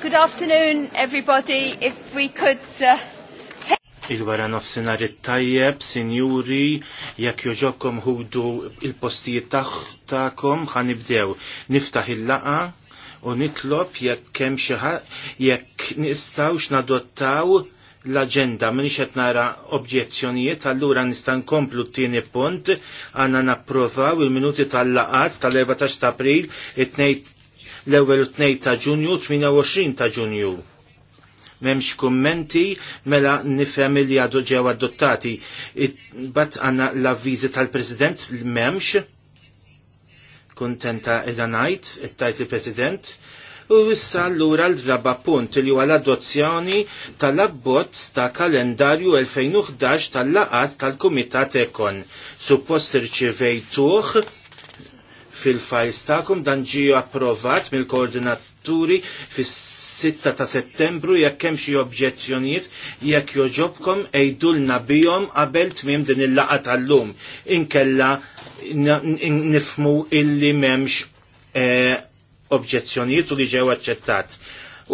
good afternoon, everybody. If we could uh, Il-wara nofsinhar it-tajjeb, sinjuri, jekk joġokom ħudu il-postijiet tagħkom ħanibdew. Niftaħ il-laqa u nitlob jekk hemm xi jekk nistgħux nadottaw l-agenda minix qed nara obġezzjonijiet, allura nista' nkomplu t-tieni punt għanna napprovaw il-minuti tal-laqat tal-14 April, it l-ewwel 2 ta' Ġunju 28 ta' Ġunju. Memx kummenti mela nifhem li għadu ġew adottati. Bat għanna l-avviżi tal-President memx kontenta id najt, it-tajt il-President, u issa allura l-raba punt li huwa l-adozzjoni tal-abbozz ta' kalendarju 2011 tal-laqat tal-Kumitat Ekon. Suppost irċivejtuh fil files ta'kum dan ġiju approvat mill-koordinaturi fis-6 ta' settembru jekk hemm xi obġezzjonijiet jekk joġobkom ejdulna bihom qabel tmiem din il-laqa tal-lum inkella nifmu illi m'hemmx e, obġezzjonijiet u li ġew aċċettat.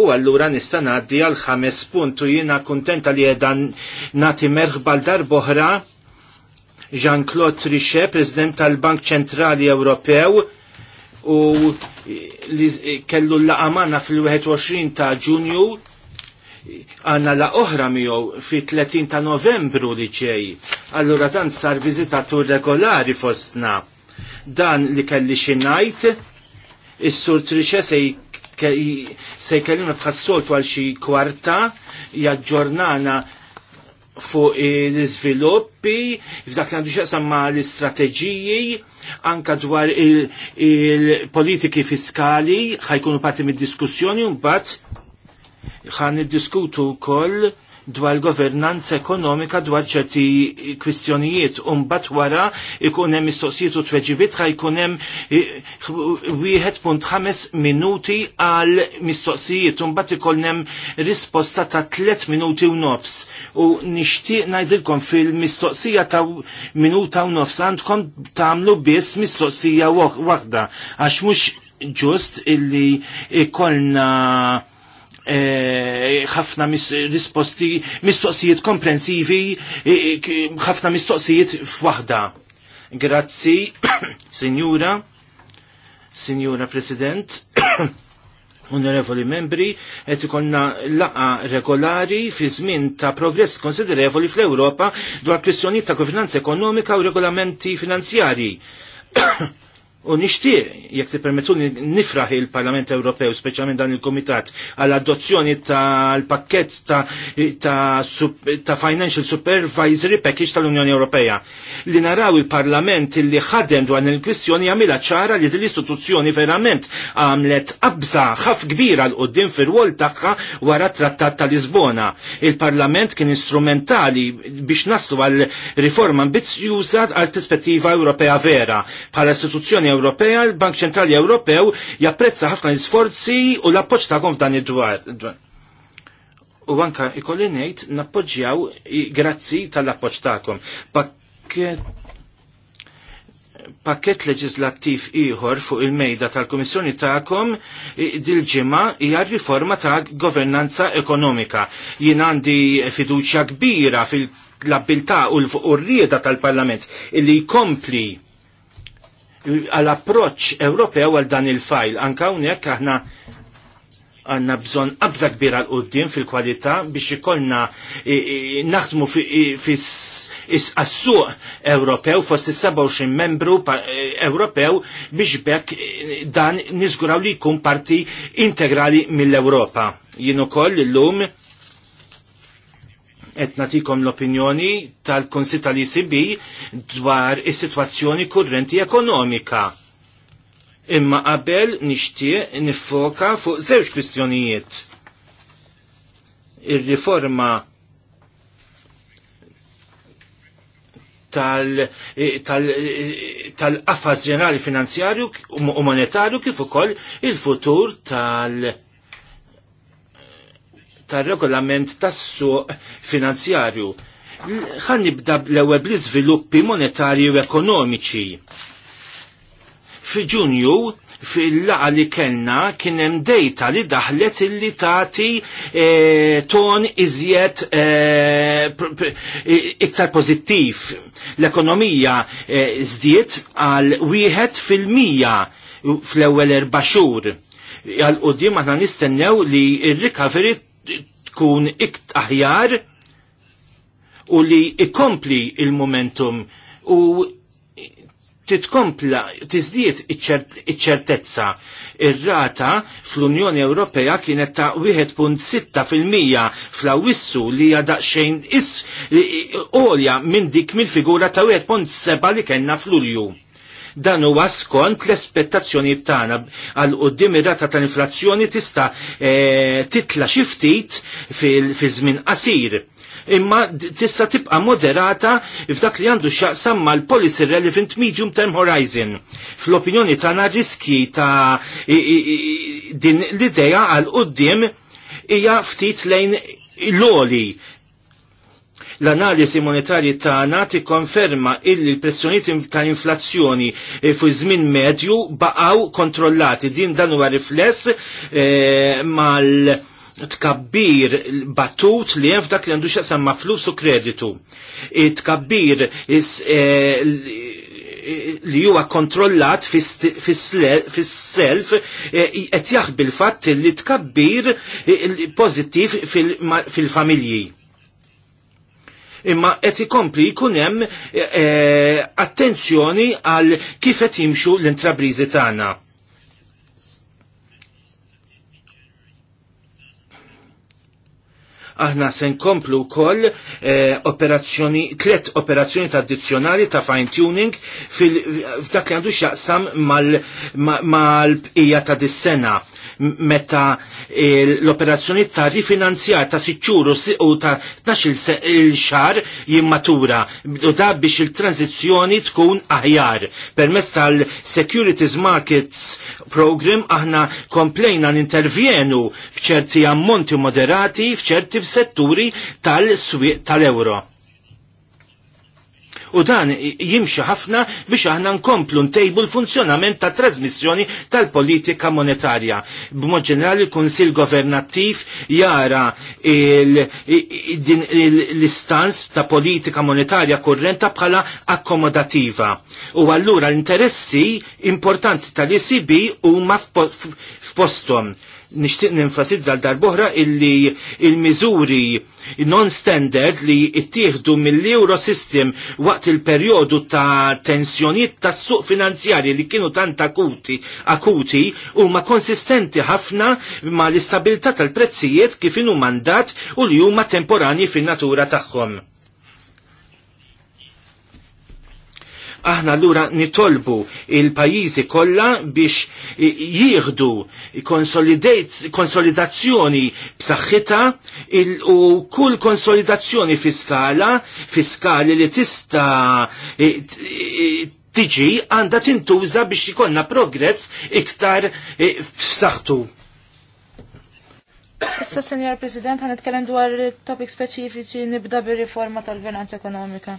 U allura nista' ngħaddi għal ħames punt u jiena kuntenta li qiegħda nagħti merħba l boħra. Jean-Claude Trichet, President tal-Bank Ċentrali Ewropew, u li kellu l-laqamana fil-21 ta' ġunju għanna la oħra miegħu fi 30 ta' novembru li ġej. Allura dan sar viżitatur regolari fostna. Dan li kelli xinajt, is-sur Trichet se jkellimna bħas għal xi kwarta jaġġornana fuq l-izviluppi, f'dak li għandu xaqsamma l-istrateġiji, anka dwar il-politiki il fiskali, ħajkunu parti mid-diskussjoni, un bat ħan diskutu koll dwar governanza ekonomika dwar ċerti kwistjonijiet u mbagħad wara ikun hemm mistoqsijiet u tweġibiet ħaj hemm wieħed punt ħames minuti għal mistoqsijiet un mbagħad ikunem hemm risposta ta' tliet minuti u nofs u nixtieq ngħidilkom fil-mistoqsija ta' minuta u nofs għandkom tagħmlu biss mistoqsija waħda għax mhux ġust illi ikollna Eh, ħafna risposti, mistoqsijiet komprensivi, eh, eh, ħafna mistoqsijiet f'waħda. Grazzi, Sinjura, Sinjura President, Onorevoli membri, et ikonna laqa regolari fi żmien ta' progress konsiderevoli fl-Ewropa dwar kwistjonijiet ta' governanza ekonomika u regolamenti finanzjari. U nixtieq jekk tippermettuni nifraħ il-Parlament Ewropew, speċjalment dan il-Kumitat, għall adozzjoni tal-pakkett ta, ta, ta' Financial Supervisory Package tal-Unjoni Ewropea. Li naraw il-Parlament li ħadem dwar il-kwistjoni jagħmilha ċara li din l-istituzzjoni verament għamlet qabża ħaf kbira l qoddim fir-wol tagħha wara trattat ta' Lisbona. Il-Parlament kien instrumentali biex naslu għal riforma ambizzjuża għal perspettiva Ewropea vera. Bħala istituzzjoni Ewropea, il-Bank Ċentrali Ewropew japprezza ħafna l-isforzi u l-appoġġ tagħhom f'dan id-dwar. U anka ikolli ngħid nappoġġjaw grazzi tal-appoġġ tagħkom. Pakket leġislattiv ieħor fuq il-mejda tal-Kummissjoni tagħkom dil-ġimgħa hija riforma ta' governanza ekonomika. Jien għandi fiduċja kbira fil abbiltà abilità u l-rieda tal-Parlament illi jkompli għal-approċ Ewropew għal dan il-fajl. Anka hawnhekk aħna għanna bżon qabża kbira l qoddim fil-kwalità biex ikollna naħdmu fis-assuq Ewropew fost is-27 membru e, Ewropew biex bekk e, dan niżguraw li jkun parti integrali mill-Ewropa. Jien ukoll illum qed natikom l-opinjoni tal konsi tal icb dwar is-sitwazzjoni kurrenti ekonomika. Imma qabel nixtieq nifoka fuq żewġ kwistjonijiet. Ir-riforma tal-qafas ġenerali finanzjarju u monetarju kif ukoll il-futur tal-, tal, tal tar-regolament tassu finanzjarju. Ħan nibda l-ewwel bl-iżviluppi monetarji u ekonomiċi. Fi Ġunju fil-laqa li kellna kien hemm dejta li daħlet illi tagħti e, ton iżjed eh, iktar e, pożittiv. L-ekonomija eh, żdiet għal wieħed fil-mija fl-ewwel erba' xhur għal qudiem aħna nistennew li r-recovery tkun ikt aħjar u li ikompli il-momentum u titkompla, tizdiet iċ-ċertezza. Ir-rata fl-Unjoni Ewropea kienet ta' 1.6 fil-mija fl-awissu li xejn is olja minn dik mill-figura ta' 1.7 li kellna fl-Ulju Dan huwa skont l-espettazzjoni tagħna għal qudiem ir-rata tal-inflazzjoni tista' eh, titla' xi ftit fi żmien qasir imma tista' tibqa' moderata f'dak li għandu x'aqsam mal-policy relevant medium term horizon. Fl-opinjoni tagħna riski ta' din l-idea għal qudiem hija ftit lejn l-oli L-analisi monetarji tagħna tikkonferma illi l-pressjonijiet ta' inflazzjoni eh, fuq żmien medju baqgħu kontrollati din dan huwa rifless e, eh, mal tkabbir batut li jen li għandu xaqsam ma' flus u kreditu. Tkabbir is, e, li huwa kontrollat fis-self qed jaħ fatt li tkabbir pożittiv fil-familji imma qed ikompli jkun hemm eh, eh, attenzjoni għal kif qed jimxu l-intrabriżi tagħna. aħna se nkomplu wkoll eh, operazzjoni, tlet operazzjoni tradizzjonali ta' fine tuning f'dak li għandu xaqsam mal-bqija mal, mal ta' dis-sena meta eh, l-operazzjoni ta' rifinanzjar ta' siċċuru u ta' 12 il-xar jimmatura u da biex il-tranzizjoni tkun aħjar. Permezz tal-Securities Markets Program aħna komplejna n-intervjenu fċerti ammonti moderati fċerti setturi tal-euro u dan jimxi ħafna biex aħna nkomplu ntejbu l-funzjonament ta' trasmissjoni tal-politika monetarja. B'mod ġenerali l-Kunsil Governattiv jara l-istans ta' politika monetarja kurrenta bħala akkomodativa. U allura l-interessi importanti tal-ECB huma f'postom nishtiq ninfasizza l darbohra illi il-miżuri non-standard li ittieħdu mill-euro system waqt il-perjodu ta' tensjoniet ta' suq finanzjari li kienu tant akuti, akuti u ma' konsistenti ħafna ma' l istabilta tal-prezzijiet kif inhu mandat u li huma temporani fin-natura tagħhom Aħna l-ura nitolbu il-pajjiżi kollha biex jieħdu konsolidazzjoni b'saħħitha u kull konsolidazzjoni fiskala fiskali li tista' tiġi għandha tintuża biex ikollna progress iktar f'saħħtu. Issa, Senjor President, għan itkellem dwar topik speċifiċi nibda bir-riforma tal-finanza ekonomika.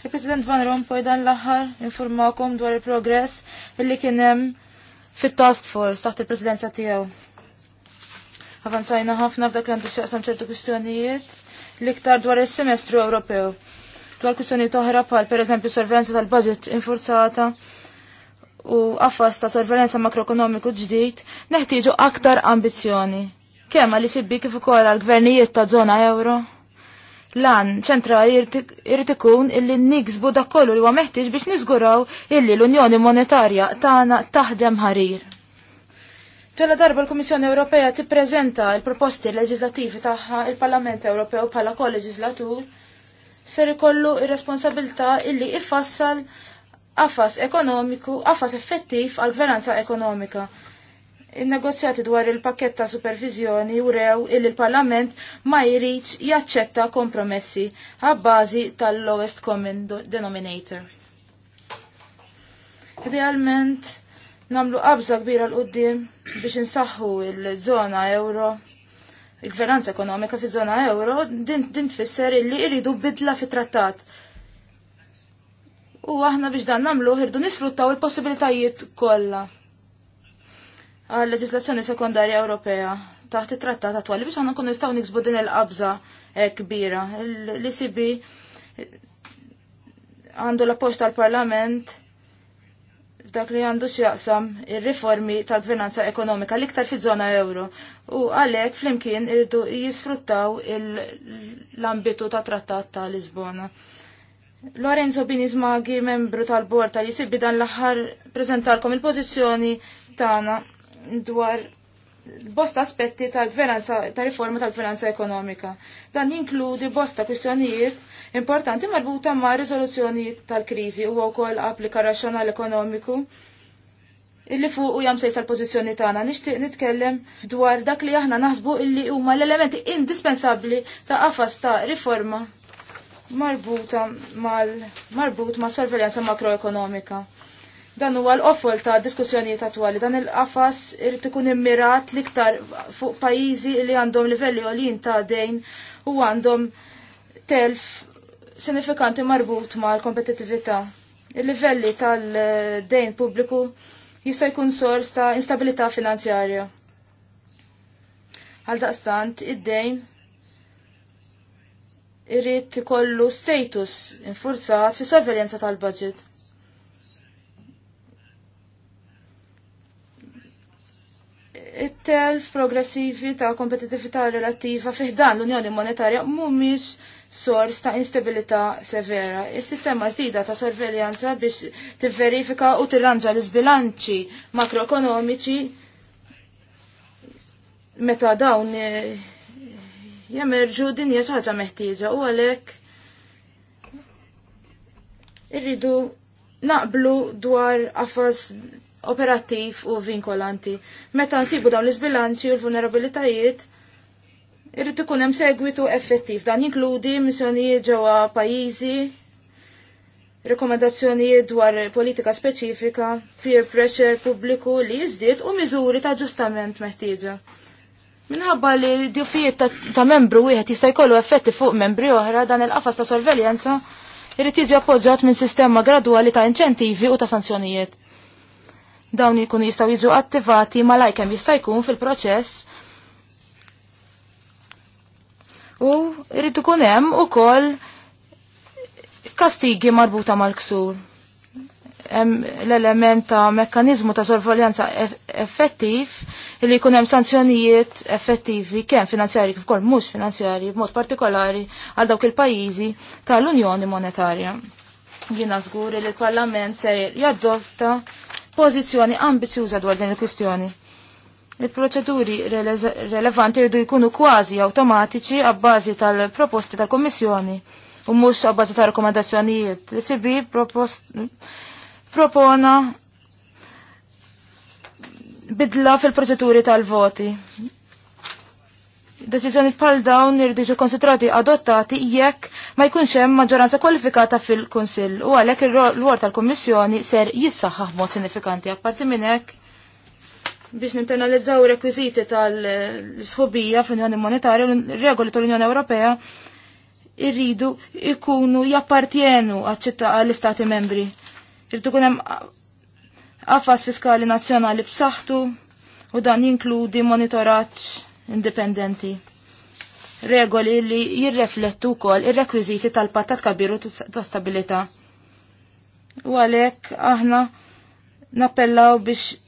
Il-President Van Rompuy dan l-aħħar informakom dwar il-progress illi kien hemm fit-task force taħt il-presidenza tiegħu. Avanzajna ħafna f'dak li għandu xaqsam ċertu kwistjonijiet l-iktar dwar is-semestru Ewropew. Dwar kwistjonijiet oħra bħal pereżempju sorvenza tal-budget infurzata u Affas ta' sorvenza makroekonomiku ġdid, neħtieġu aktar ambizzjoni. Kemm għal isibbi kif ukoll għall gvernijiet ta' żona euro? lan ċentrali irrit ikun illi niksbu da kollu li huwa meħtieġ biex niżguraw illi l-Unjoni Monetarja tagħna taħdem ħarir. Ġala darba l-Kummissjoni Ewropea tippreżenta l-proposti leġislattivi tagħha il-Parlament Ewropew bħala kol-leġislatur ser ikollu il responsabilità illi ifassal qafas ekonomiku, qafas effettiv għal gvernanza ekonomika Il-negozjati dwar il-pakket ta' supervizjoni u rew il parlament ma jirriċ jaċċetta kompromessi għabbażi tal-lowest common denominator. Idealment, namlu qabża kbira l-qoddim biex insaħħu il-żona euro il-gvernanza ekonomika fi zona euro din, din tfisser illi iridu bidla fi trattat. U aħna biex dan namlu irdu nisfruttaw il-possibilitajiet kollha għal leġislazzjoni sekundarja Ewropea taħt it-trattat attwali biex għanna nkunu nistgħu niksbu din il-qabża kbira. L-ICB għandu l-appoġġ tal-Parlament f'dak li għandu x'jaqsam ir-riformi tal-gvernanza ekonomika l-iktar fiż zona euro u għalhekk flimkien irdu jisfruttaw l-ambitu ta' trattat ta' Lisbona. Lorenzo Binizmagi, membru tal-bord tal-jisibbi dan l-aħħar prezentalkom il-pożizzjoni tagħna dwar bosta aspetti tal-finanza, tal-riforma tal-finanza ekonomika. Dan jinkludi bosta kwistjonijiet importanti marbuta ma' rizoluzzjoni tal-krizi u wkoll applika razzjonal ekonomiku illi fuq u jamsej sal-pozizjoni tagħna nixtieq nitkellem dwar dak li aħna naħsbu illi huma l-elementi indispensabbli ta' qafas ta' riforma marbuta mal marbut ma' sorveljanza makroekonomika. Dan huwa l-qofol ta' diskussjonijiet twali, Dan il-qafas irid ikun immirat liktar fuq pajjiżi li għandhom livelli għolin ta' dejn u għandhom telf sinifikanti marbut mal kompetittività Il-livelli tal-dejn pubbliku jista' jkun sors ta' instabilità finanzjarja. Għal daqstant, id-dejn irrid ikollu status infurzat fi sorveljanza tal-budget. it-telf progressivi ta' kompetitività relattiva fiħdan l-Unjoni Monetarja mhumiex sors ta' instabilità severa. Is-sistema ġdida ta' sorveljanza biex tivverifika u tirranġa l-isbilanċi makroekonomiċi meta dawn eh, jemerġu din hija xi ħaġa meħtieġa u għalhekk irridu naqblu dwar qafas operattiv u vinkolanti. Meta nsibu dawn l-isbilanċi u l-vulnerabilitajiet, irrid ikun hemm segwitu effettiv. Dan jinkludi missjonijiet ġewwa pajjiżi, rekomendazzjonijiet dwar politika speċifika, peer pressure pubbliku li jiżdied u miżuri ta' ġustament meħtieġa. Minħabba li d-djufijiet ta, ta' membru wieħed jista' jkollu effetti fuq membri oħra dan il-qafas ta' sorveljanza irrid jiġi appoġġjat minn sistema gradwali ta' inċentivi u ta' sanzjonijiet dawn ikun jistgħu jiġu attivati lajkem jista' jkun fil-proċess u jrid ikun hemm ukoll kastigi marbuta mal-ksur. L-element ta' mekkanizmu ta' sorveljanza effettiv li jkun hemm sanzjonijiet effettivi kemm finanzjari kif ukoll mhux finanzjarji b'mod partikolari għal dawk il-pajjiżi tal-Unjoni Monetarja. Jiena zgur li l-Parlament se jaddotta pożizzjoni ambizjuża dwar din il-kwistjoni. Il-proċeduri relevanti rridu jkunu kważi awtomatiċi għabbażi tal-proposti tal-Kommissjoni u mhux għabbażi tal rakkomandazzjonijiet L-SB propona bidla fil-proċeduri tal-voti. Deċiżjoni bħal dawn irdiġu konsidrati adottati jekk ma jkunx hemm maġġoranza kwalifikata fil-Kunsill u għalhekk il-rwol tal-Kummissjoni ser jissaħħaħ mod sinifikanti apparti minn hekk biex ninternalizzaw rekwiżiti tal-sħubija fl-Unjoni Monetarja u regoli tal-Unjoni Ewropea irridu ikunu jappartjenu għall-Istati membri. Irridu kun hemm qafas fiskali nazzjonali b'saħħtu u dan jinkludi monitoraġġ indipendenti. Regoli li jirreflettu kol ir-rekwiziti tal-patat kabiru ta' stabilita. U għalek aħna nappellaw biex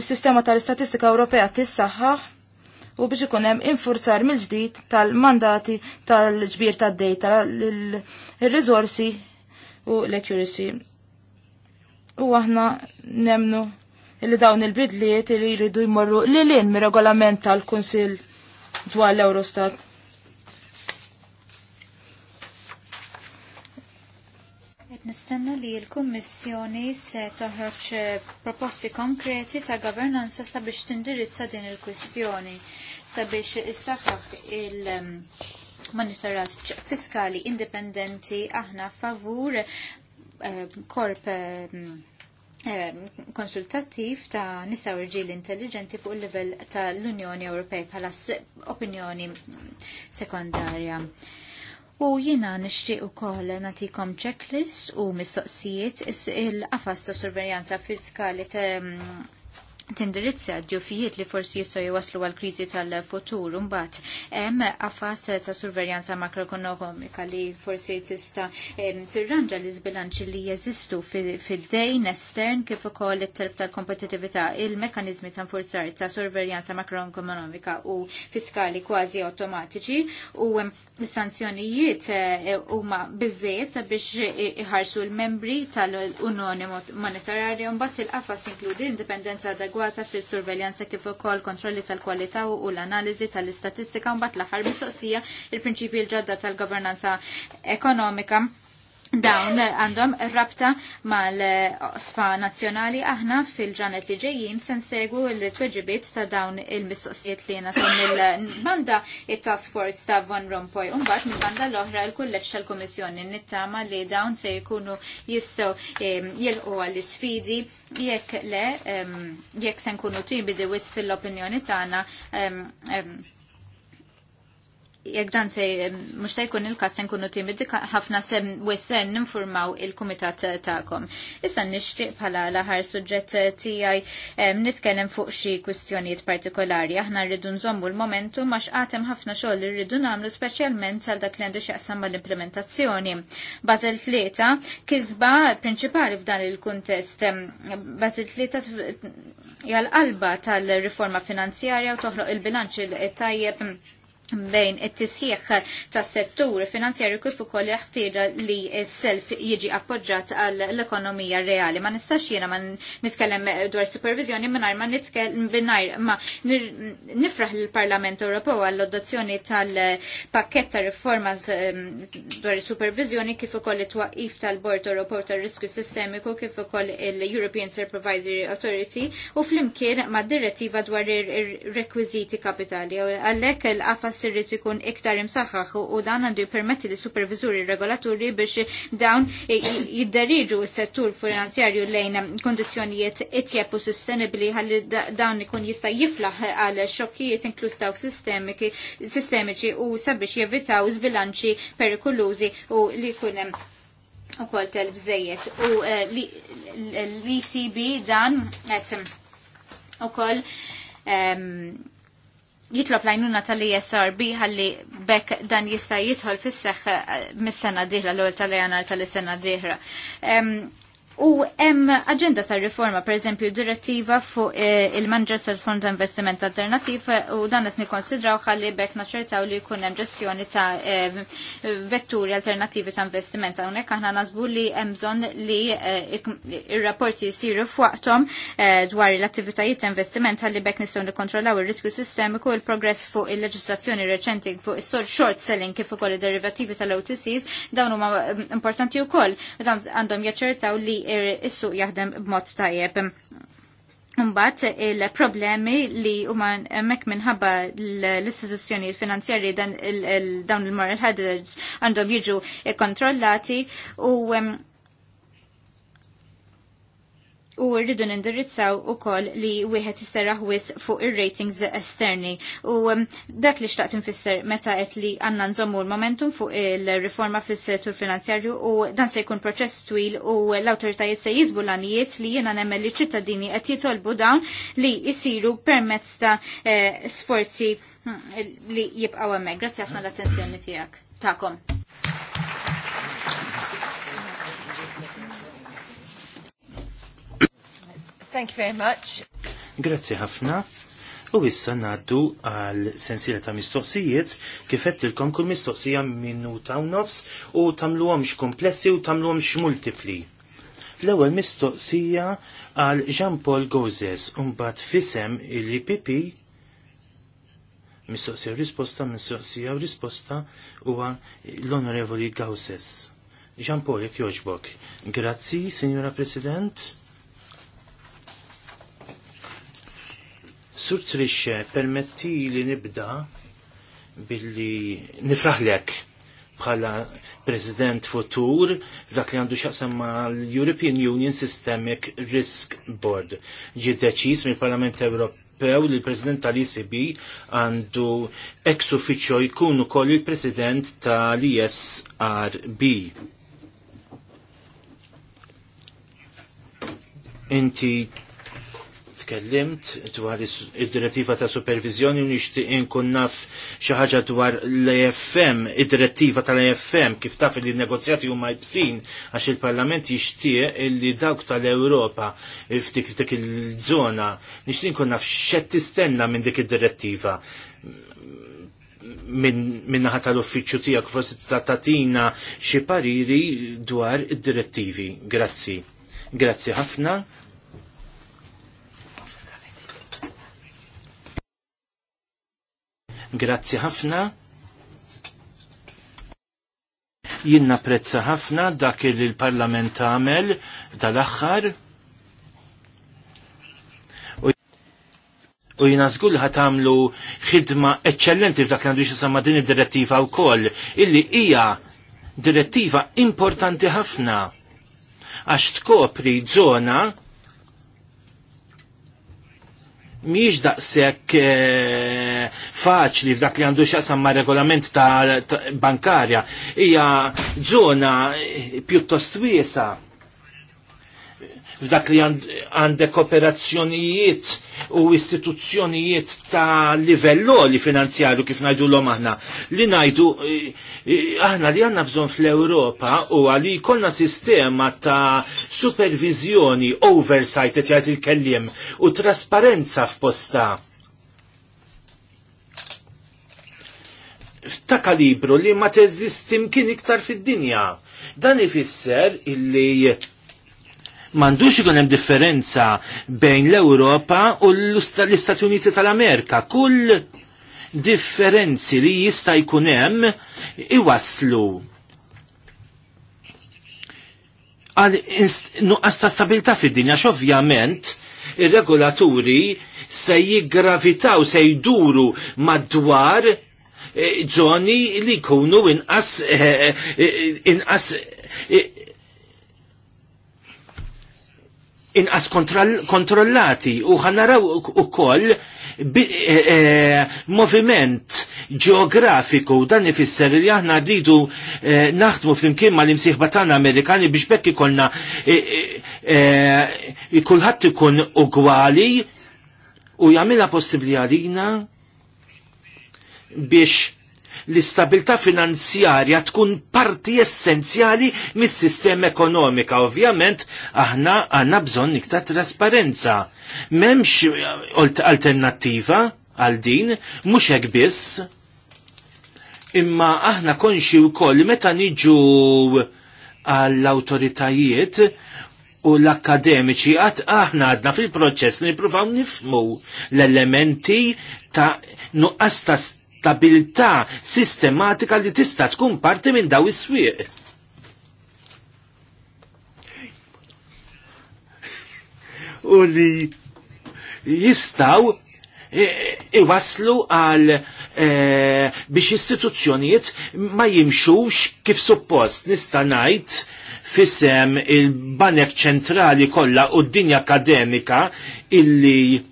il-sistema tal-istatistika Ewropea tissaħħaħ u biex ikun hemm infurzar mill-ġdid tal-mandati tal-ġbir tad-dejta, l riżorsi u l-accuracy. U aħna nemnu illi dawn il-bidliet li jridu jmorru li lin mir-regolament tal-Kunsill dwar l-Eurostat. Nistenna li l-Kummissjoni se toħroġ eh, proposti konkreti ta' governanza sabiex tindirizza din il-kwistjoni sabiex is il- ehm, monitorat fiskali indipendenti aħna favur eh, korp ehm, konsultattiv ta' nisa u rġil intelligenti fuq il-level ta' l-Unjoni Ewropej bħala opinjoni sekundarja. U jina nishtiq u koll natikom checklist u mistoqsijiet il-qafas ta' surveillance fiskali ta' tindirizza d-djufijiet li forsi jistgħu jwaslu għal kriżi tal-futur mbagħad hemm affas ta' surveljanza makroekonomika li forsi tista' tirranġa l iżbilanċi li jeżistu fid-dejn estern kif ukoll it-telf tal-kompetitività il-mekkaniżmi ta' nfurzar ta' surveljanza makroekonomika u fiskali kważi awtomatiċi u s-sanzjonijiet eh, huma biżejjed biex iħarsu l-membri tal-Unjoni Monetarja mbagħad il-qafas inkludi l-indipendenza adegwata fis surveljanza kif ukoll kontrolli tal-kwalità u l-analiżi tal-istatistika mbagħad l-aħħar mistoqsija il-prinċipji l-ġodda tal-governanza ekonomika dawn għandhom rabta mal-osfa nazjonali aħna fil-ġanet li ġejjin sen segu l-tweġibiet ta' dawn il-mistoqsijiet li jena sam il-banda il-task force ta' Von Rompuy unbat mill-banda l-oħra l kullet tal-komissjoni nittama li dawn se jkunu jistaw jilqu għall-sfidi jekk le jekk sen kunu tibidi wis fil-opinjoni tagħna jekk dan se mhux se jkun il-każ se nkunu timidi ħafna se wessen ninfurmaw il-kumitat ta'kom. Issa nishtiq bħala l-aħħar suġġett tiegħi nitkellem fuq xi kwistjonijiet partikolari. Aħna rridu nżommu l momentu għax għatem ħafna xogħol li rridu nagħmlu speċjalment għal dak li għandu x'jaqsam mal-implementazzjoni. Bażel tlieta kisba prinċipali f'dan il-kuntest. Bażel tlieta jgħal qalba tal-riforma finanzjarja u toħloq il-bilanċ il-tajjeb bejn it-tisħiħ tas settur finanzjarju kif ukoll jaħtieġa li s-self jiġi appoġġat għal l-ekonomija reali. Ma nistax jiena ma nitkellem dwar supervizjoni mingħajr ma nitkellem ma nifraħ l-Parlament Ewropew għall adozzjoni tal-pakkett ta' riforma ehm, dwar supervizjoni kif ukoll it-twaqif tal-Bord Ewropew tar-Riskju Sistemiku kif ukoll il-European Supervisory Authority u flimkien mad direttiva dwar ir-rekwiżiti kapitali. Għallek l-qafas qafas irrid ikun iktar imsaħħaħ u dan għandu jpermetti li supervizuri regolaturi biex dawn jidderiġu s-settur finanzjarju lejn kondizjonijiet itjeb u sostenibli għalli dawn ikun jista' jiflaħ għal xokkijiet inklus dawk sistemiċi u sabiex jevitaw zbilanċi perikolużi u li kunem u kol telbżejiet u eh, l-ECB dan għet u kol jitlob lajnuna tal isrb ħalli bekk dan jista' jidħol fis-seħħ eh, mis-sena diħla l għol tal-Janar tal-sena diħra. U hemm aġenda ta' riforma, per eżempju, direttiva fuq eh, il-manager tal fond ta' investiment alternativ eh, u dan qed nikkonsidraw ħalli bekk naċċertaw li jkun hemm ġestjoni ta' eh, vetturi alternativi ta' investiment. Hawnhekk aħna nażbu li hemm bżonn li ir-rapporti jsiru f'waqthom dwar l-attivitajiet ta' investiment ħalli bekk nistgħu nikkontrollaw ir-riskju sistemiku u l-progress fuq il-leġislazzjoni reċenti fuq is-sol short selling kif ukoll id-derivativi tal-OTCs dawn huma importanti wkoll. Dan għandhom jaċċertaw li is-suq jaħdem b'mod tajjeb. Mbagħad il-problemi li huma hemmhekk minħabba l istituzzjoni finanzjarji dawn il-moral hazards għandhom jiġu kontrollati u u rridu nindirizzaw u koll li wieħed jisserraħ wis fuq ir-ratings esterni. U um, dak li xtaqt infisser meta qed li għandna nżommu l-momentum fuq il-riforma fis-settur finanzjarju u dan se jkun proċess twil u l-awtoritajiet se jizbu l għanijiet li jiena nemmel li ċittadini qed jitolbu dawn li jisiru permezz ta' eh, sforzi hm, li jibqgħu hemmhekk. Grazzi ħafna l-attenzjoni tiegħek. Takom. Thank you very much. Grazzi ħafna. U issa naddu għal sensira ta' mistoqsijiet kif għettilkom kull mistoqsija minnu ta' nofs u tagħmluhomx komplessi u tagħmluhomx multipli. L-ewwel mistoqsija għal Jean-Paul Gozes u mbagħad fisem il-IPP mistoqsija u risposta, mistoqsija u risposta huwa l-Onorevoli Gawses. Jean Paul, jek joġbok. Grazzi, Signora President. Sur Trisce, permetti li nibda billi nifraħlek bħala President Futur dak li għandu xaqsam ma' l-European Union Systemic Risk Board. Ġi deċiż mill-Parlament Ewropew li l-President tal-ECB għandu ex uffiċjo jkun ukoll il-President tal-ISRB. Inti tkellimt dwar id-direttiva ta' supervizjoni u nixtieq inkun naf xi ħaġa dwar l afm id-direttiva tal afm kif taf li negozjati huma jbsin għax il-Parlament jixtieq li dawk tal-Ewropa ftik dik il-żona nixtieq inkun naf x'qed tistenna minn dik id-direttiva minn naħa tal-uffiċċju tiegħek forsi tatina xi pariri dwar id-direttivi. Grazzi. Grazzi ħafna Grazzi ħafna. Jien napprezza ħafna dak li l-Parlament għamel tal-aħħar. U jina zgull għamlu ħidma eccellenti f'dak li għandu jisamma din id-direttiva u koll, illi hija direttiva importanti ħafna għax tkopri zona miex daqsek eh, faċli f'dak li għandu xaqsam ma' regolament ta' bankarja. Hija zona eh, pjuttost wiesa' f'dak li għandek kooperazzjonijiet u istituzzjonijiet ta' livello li finanzjarju kif najdu l-om aħna. Li najdu eh, eh, aħna li għanna bżon fl-Europa u għalli kolna sistema ta' supervizjoni, oversight, et il-kellim, u trasparenza f'posta. ta' kalibru li ma teżistim kien iktar fid-dinja. Dan ifisser illi Mandux ikun hemm differenza bejn l-Ewropa u l-Istati Uniti tal-Amerika. Kull differenzi li jista' jkun hemm iwaslu għal nuqqas ta' stabilità fid-dinja ovvjament ir-regolaturi se jiggravitaw se jduru madwar eh, zoni li jkunu inqas eh, eh, inqas inqas kontrollati u ħanaraw ukoll e, e, moviment ġeografiku dan ifisser li aħna rridu e, naħdmu flimkien mal imsieħba tagħna Amerikani biex bekk ikolna kulħadd ikun ugwali u jagħmilha possibbli għalina biex l-istabilità finanzjarja tkun parti essenzjali mis-sistema ekonomika. Ovvjament, aħna għanna bżonn iktar trasparenza. Memx eh, alternattiva għal din, mhux hekk biss, imma aħna konxi wkoll meta niġu għall-autoritajiet u l-akademiċi għat aħna għadna fil-proċess nipruvaw nifmu l-elementi ta' nuqqas ta' stabilità sistematika li tista' tkun parti minn daw is-swieq. U li jistaw iwaslu għal e, biex istituzzjonijiet ma jimxux kif suppost nista' ngħid fisem il-banek ċentrali kollha u d-dinja akademika illi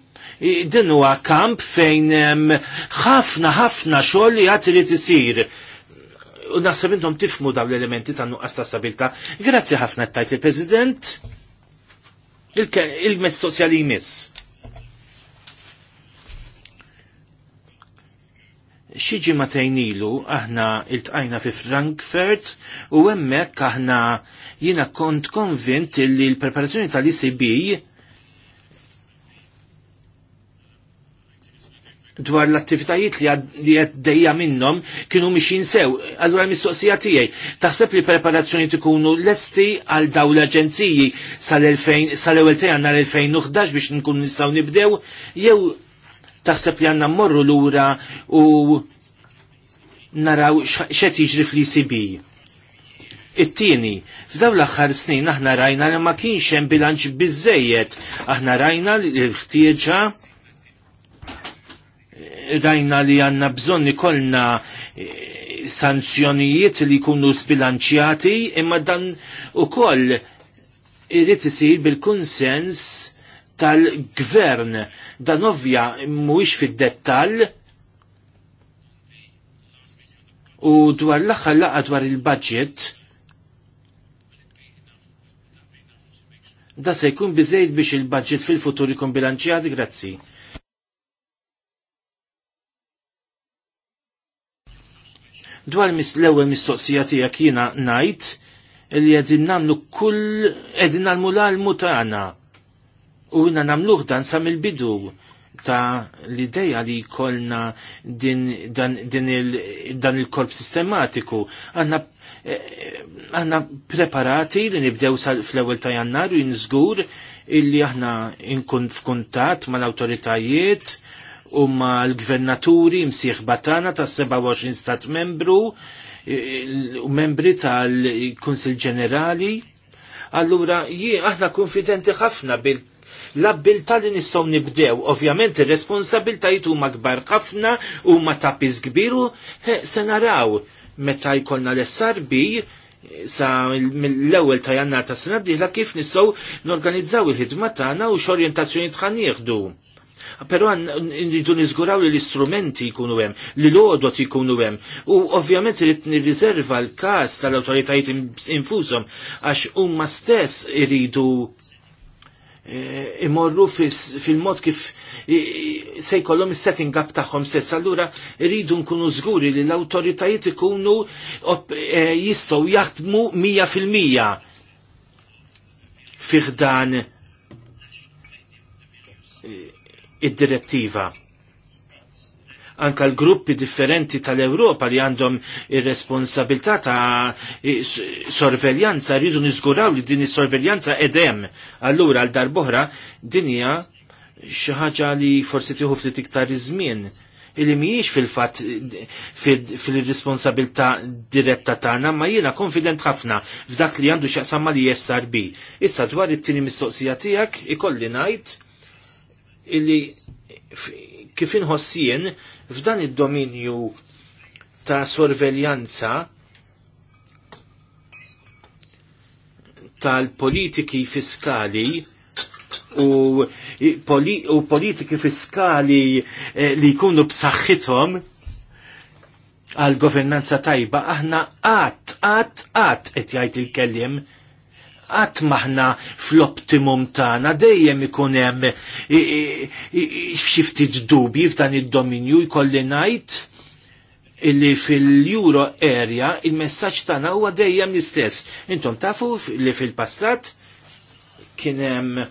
din huwa kamp fejn ħafna ħafna xogħol li għad irid isir. U naħseb intom tifmu dawn l-elementi ta' nuqqas ta' stabilta. Grazzi ħafna tajt il-President. il mess li jmiss. xieġi ma tajnilu aħna l-tqajna fi Frankfurt u emmek aħna jina kont konvint li l-preparazzjoni tal-ICB dwar l-attivitajiet li għed dejja minnom kienu miexin sew. Allura mistoqsija tiegħi, taħseb li preparazzjoni tikunu lesti għal daw l-aġenziji sal-ewwel tejn nhar 2011 biex nkun nistgħu nibdew jew taħseb li għandna mmorru lura u naraw xħet jiġri fl-ECB. It-tieni, f'dawn l-aħħar snin aħna rajna li ma kienx hemm bilanċ biżejjed, aħna rajna l-ħtieġa rajna li għanna bżonni kolna eh, sanzjonijiet li jkunu sbilanċjati imma dan u koll irrit isir bil-konsens tal-gvern dan ovvja mhuwiex fid-dettall u dwar l-aħħar laqa dwar il-budget da se jkun biżejt biex il-budget fil-futur ikun bilanċjati grazzi. Dwar l-ewwel mistoqsija tiegħek jiena ngħid li qegħdin nagħmlu kull qegħdin nagħmlu l-almu tagħna. U jiena nagħmluh dan sa mill-bidu ta' l-ideja li kolna din, dan, din il, dan il-korp sistematiku. Għanna għanna eh, preparati li nibdew fl-ewel ta' jannar u jinżgur illi aħna inkun f'kuntat mal-autoritajiet huma l-gvernaturi msieħba tagħna ta' 27 stat membru u membri tal-Kunsil Ġenerali. Allura jie aħna konfidenti ħafna bil l-abbilta li nistgħu nibdew, ovvjament ir-responsabiltajiet huma kbar ħafna huma ma tapis kbiru se naraw meta jkollna l sarbi sa mill-ewwel ta' jannata sena diħla kif nistgħu norganizzaw il-ħidma tagħna u x'orjentazzjoni tħan Pero nridu nizguraw li l-istrumenti jkunu hemm, li l-odot jkunu hemm. U ovvjament irid nirriserva l-każ tal-awtoritajiet infushom għax huma stess iridu eh, imorru fil-mod kif se jkollhom is-setting up tagħhom stess. Allura rridu nkunu żguri li l-awtoritajiet ikunu eh, jistgħu jaħdmu mija fil-mija fih dan id-direttiva. Anka l-gruppi differenti tal-Europa li għandhom ir-responsabilità ta' sorveljanza rridu niżguraw li din is-sorveljanza edem. Allura għal darbohra dinja xi ħaġa li forsi tieħu ftit iktar iż-żmien illi mhijiex fil-fat fil-responsabilta diretta tagħna, ma jiena konfident ħafna f'dak li għandu x'aqsam li jessar bi. Issa dwar it-tieni mistoqsija tiegħek ikolli ngħid illi kif inħossien f'dan id-dominju ta' sorveljanza tal-politiki fiskali u, poli, u politiki fiskali eh, li jkunu b'saħħithom għal governanza tajba aħna għat, għat, qatt qed jgħid il-kelliem qatt maħna fl-optimum tagħna dejjem ikun hemm xi ftit f'dan id-dominju jkolli ngħid illi fil-Euro area il-messaġġ tagħna huwa dejjem l-istess. Intom tafu li fil-passat kien hemm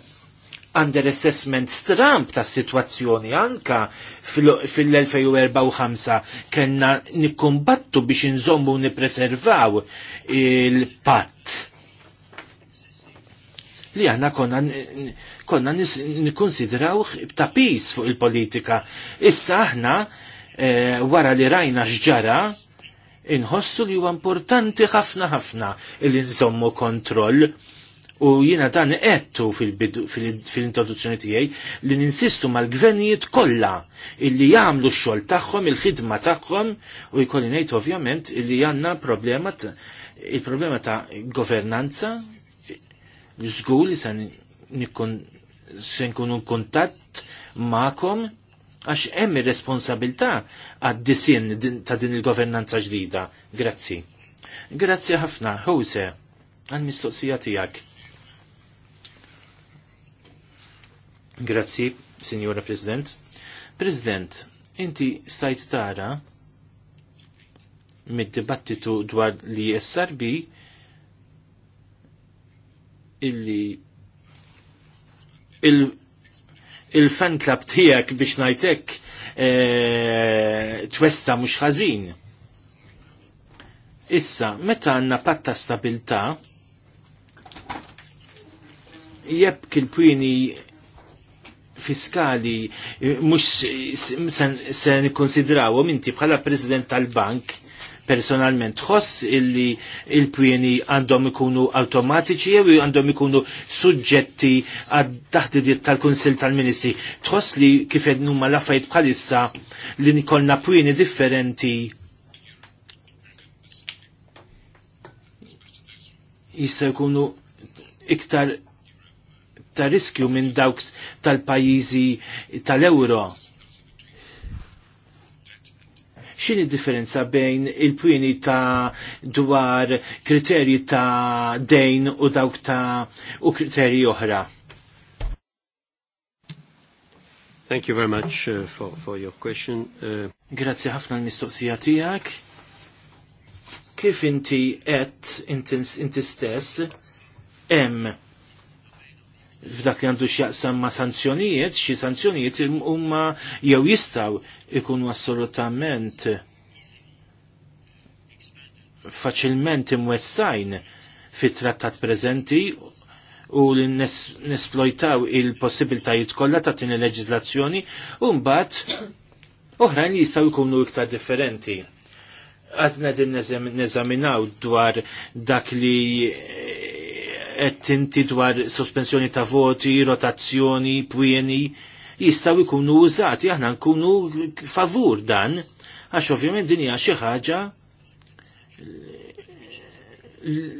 under assessment stramp ta' situazzjoni anka fil-2004 kena nikkumbattu biex nżommu nipreservaw il-patt li għanna konna, konna nikonsidraw ta' pis fuq il-politika. Issa aħna e, wara li rajna xġara inħossu li huwa importanti ħafna ħafna li nżommu kontroll u jina dan qettu fil-introduzzjoni tiegħi li ninsistu mal-gvernijiet kollha illi jagħmlu x-xogħol tagħhom, il-ħidma tagħhom u jkolli ngħid ovvjament illi għandna problema il-problema ta' governanza Żgur li san nikun se nkunu kuntatt ma'kom għax hemm ir-responsabilità għad disin ta' din il-governanza ġdida. Grazzi. Grazzi ħafna, Hose, għal-mistoqsija tiegħek. Grazzi, Signora President. President, inti stajt tara mid-dibattitu dwar li SRB illi il-fan il club tijak biex najtek e, twessa mux ħazin. Issa, meta għanna patta stabilta, jeb kil-pwini fiskali eh, mux se nikonsidrawo minti bħala president tal-bank personalment tħoss illi il-pjeni għandhom ikunu automatiċi jew għandhom ikunu suġġetti għad taħtidiet tal-Kunsil tal-Ministri. Tħoss li kif qed huma laffajt bħalissa li nikolna pjeni differenti jista' jkunu iktar ta' riskju minn dawk tal-pajjiżi tal ewro xini differenza bejn il-pwini ta' dwar kriterji ta' dejn u dawk ta' u kriterji oħra? Thank you very much uh, for, for your question. Uh, Grazie ħafna l-mistoqsija tijak. Kif inti et inti stess hemm f'dak li għandu x'jaqsam ma' sanzjonijiet, xi sanzjonijiet huma jew jistgħu ikunu assolutament faċilment imwessajn fit-trattat preżenti u li nesplojtaw il-possibiltajiet kollha ta' tin il-leġiżlazzjoni u mbagħad oħrajn li jistgħu jkunu iktar differenti għadna din neżaminaw dwar dak li qed dwar sospensjoni ta' voti, rotazzjoni, pwieni, jistaw ikunu użati, aħna nkunu favur dan, għax ovvjament din hija xi ħaġa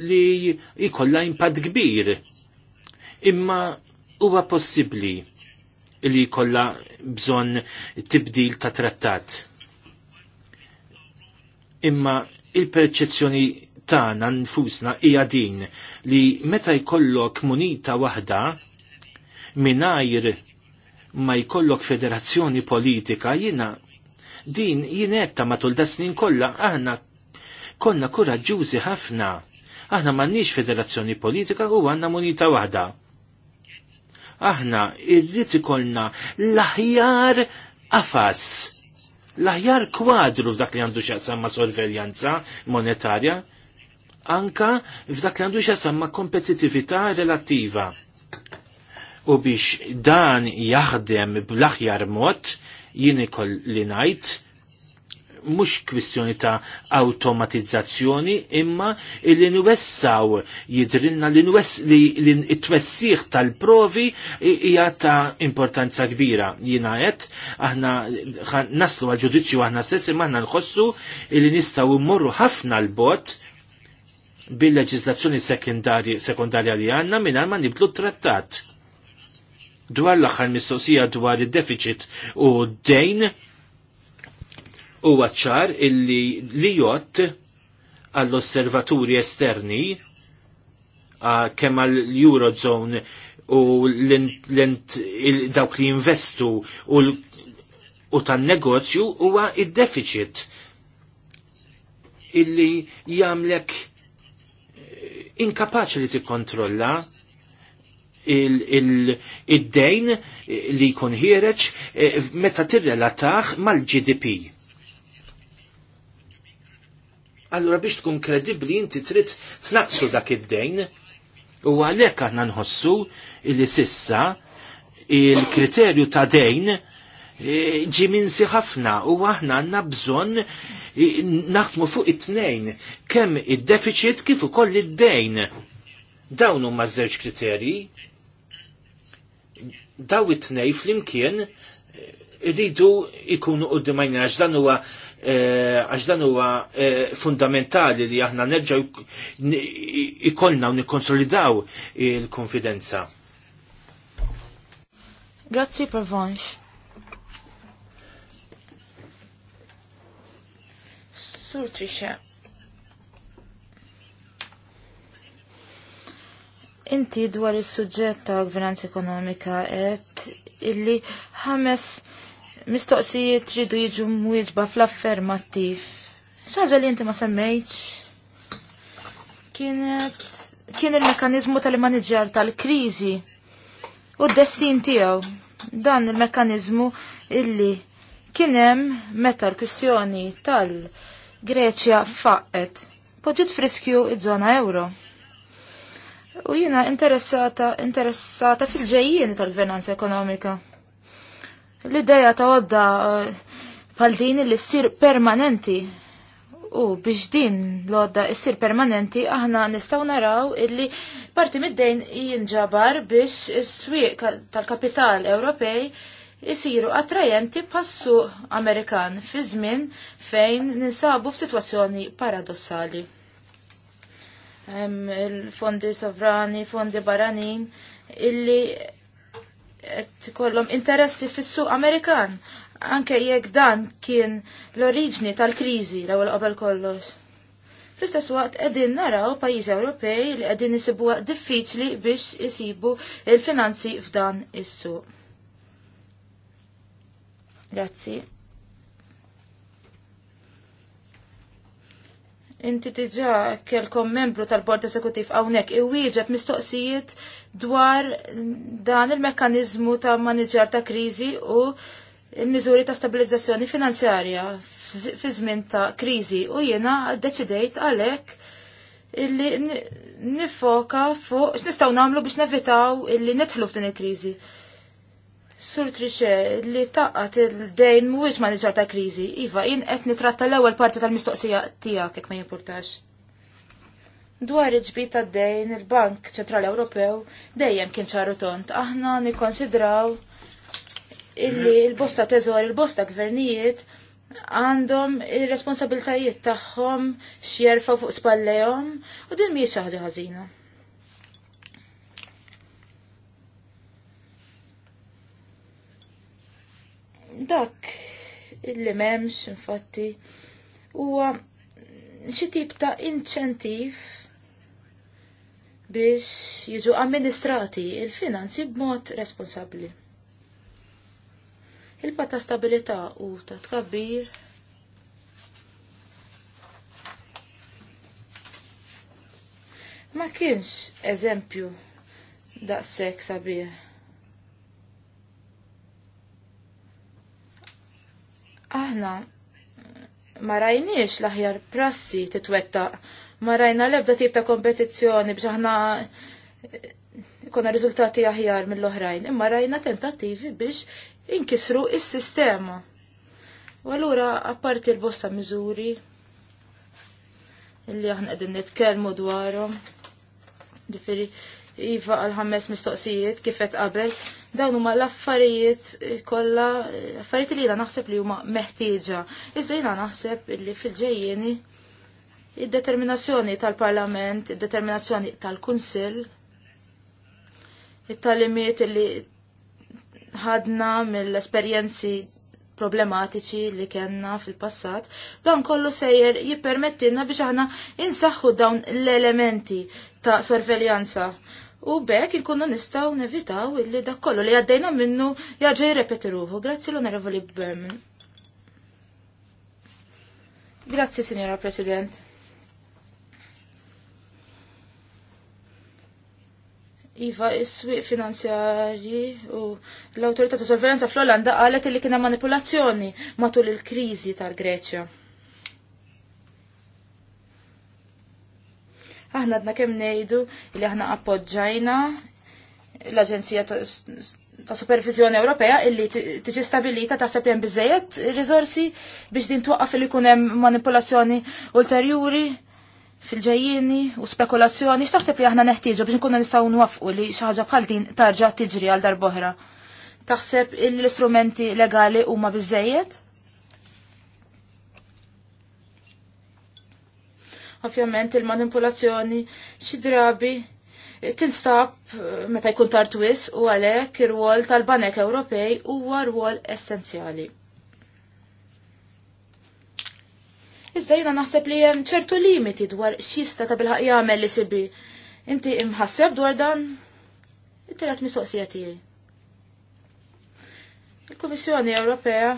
li jkollha impatt kbir. Imma huwa possibbli li jkollha bżonn tibdil ta' trattat. Imma il-perċezzjoni Tana nfusna hija din li meta jkollok munita waħda mingħajr ma jkollok federazzjoni politika jiena din jinetta matul da snin kollha aħna konna kuraġġużi ħafna. Aħna m'għandniex federazzjoni politika u għandna munita waħda. Aħna irrid ikollna l-aħjar afas, l-aħjar kwadru f'dak li għandu xaqsam ma' sorveljanza monetarja, anka f'dak li għandu xasamma kompetitività relattiva. U biex dan jaħdem bl-aħjar mod, jien ikoll li ngħid mux kwistjoni ta' automatizzazzjoni imma li nwessaw jidrilna li t-twessiħ tal-provi hija ta' importanza kbira. Jina għet, aħna naslu għal ġudizzju aħna stess imma aħna nħossu li nistgħu mmorru ħafna l-bot bil-leġislazzjoni sekundarja li għanna minn ma niblu trattat. Dwar l-axar mistoqsija dwar il-deficit u d dejn u għacċar illi li jott għall-osservaturi esterni kemm għall-Eurozone u dawk li investu u tan-negozju huwa id-deficit illi jamlek inkapaċi li tikkontrolla il-dejn li jkun ħireċ eh, meta tirrelataħ mal-GDP. Allura biex tkun kredibli inti trid tnaqsu dak id-dejn u għalhekk aħna nħossu li sissa il-kriterju ta' dejn eh, ġi minsi ħafna u aħna għandna bżonn naħdmu fuq it-tnejn kemm id-deficit kif ukoll id-dejn. Dawn huma żewġ kriterji. Daw it-tnej flimkien eh, rridu ikunu qudiemajna għax dan huwa eh, għax dan huwa eh, fundamentali li aħna nerġa' ikollna u nikkonsolidaw il-konfidenza. Grazzi Pervanche. Sur Trisha. Inti dwar is-suġġett ta' gvernanza ekonomika et illi ħames mistoqsijiet ridu jiġu mwieġba fl-affermattiv. Xaġa li inti ma semmejtx kienet kien il-mekanizmu tal-manager tal-krizi u d-destin tiegħu. Dan il-mekanizmu illi kienem meta l-kwistjoni tal-krizi Greċja faqqet, poġġiet friskju iż-żona euro. U jiena interessata, interessata fil ġejjien tal-gvernanza ekonomika. L-ideja ta' għodda eh, bħal din li ssir permanenti u biex din l-għodda s-sir permanenti aħna nistaw naraw illi parti mid-dejn jinġabar biex is-swieq tal-kapital Ewropej isiru attrajenti passu Amerikan fi żmien fejn ninsabu f'sitwazzjoni paradossali. Il-fondi sovrani, fondi baranin, illi kollom interessi fis-suq Amerikan, anke jekk dan kien l-oriġni tal-kriżi l-ewwel qabel kollox. Fl-istess waqt qegħdin naraw pajjiżi Ewropej li qegħdin isibuha diffiċli biex isibu il-finanzi f'dan is-suq. Grazzi. Inti diġa kelkom membru tal-Bord Eżekutiv hawnhekk iwieġeb mistoqsijiet dwar dan il-mekkaniżmu ta' maniġar ta' kriżi u il-miżuri ta' stabilizzazzjoni finanzjarja fi żmien ta' kriżi u jiena deċidejt għalhekk illi nifoka fuq x'nistgħu nagħmlu biex nevitaw illi nidħlu f'din il-kriżi. il kriżi Sur li taqqat il-dejn mhuwiex maniġar ta' kriżi. Iva, jien qed nitratta l-ewwel parti tal-mistoqsija tiegħek jekk ma jimpurtax. Dwar iġbit ta' dejn il-Bank Ċentrali Ewropew dejjem kien ċaru tont. Aħna nikkonsidraw illi l-bosta teżor, il-bosta gvernijiet għandhom ir-responsabiltajiet tagħhom xjerfa fuq spallejhom u din mhijiex ħaġa ħażina. dak illi memx infatti huwa xi tip ta' inċentiv biex jiġu amministrati il-finanzi b'mod responsabbli. Il-pa ta' stabilità u ta' tkabbir ma kienx eżempju da' sek sabiħ Aħna ma rajniex l-aħjar prassi titwetta, ma rajna lebda tip ta' kompetizzjoni aħna eh, konna riżultati aħjar mill-oħrajn, imma rajna tentattivi biex inkisru il sistema U allura apparti l-bosta miżuri illi aħna qegħdin nitkellmu dwarhom, ġifieri iva għal ħames mistoqsijiet kif qed qabel, Dawn huma l-affarijiet kollha affarijiet li jiena naħseb li huma meħtieġa. Iżda jiena naħseb li fil-ġejjeni id-determinazzjoni tal-Parlament, id-determinazzjoni tal-Kunsill, it-talimiet li ħadna mill-esperjenzi problematiċi li kena fil-passat, dawn kollu sejjer jippermettilna biex aħna insaħħu dawn l-elementi ta' sorveljanza. U bekk il-konna nistaw nevitaw illi dak kollu li għaddejna minnu jaġġa jirrepetiruħu. Grazzi l-Onorevoli Berman. Grazzi, Signora President. Iva, is-swiq finanzjari u l-autorità ta' sorveljanza fl-Olanda qalet li kiena manipulazzjoni matul il-kriżi tal-Greċja. Aħna għadna kemm ngħidu li aħna appoġġajna l-Aġenzija ta' Supervizjoni Ewropea illi tiġi stabilita taħseb hemm bizzejet rizorsi biex din twaqqaf li jkun hemm manipolazzjoni ulterjuri fil ġajjini u spekulazzjoni x'taħseb li aħna neħtieġu biex nkunu nistgħu nwafqu li xi ħaġa bħal din tarġa' tiġri għal darb'oħra. Taħseb l-istrumenti legali huma biżejjed? Ovvjament il-manipulazzjoni xi drabi tinstab eh, meta jkun tar u għalhekk ir-rwol tal-Banek Ewropej huwa rwol essenzjali. Iżda jiena naħseb li hemm ċertu limiti dwar x'jista' ta' bilħaq jagħmel li sibi. Inti imħasseb dwar dan? It-tielet mistoqsija tiegħi. Il-Kummissjoni Ewropea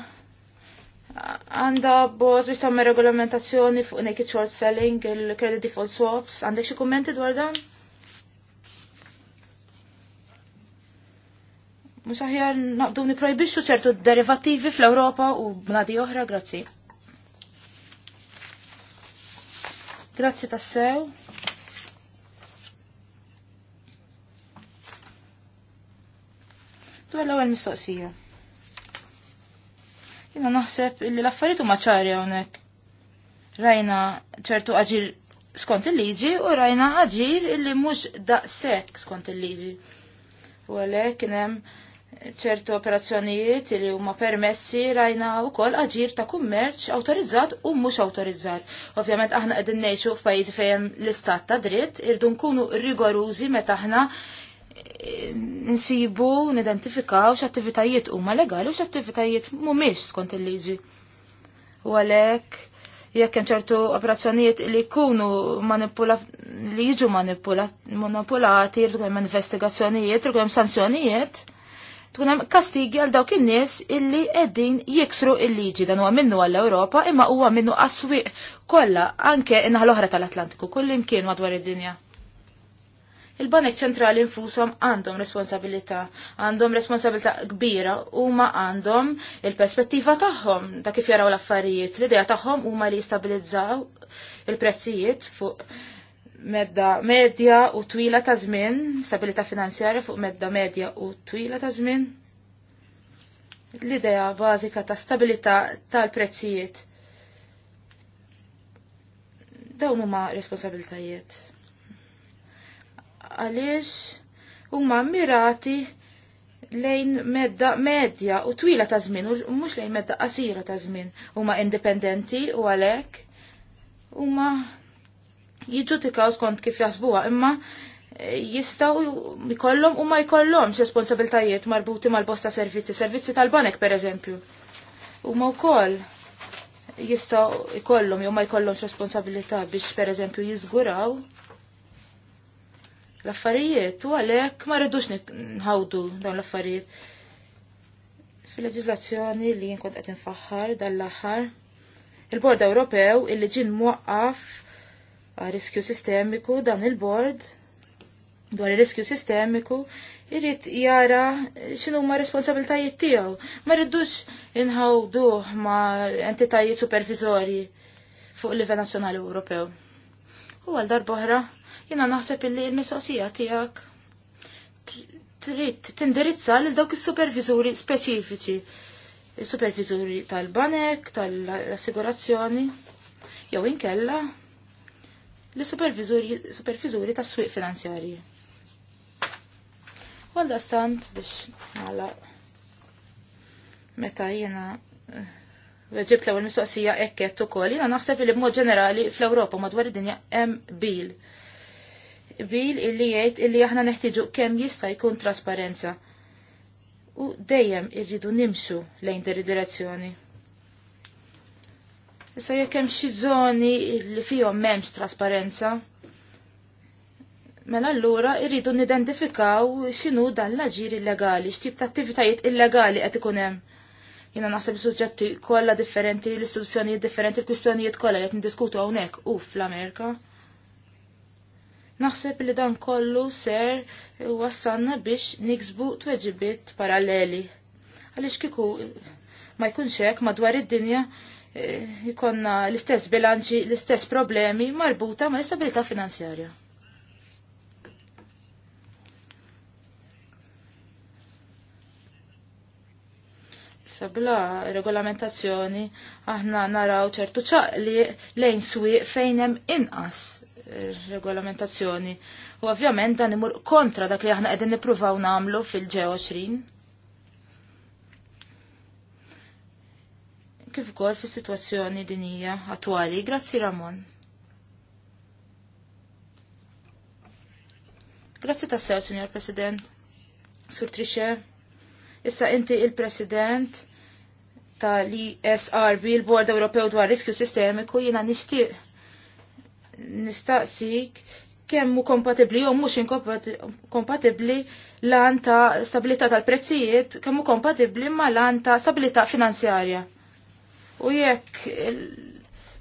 għanda boz biex tamme regolamentazzjoni fuq naked short selling, il-credit default swaps, għandek xie kommenti dwar dan? Mux aħjar naqdu niprojbixxu ċertu derivativi fl-Europa u bnadi oħra, grazzi. Grazzi tassew. Dwar l-ewwel mistoqsija. Jina naħseb illi l-affarijiet huma ċari hawnhekk. Rajna ċertu aġir skont il-liġi u rajna aġir illi mhux daqshekk skont il-liġi. U għalhekk kien hemm ċertu operazzjonijiet li huma permessi rajna wkoll aġir ta' kummerċ awtorizzat u mhux awtorizzat. Ovvjament aħna qegħdin ngħixu f'pajjiżi fejn l-istat ta' dritt irdun nkunu rigorużi meta aħna nsibu nidentifikaw x'attivitajiet huma legali u x'attivitajiet mhumiex skont il-liġi. U għalhekk jekk hemm ċertu operazzjonijiet li jkunu li jiġu manipulati, jrid hemm investigazzjonijiet, jrid hemm sanzjonijiet, tkun hemm kastigi għal dawk in-nies illi qegħdin jiksru il-liġi dan huwa minnu għall europa imma huwa minnu għas kollha anke in-naħa l-oħra tal-Atlantiku kullimkien madwar id-dinja il-Banek ċentrali infushom għandhom responsabilità, għandhom responsabilità kbira u ma għandhom il-perspettiva tagħhom ta' kif jaraw l-affarijiet. L-idea tagħhom huma li jistabilizzaw il-prezzijiet fuq medda medja u twila ta' żmien, stabilità finanzjarja fuq medda medja u twila ta' żmien. L-idea bażika ta' stabilità tal-prezzijiet. Dawn huma responsabiltajiet għaliex huma mirati lejn medda medja u twila ta' żmien u mhux lejn medda qasira ta' żmien huma indipendenti u għalhekk huma jiġġudikaw skont kif jasbuha imma eh, jistaw jkollhom u ma jkollhomx responsabiltajiet marbuti mal-bosta servizzi, servizzi tal-banek per eżempju. U ma wkoll jistaw jkollhom jew ma jkollhomx responsabilità biex per eżempju jiżguraw l-affarijiet u għalhekk ma rridux nħawdu dawn l-affarijiet. Fil-leġiżlazzjoni li jinkont għet qed dan dal-aħħar, il-Bord Ewropew illi ġin muqqaf għal riskju sistemiku dan il-bord dwar il-riskju sistemiku irrit jara xinu ma responsabiltajiet tijaw. Ma rridux inħawduħ ma entitajiet supervizori fuq il livell nazjonali Ewropew. U għal darboħra, jina naħseb illi il-mistoqsija tijak trid tindirizza lil dawk is-supervizuri speċifiċi. il supervizuri tal-banek, tal-assigurazzjoni, jew inkella l-supervizuri tas-swieq finanzjarji. Għalda stant biex nagħlaq meta jiena eh, ġibt l-ewwel mistoqsija ekket ukoll, jiena naħseb li b'mod ġenerali fl-Ewropa madwar id-dinja hemm bil Bil illi jgħid illi aħna neħtieġu kemm jista' jkun trasparenza. U dejjem irridu nimxu lejn dir direzzjoni. Issa jekk hemm xi żoni li fihom m'hemmx trasparenza, mela allura irridu nidentifikaw x'inhu dan l-aġir illegali, x'tip ta' attivitajiet illegali qed ikun hemm. Jiena naħseb suġġetti kollha differenti, l-istituzzjonijiet differenti, l-kwistjonijiet kollha li qed niddiskutu hawnhekk u fl-Amerika. Naħseb li dan kollu ser wassanna biex niksbu tweġibiet paralleli. Għaliex kiku ma jkunx hekk madwar id-dinja e, jikonna l-istess bilanċi, l-istess problemi marbuta ma' l-istabilità finanzjarja. Issa bla regolamentazzjoni aħna naraw ċertu ċaqli lejn swieq fejn hemm inqas regolamentazzjoni. U ovvjament dan imur kontra dak li aħna qegħdin nippruvaw nagħmlu fil ġew 20 Kif ukoll fis-sitwazzjoni din hija attwali. Grazzi Ramon. Grazzi tassew, Signor President. Sur Trixe. Issa inti il-President tal-ISRB, il-Bord Ewropew dwar Riskju Sistemiku, jiena nixtieq nistaqsik kemm hu kompatibbli jew mhux inkompatibbli lan ta' stabilità tal-prezzijiet kemm hu kompatibbli ma' lan ta' stabilità finanzjarja. U jekk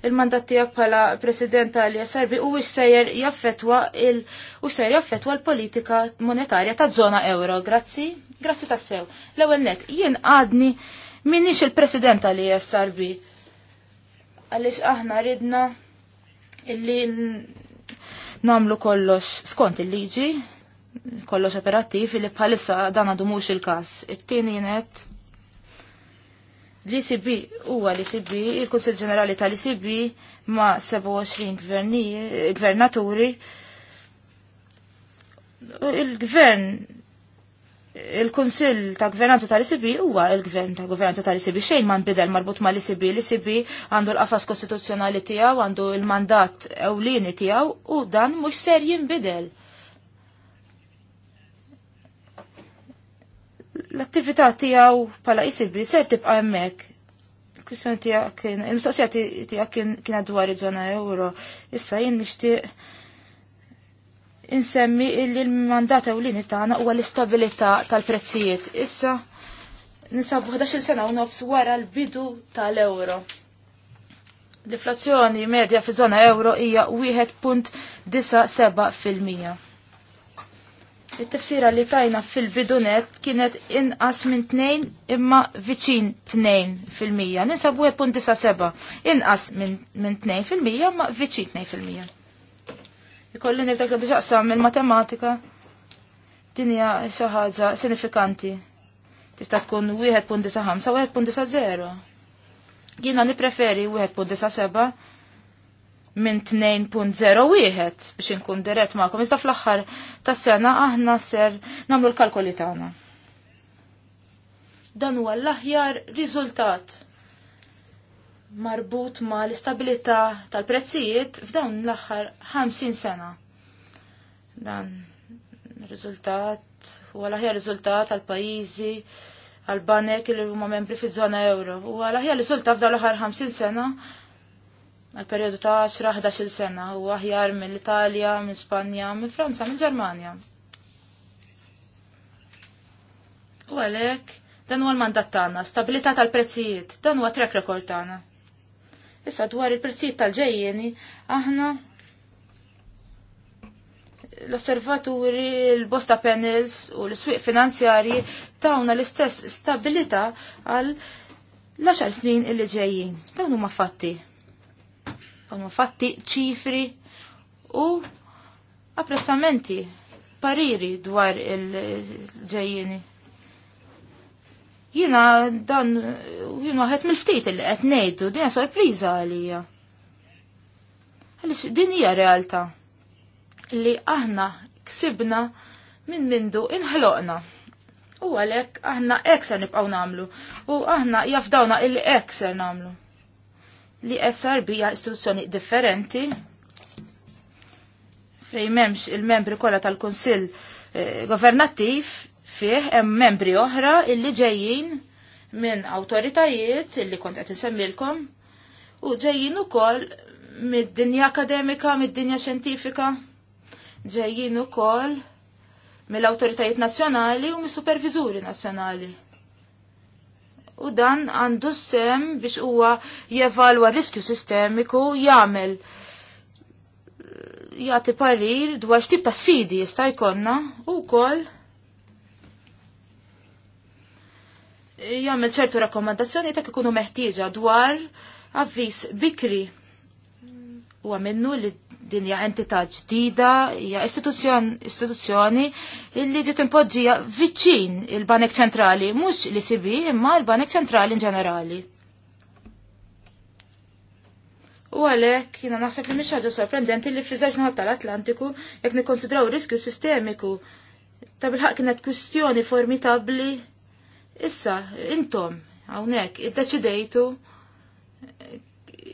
il-mandat tiegħek bħala Presidenta li jasarbi u sejjer jaffetwa il u sejjer jaffetwa l-politika monetarja ta' żona euro. Grazzi, grazzi tassew. L-ewwel net, jien għadni minnix il-President li jasarbi. Għaliex aħna ridna illi namlu kollox skont il-liġi, kollox operattiv illi bħalissa dan għadu mux il-kas. It-tieni jenet, l-ICB huwa l-ICB, e il-Kunsil Ġenerali tal-ICB ma' 27 gvernaturi il-gvern il-Kunsill ta' Gvernanza tal isb huwa il-Gvern ta' Gvernanza tal isb xejn ma nbidel marbut ma' l isb l isb għandu l-qafas kostituzzjonali tiegħu, għandu l-mandat ewlieni tiegħu u dan mhux ser jinbidel. L-attività tiegħu bħala ISB ser tibqa' hemmhekk. Il-kwistjoni tiegħek kien il-mistoqsija tiegħek kien dwar iż-żona euro. Issa jien nixtieq insemmi li l-mandat ewlieni tagħna huwa l-istabilità tal-prezzijiet. Issa nisabu 11 sena u nofs wara l-bidu tal-euro. L-inflazzjoni medja fi żona euro hija 1.97 fil-mija. Il-tifsira li tajna fil-bidunet bidu kienet inqas minn 2 imma viċin 2 fil-mija. Nisabu 1.97 inqas minn 2 fil-mija imma viċin 2 fil-mija. Ikolli nibda li ġaqsam il-matematika din hija xi ħaġa sinifikanti. Tista' tkun 1.95 sa 1.0. Jiena nippreferi 1.7 minn 2.01 biex inkun dirett ma'kom. Iżda fl-aħħar tas-sena aħna ser nagħmlu l-kalkoli tagħna. Dan huwa l-aħjar riżultat marbut ma l istabilita tal-prezzijiet f'dawn l-aħħar 50 sena. Dan riżultat huwa l-aħjar riżultat għal pajjiżi għal banek li huma membri fiż-żona euro. U għalaħja rizultat f'dawn l-aħħar 50 sena għal periodu ta' 10-11 sena u aħjar mill-Italja, minn Spanja, minn Franza, minn Ġermanja. U għalhekk dan huwa l-mandat tagħna, stabilità tal-prezzijiet, dan huwa track record tagħna. Issa dwar il-prezzijiet tal-ġejjeni, aħna l-osservaturi, l-bosta panels u l-swiq finanzjarji tawna l-istess stabilita għal l-10 snin illi ġejjin. Dawn huma fatti. Dawn huma fatti ċifri u apprezzamenti, pariri dwar il ġejjeni Jina dan, jina għet mil-ftit li għet nejdu, din sorpriza għalija. Għalix din hija realtà li aħna ksibna minn mindu inħloqna. U għalek aħna ekser nibqaw namlu. U aħna jafdawna illi ekser namlu. Li essar bija istituzzjoni differenti fej memx il-membri kollha tal-Kunsill eh, governattiv fih hemm membri oħra illi ġejjin minn awtoritajiet illi kont qed insemmilkom u ġejjin ukoll mid-dinja akademika, mid-dinja xjentifika, ġejjin ukoll mill-awtoritajiet nazzjonali u mis-supervizuri nazzjonali. U dan għandu sem biex huwa jevalwa riskju sistemiku jagħmel jagħti parir dwar x'tip ta' sfidi jista' jkollna u wkoll jagħmel ċertu rakkomandazzjoni ta' ikunu meħtieġa dwar avviż bikri. Huwa minnu li din hija entità ġdida, hija istituzzjoni li ġiet impoġġija viċin il-Banek Ċentrali, mhux li sibi imma l-Banek Ċentrali in ġenerali. U għalhekk jiena naħseb li mhix ħaġa sorprendenti li friżaġ naħat tal-Atlantiku jekk nikkonsidraw riskju sistemiku ta' bilħaq kienet kwistjoni formitabbli Issa, intom, hawnhekk iddeċidejtu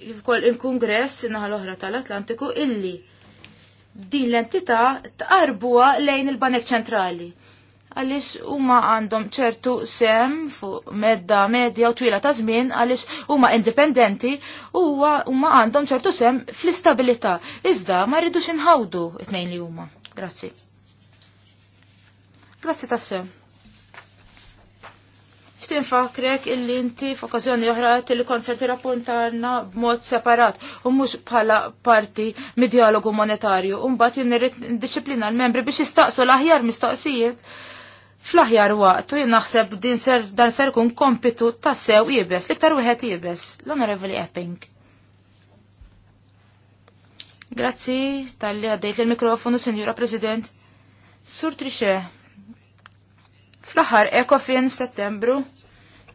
il-kongress naħa l-oħra tal-Atlantiku illi din l-entità tqarbuha lejn il-Banek Ċentrali. Għaliex huma għandhom ċertu sem fuq medda medja u twila ta' żmien għaliex huma indipendenti u huma għandhom ċertu sem fl-istabilità. Iżda ma rridux inħawdu it-tnejn li huma. Grazzi. Grazzi tas-sem. Nixti nfakrek illi inti f'okkażjoni oħra li konserti rappuntarna b'mod separat u mhux bħala parti mid-dialogu monetarju u mbagħad jinnirid ndixxiplina l-membri biex jistaqsu l-aħjar mistoqsijiet fl-aħjar waqtu jien naħseb din ser dan ser kun kompitu tassew jibes, l-iktar wieħed jibes, l-Onorevoli Epping. Grazzi tal-li għaddejt l-mikrofonu, Sinjura President. Sur Trixe, fl-aħħar Ecofin f'Settembru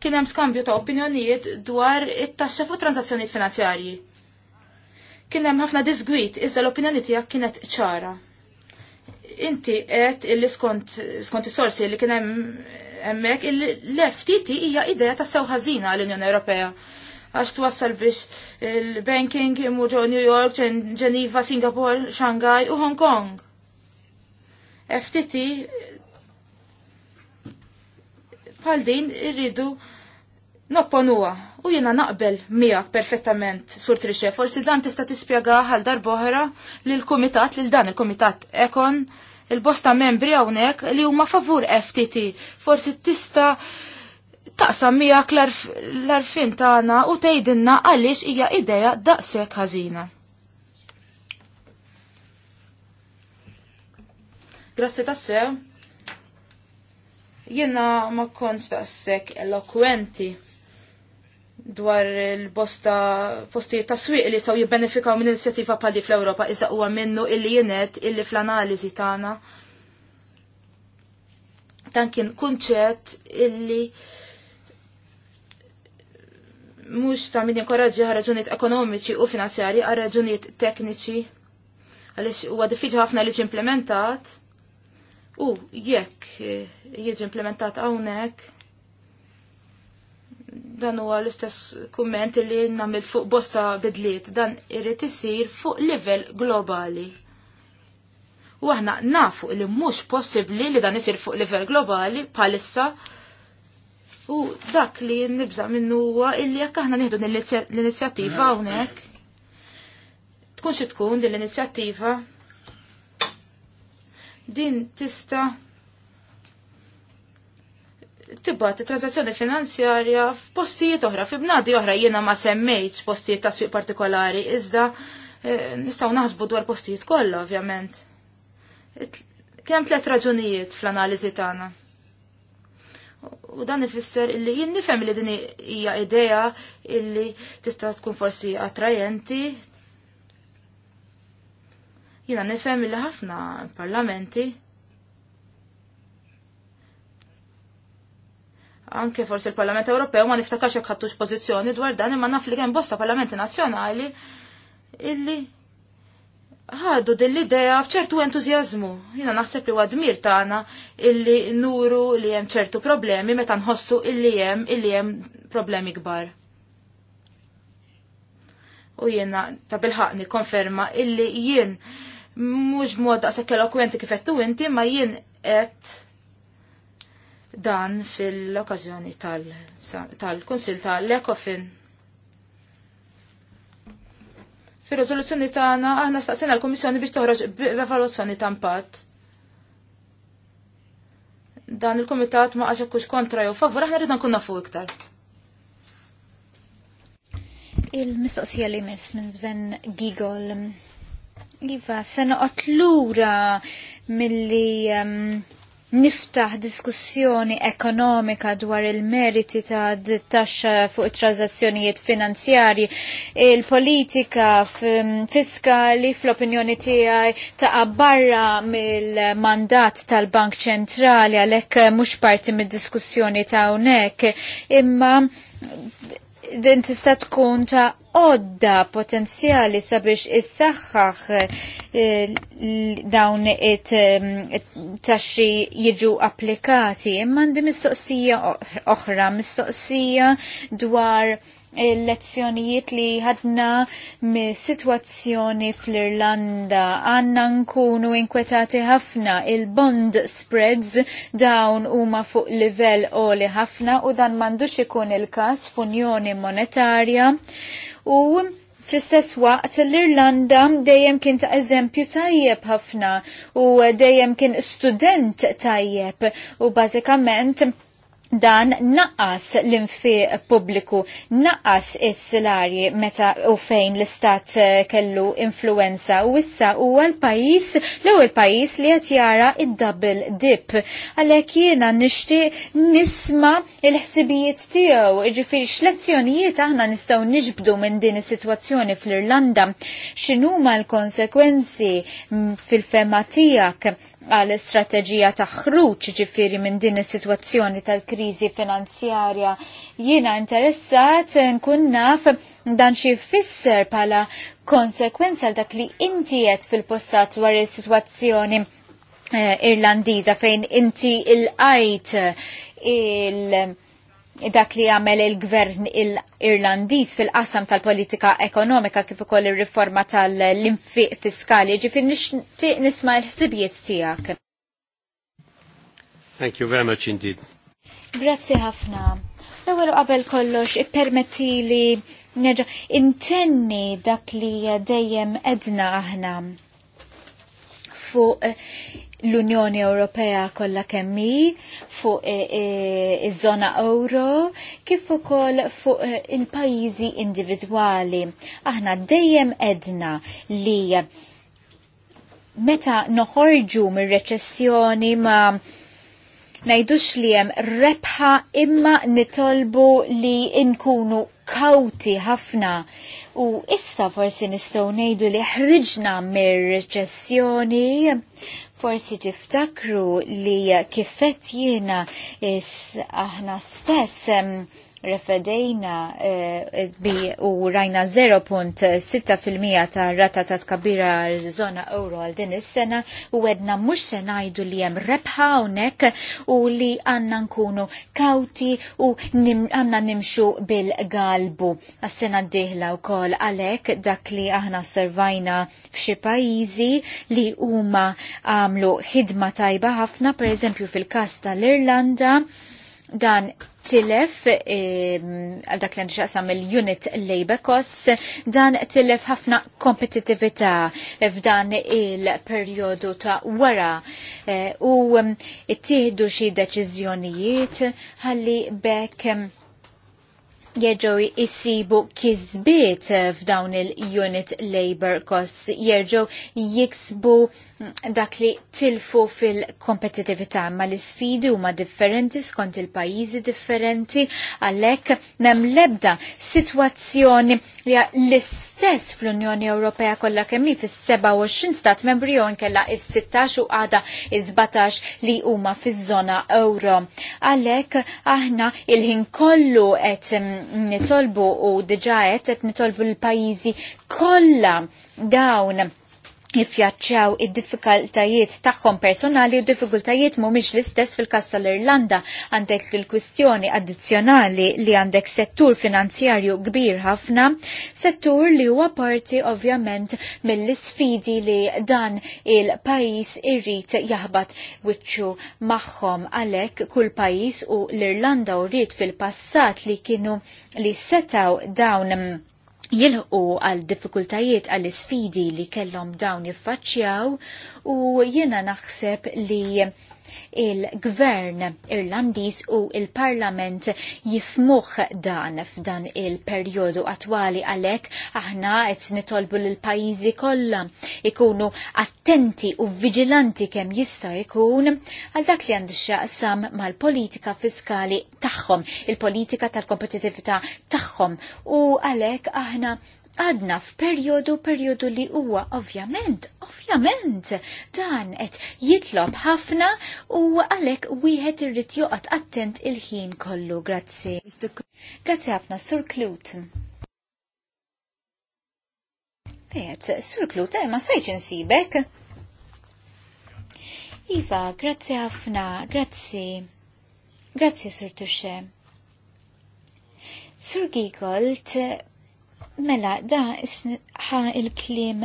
kien hemm skambju ta' opinjonijiet dwar it-taxxa fuq transazzjonijiet finanzjarji. Kien hemm ħafna disgwit iżda l-opinjoni tiegħek kienet ċara. Inti qed illi skont skont is-sorsi li kien hemm hemmhekk l-FTT hija idea ta' sew ħażina għall-Unjoni Ewropea għax twassal biex il-banking imurġu New York, Geneva, Singapore, Shanghai u Hong Kong. FTT bħal din irridu nopponuwa u jiena naqbel miegħek perfettament sur Trixe, forsi dan tista' tispjaga għal darboħra lil kumitat lil dan il-kumitat Ekon il-bosta membri hawnhekk li huma favur FTT. Forsi tista' taqsam miegħek l-arfin tagħna u tgħidilna għaliex hija idea daqshekk ħażina. Grazzi tassew. Jena ma konċ daqsek eloquenti dwar il-bosta postijiet ta' swieq li staw jibbenefikaw minn inizjattiva pali fl-Ewropa iżda huwa minnu illi jenet illi fl-analiżi tagħna dan kien kunċett illi mhux ta' min jinkoraġġi raġunijiet ekonomiċi u finanzjarji għal raġunijiet tekniċi għaliex huwa diffiċli ħafna li ġimplementat implementat U jekk eh, jiġi implementat hawnhekk dan huwa l-istess kumment li nagħmel fuq bosta bidliet dan irid isir fuq livell globali. U aħna nafu li mhux possibbli li dan isir fuq livell globali bħalissa u dak li nibża minnu huwa illi jekk aħna nieħdu l-inizjattiva hawnhekk Tkunx tkun din l-inizjattiva din tista tibbat transazzjoni finanzjarja f'postijiet oħra, Fibnadi oħra jiena ma semmejtx postijiet ta' suq partikolari, iżda eh, nistgħu naħsbu dwar postijiet kollha ovvjament. Kien hemm tliet raġunijiet fl-analiżi tagħna. U dan ifisser illi jien nifhem li din hija idea illi tista' tkun forsi attrajenti, Jina nifhem li ħafna parlamenti anke forsi il-Parlament Ewropew ma niftakax jekk ħattux pożizzjoni dwar dan imma naf li kemm bosta parlamenti nazzjonali illi ħaddu dill-idea bċertu entużjażmu. Jiena naħseb li wadmir dmir tagħna illi nuru li hemm ċertu problemi meta nħossu illi hemm illi hemm problemi kbar. U jiena ta' bilħaqni konferma illi jien mhux mod daqshekk elokwenti kif qed inti ma jien qed dan fil-okkażjoni tal-Kunsil tal-Ekofin. Fir-riżoluzzjoni tagħna aħna staqsejna l-Kummissjoni biex toħroġ b'evaluazzjoni ta' impatt dan il-komitat ma għaxek kux kontra jew favur, aħna rridna nkun nafu iktar. Il-mistoqsija li mis minn Sven Gigol um, Iva, sena lura milli um, niftaħ diskussjoni ekonomika dwar il-meriti ta' taxxa fuq it-transazzjonijiet finanzjarji, il-politika fiskali fl-opinjoni tiegħi ta' barra mill-mandat tal-Bank Ċentrali għalhekk mhux parti mid-diskussjoni ta' hawnhekk, imma din tista' tkun ta' odda potenzjali sabiex issaħħaħ eh, dawn it-taxxi mm, jiġu applikati. Imma għandi mistoqsija oħra, mistoqsija dwar lezzjonijiet li ħadna mi situazzjoni fl-Irlanda għanna nkunu inkwetati ħafna il-bond spreads dawn huma fuq livell oli ħafna u dan mandux ikun il-kas f'unjoni monetarja u Fl-istess waqt l-Irlanda dejjem kien ta' eżempju tajjeb ħafna u dejjem kien student tajjeb u bażikament dan naqas l-infiq pubbliku, naqas is-salarji meta u fejn l-istat eh, kellu influenza u issa huwa l-pajis l-ewwel pajis li qed jara il double dip. Għalhekk jiena nixtieq nisma' il-ħsibijiet tiegħu, jiġifieri x'lezzjonijiet aħna nistgħu niġbdu minn din is-sitwazzjoni fl-Irlanda, x'inhuma l-konsekwenzi mm, fil-fema tiegħek għal strategija ta' ħruġ ġifiri minn din is-sitwazzjoni tal-kriżi finanzjarja. Jiena interessat nkun naf dan xi fisser pala konsekwenza dak li inti qed fil-possat dwar is-sitwazzjoni eh, Irlandiża fejn inti il-qajt il-, -qajt, il dak li għamel il-gvern il-Irlandiż fil-qasam tal-politika ekonomika kif ukoll ir-riforma tal-infiq fiskali, ġifir nixtieq nisma' l-ħsibijiet tiegħek. Thank you very much indeed. Grazzi ħafna. L-ewwel qabel kollox ippermetti li nerġa' intenni dak li dejjem edna aħna fuq l-Unjoni Ewropea kollha kemmi fuq iż-żona e, e, euro kif ukoll fuq e, il-pajjiżi individwali. Aħna dejjem edna li meta noħorġu mir-reċessjoni ma najdux li hemm rebħa imma nitolbu li nkunu kawti ħafna u issa forsi nistgħu ngħidu li ħriġna mir-reċessjoni forsi tiftakru li kifet jiena aħna stess refedejna eh, bi u rajna 0.6% ta' rata ta' tkabira zona euro għal din is-sena u għedna mux se li jem rebħa unek u li għanna nkunu kauti u għanna nim, nimxu bil-galbu. as sena d-dihla u kol għalek dak li aħna servajna f'xi pajizi li huma għamlu ħidma tajba ħafna, per eżempju fil-kas tal-Irlanda, dan tilef għal dak li għandu xaqsam il-unit labor costs dan tilef ħafna kompetitività f'dan il-periodu ta' wara e, u ittieħdu xi deċiżjonijiet ħalli bekk jerġgħu jisibu kizbiet f'dawn il-unit labor costs jerġgħu jiksbu dak li tilfu fil-kompetitività ma l-sfidi huma differenti skont il-pajjiżi differenti għalhekk m'hemm lebda sitwazzjoni li l-istess fl-Unjoni Ewropea kollha kemm fis-27 stat membri jew nkella is-16 u għada is-17 li huma fiż-żona euro. Għalhekk aħna il-ħin kollu qed mm, nitolbu u diġà qed nitolbu l-pajjiżi kollha dawn jiffjaċċaw id-diffikultajiet tagħhom personali u diffikultajiet mhumiex l-istess fil kassa tal-Irlanda għandek il-kwistjoni addizzjonali li għandek settur finanzjarju kbir ħafna, settur li huwa parti ovvjament mill-isfidi li dan il-pajjiż irrid jaħbad wiċċu magħhom għalhekk kull pajjiż u l-Irlanda u rrid fil-passat li kienu li setaw dawn jilħu għal diffikultajiet għal sfidi li kellhom dawn jiffaċċjaw u jiena naħseb li il-gvern Irlandiż u il-parlament jifmuħ dan f'dan il-perjodu attwali għalek aħna qed nitolbu lil pajjiżi kollha ikunu attenti u vigilanti kemm jista' jkun għal dak li għandu x'jaqsam mal-politika fiskali tagħhom, il-politika tal-kompetitività tagħhom u għalek aħna għadna f'perjodu perjodu li huwa ovvjament, ovvjament, dan qed jitlob ħafna u għalhekk wieħed irrid joqgħod attent il-ħin kollu, grazzi. Grazzi ħafna, Sur Klut. Fejt, Sur Klut, eh, ma stajċ insibek. Iva, grazzi ħafna, grazzi. Grazzi, Sur Tuxe. Sur Gigolt, Mela, da isħa il-klim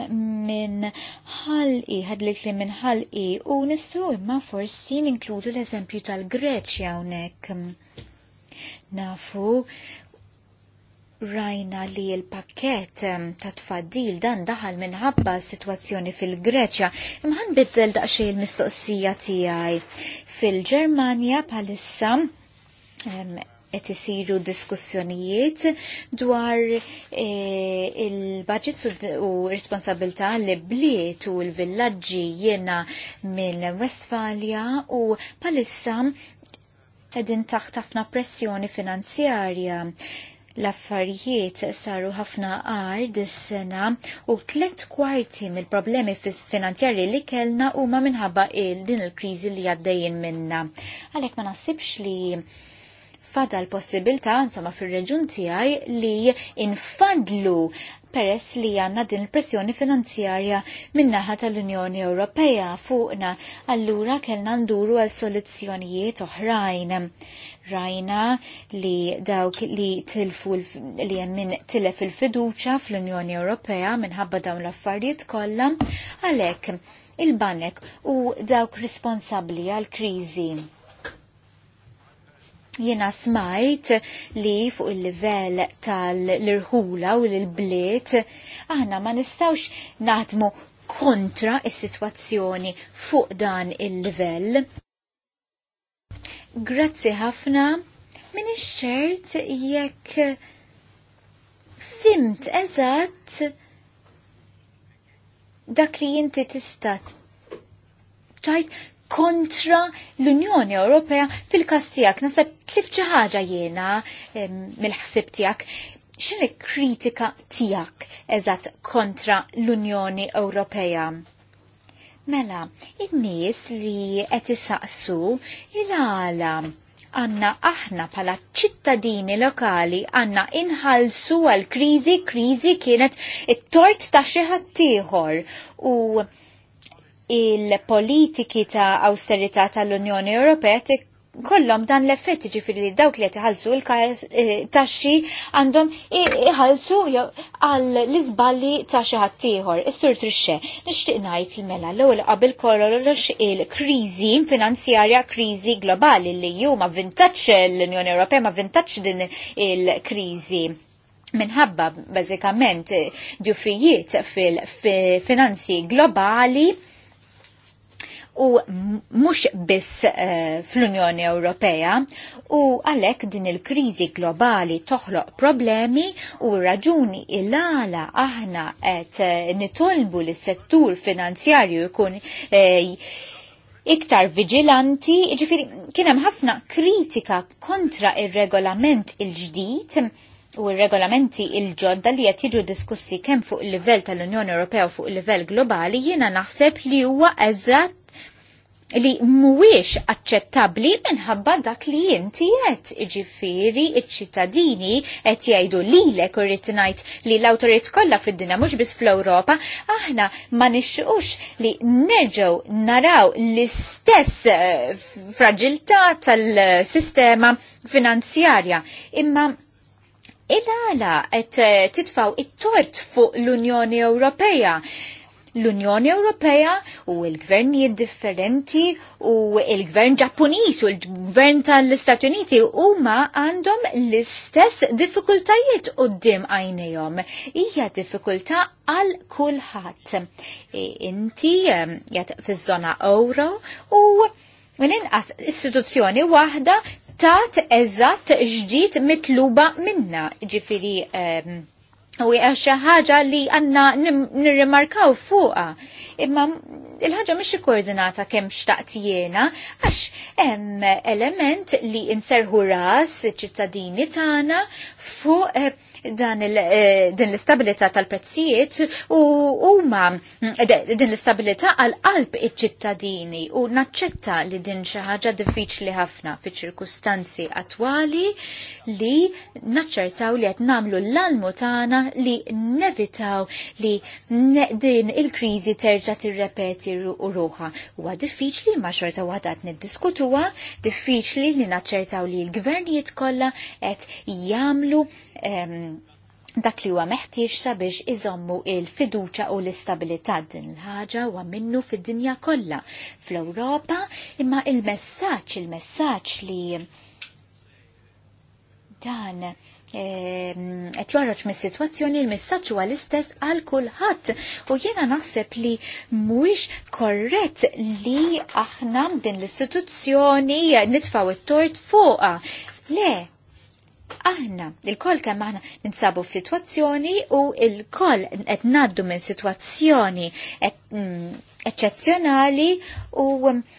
minn ħalqi, ħad il-klim minn ħalqi, u nistu imma forsi ninkludu l-eżempju tal-Greċja unek. Nafu, rajna li l-pakket ta' tfaddil dan daħal minħabba s-situazzjoni fil-Greċja, imħan biddel daqxej il-mistoqsija tijaj. Fil-Germania palissa, qed isiru diskussjonijiet dwar e, il-budget u responsabilità li bliet u l-villaġġi jiena mill-Westfalia u palissa edin taħt ħafna pressjoni finanzjarja l-affarijiet saru ħafna għar dis-sena u tlet kwarti mill-problemi finanzjarji li kellna huma minħabba il din il-kriżi li għaddejjin minna. Għalhekk ma nasibx li l possibilità insomma fir-reġun tiegħi li infadlu peress li għanna din il-pressjoni finanzjarja minnaħa tal-Unjoni Ewropea fuqna, allura kellna nduru għal soluzzjonijiet oħrajn. Rajna li dawk li tilfu li min tilef il-fiduċa fl-Unjoni Ewropea minħabba dawn l-affarijiet kollha għalhekk il-banek u dawk responsabbli għal kriżi Jena smajt li fuq il-livell tal-irħula u l-bliet, aħna ma nistawx naħdmu kontra is-sitwazzjoni fuq dan il level Grazzi ħafna, min ċert jekk fimt eżatt dak li jinti tista' tajt kontra l-Unjoni Ewropea fil-kas tijak. Nasab tlif ħaġa jena mill-ħsib tijak. Xini kritika tijak eżat kontra l-Unjoni Ewropea? Mela, in-nies li qed isaqsu il-għala għanna aħna pala ċittadini lokali għanna inħalsu għal krizi, krizi kienet it-tort ta' xi ħaddieħor u il-politiki ta' austerità tal-Unjoni Ewropea kollom dan l-effetti ġifiri li dawk li jtħalsu il-taxxi eh, għandhom iħalsu għal l-izballi ta' xaħatiħor, istur trixxe. Nishtiq najt il-mela l-ewwel qabel kollox il-kriżi finanzjarja kriżi globali li ju ma' vintax l-Unjoni Ewropea ma' vintax din il-kriżi minħabba bażikament ġufijiet eh, fil-finanzi globali u mhux biss uh, fl-Unjoni Ewropea u għalhekk din il-kriżi globali toħloq problemi u raġuni il-għala aħna qed eh, nitolbu lis settur finanzjarju jkun eh, iktar vigilanti, ġifiri, kienem ħafna kritika kontra il-regolament il-ġdijt u il-regolamenti il-ġodda li jattiġu diskussi kemm fuq il-livell tal-Unjoni Ewropea u fuq il-livell globali jiena naħseb li huwa eżatt li mhuwiex aċċettabbli minħabba dak li jinti qed iġifieri iċ-ċittadini qed jgħidu lilek l ngħid li l autorit kollha fid-dinja mhux biss fl-Ewropa, aħna ma nixxux li nerġgħu naraw l-istess eh, fragilta tal-sistema finanzjarja. Imma il-għala et eh, titfaw it-tort fuq l-Unjoni Ewropea l-Unjoni Ewropea u l-gvernijiet differenti u l-gvern Ġappuniż u l-gvern tal-Istati Uniti huma għandhom l-istess diffikultajiet qudiem għajnejhom. Hija diffikultà għal kulħadd. Inti ehm, jgħat fiż-żona euro u l-inqas istituzzjoni waħda tat eżatt ġdid mitluba minna ġifiri um, u xi ħaġa li għanna nirrimarkaw fuqa. Imma il-ħaġa mxie koordinata kemm xtaqt jiena għax hemm element li inserħu ras ċittadini tagħna fuq eh, dan eh, din l-istabilità tal-prezzijiet u huma mm, din l-istabilità għal qalb iċ-ċittadini u naċċetta li din xi ħaġa diffiċli ħafna fiċ-ċirkustanzi attwali li naċċertaw li qed nagħmlu l-almu tagħna li nevitaw li din il-kriżi terġa' tirrepeti u ruħa. Huwa diffiċli ma xorta waħda qed niddiskutuha, diffiċli li naċċertaw li l-gvernijiet kollha qed jagħmlu dak li huwa meħtieġ sabiex iżommu il-fiduċa u l-istabilità din il-ħaġa huwa minnu fid-dinja kollha fl-Ewropa, imma il-messaġġ il-messaġġ li dan qed joħroġ mis-sitwazzjoni l-messaġġ huwa l-istess għal kulħadd u jiena naħseb li mhuwiex korrett li aħna din l-istituzzjoni nitfgħu it-tort fuqha. Le, aħna, il-koll kemm aħna ninsabu f'sitwazzjoni u il-koll qed ngħaddu minn sitwazzjoni mm, eċċezzjonali u mm,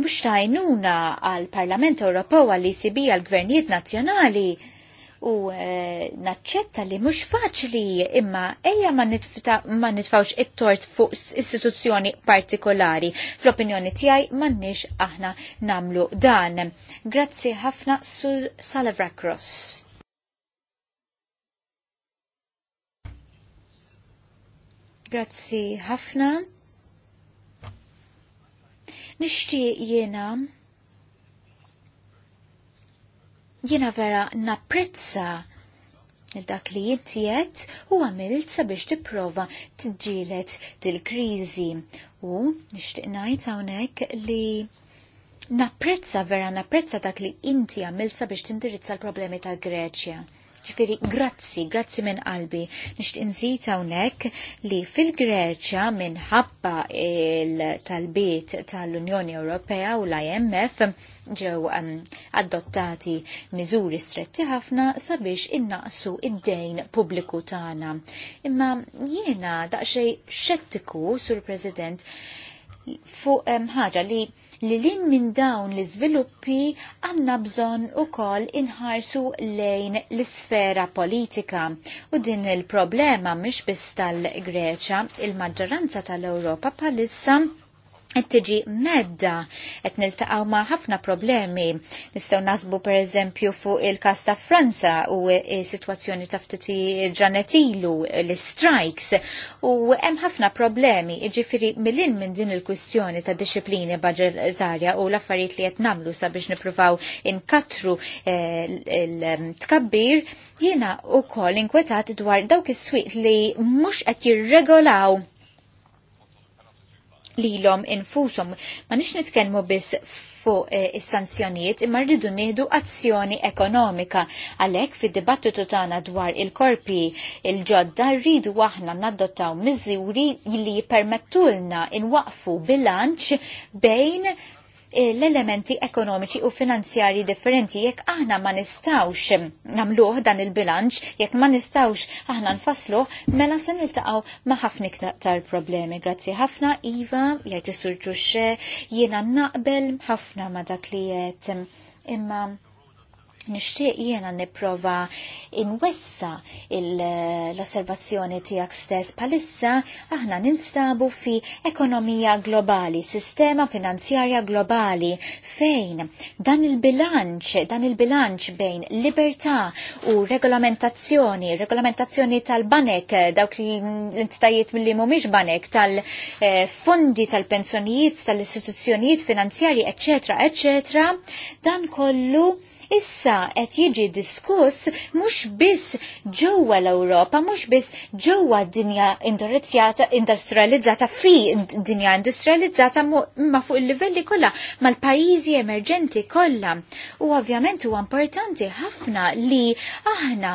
mhux tajnuna għall Parlament Ewropew għall ICB għall gvernijiet nazzjonali u eh, naċċetta li mhux faċli imma ejja ma nitfawx it-tort fuq istituzzjoni partikolari. Fl-opinjoni tiegħi m'għandniex aħna namlu dan. Grazzi ħafna sul Cross. Grazzi ħafna. Nixtieq jiena Jiena vera napprezza il-dak li jittiet u għamilt sabiex tipprova tġilet til-krizi u nishtiq ngħid hawnhekk li napprezza vera napprezza dak li inti għamilt sabiex tindirizza l-problemi tal-Greċja. Ġifiri, grazzi, grazzi minn qalbi. Nixt inżita hawnhekk li fil-Greċja minħabba il-talbiet tal-Unjoni Ewropea u l-IMF ġew um, adottati miżuri stretti ħafna sabiex innaqsu id-dejn pubbliku tagħna. Imma jiena daqsxejn xettiku sur President fuq ħaġa li li lin minn dawn li żviluppi għanna bżon u kol inħarsu lejn l-sfera politika. U din il-problema mhix biss tal-Greċa, il-maġġoranza tal-Ewropa palissa qed tiġi medda qed niltaqgħu ma' ħafna problemi. Nistgħu nasbu pereżempju fuq il-każ ta' Franza u s-sitwazzjoni ta' ftiti ġanetilu l-strikes u hemm ħafna problemi. Jiġifieri milin minn din il-kwistjoni ta' disċiplini budġetarja u l-affarijiet li qed nagħmlu sabiex nippruvaw inkatru eh, il tkabbir jiena wkoll inkwetat dwar dawk is-swieq li mhux qed jirregolaw lilhom infushom. Ma nix nitkellmu biss fuq eh, is-sanzjonijiet imma rridu nieħdu azzjoni ekonomika. Għalhekk fid-dibattitu tagħna dwar il-korpi il-ġodda rridu aħna nadottaw miżuri li jippermettulna inwaqfu bilanċ bejn l-elementi ekonomiċi u finanzjari differenti jekk aħna ma nistawx namluħ dan il-bilanċ, jekk ma nistawx aħna nfasluħ, mela se niltaqgħu ma' ħafna iktar problemi. Grazzi ħafna, Iva, jgħid isurġu xe, jiena naqbel ħafna ma' dak li jgħid imma Nishtiq jena niprofa inwessa l-osservazzjoni tijak stess palissa aħna ninstabu fi ekonomija globali, sistema finanzjarja globali fejn dan il-bilanċ, dan il-bilanċ bejn libertà u regolamentazzjoni, regolamentazzjoni tal-banek, dawk li l-entitajiet mill-li mumiġ banek, tal-fondi, eh, tal-pensjonijiet, tal-istituzzjonijiet finanzjarji, eccetera, eccetera, dan kollu issa qed jiġi diskuss mhux biss ġewwa l-Ewropa, mhux biss ġewwa dinja industrializzata fi dinja industrializzata ma fuq il-livelli kollha mal-pajjiżi emerġenti kollha. U ovvjament huwa importanti ħafna li aħna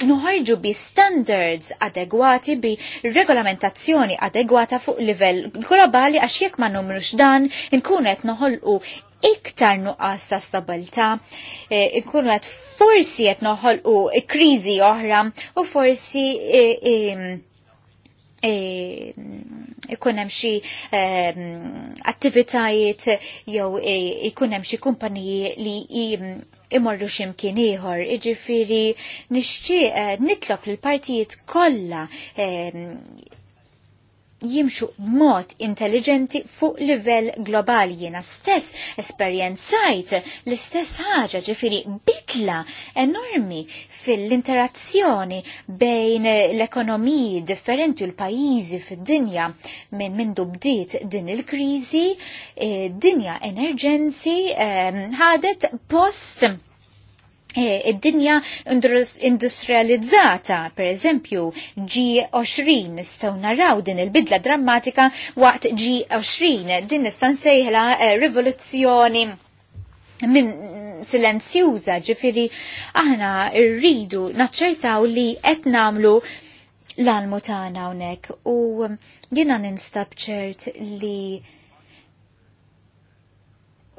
nħarġu bi standards adegwati, bi regolamentazzjoni adegwata fuq livell globali għax jekk ma numrux dan, nkun qed noħolqu iktar nuqqas ta' stabilta, e, ikunu għat forsi għed noħol u krizi oħra u forsi e, e, ikun hemm xi attivitajiet jew ikun hemm xi kumpaniji li imorru ximkien ieħor, iġifieri nixtieq nitlob lill partijiet kollha jimxu mod intelligenti fuq livell globali jena stess esperjenzajt l-istess ħaġa ġifiri bitla enormi fil-interazzjoni bejn l-ekonomiji differenti u l-pajizi fid-dinja minn minn bdiet din il-krizi, eh, dinja emerġenzi eh, ħadet post E, id-dinja industrializzata, per eżempju, G20, nistaw naraw din il-bidla drammatika waqt G20, din nistan sejħla e, rivoluzzjoni minn silenzjuza, ġifiri, aħna rridu naċċertaw li qed namlu l-almu tagħna hawnhekk u jiena ninstab ċert li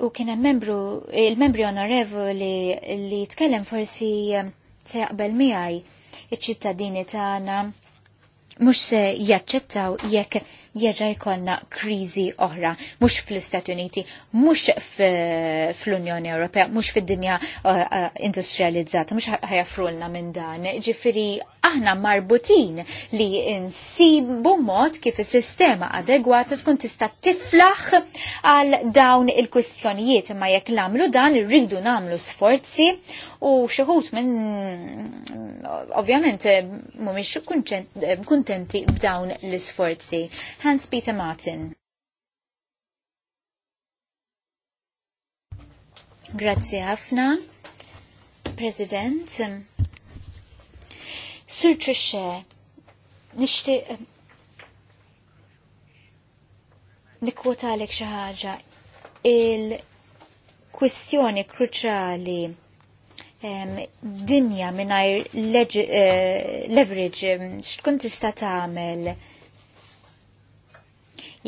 U kien hemm membru, il-membri onorevoli li tkellem forsi ehm, se jaqbel miegħi iċ-ċittadini tagħna mux se jaċċettaw jekk jerġa' jkollna kriżi oħra, mhux fl-Istati Uniti, mhux fl-Unjoni Ewropea, mhux fid-dinja eh, eh, industrializzata, mhux ħajafrulna minn dan. Ġifieri aħna marbutin li insibu mod kif is-sistema adegwata tkun tista' tiflaħ għal dawn il-kwistjonijiet ma jekk nagħmlu dan irridu nagħmlu sforzi u xi minn ovvjament mhumiex kuntenti b'dawn l-isforzi. Hans Peter Martin. Grazzi ħafna, President. Sir Trisha, nishtiq eh, nikkwota għalek xi ħaġa. Il-kwistjoni kruċali dinja mingħajr eh, leverage x'tkun tista' tagħmel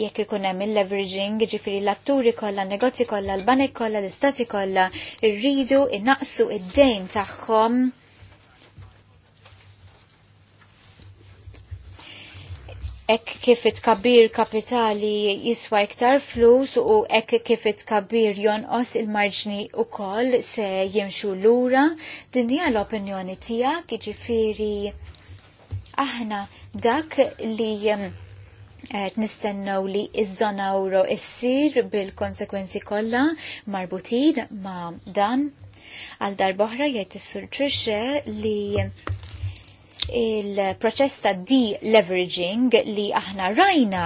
jekk ikun hemm il-leveraging, ġifieri l-atturi kollha, negozji kollha, l-banek kollha, l-istati kollha, irridu innaqsu id-dejn tagħhom ek kif it-kabir kapitali jiswa iktar flus u ek kif it-kabir jonqos il-marġni u koll se jimxu l-ura, dinja l-opinjoni tijak, ġifiri aħna dak li nistennaw li iż-żona euro issir bil-konsekwenzi kollha marbutin ma' dan għal darboħra jgħid is-sur li il-proċess ta' de-leveraging li aħna rajna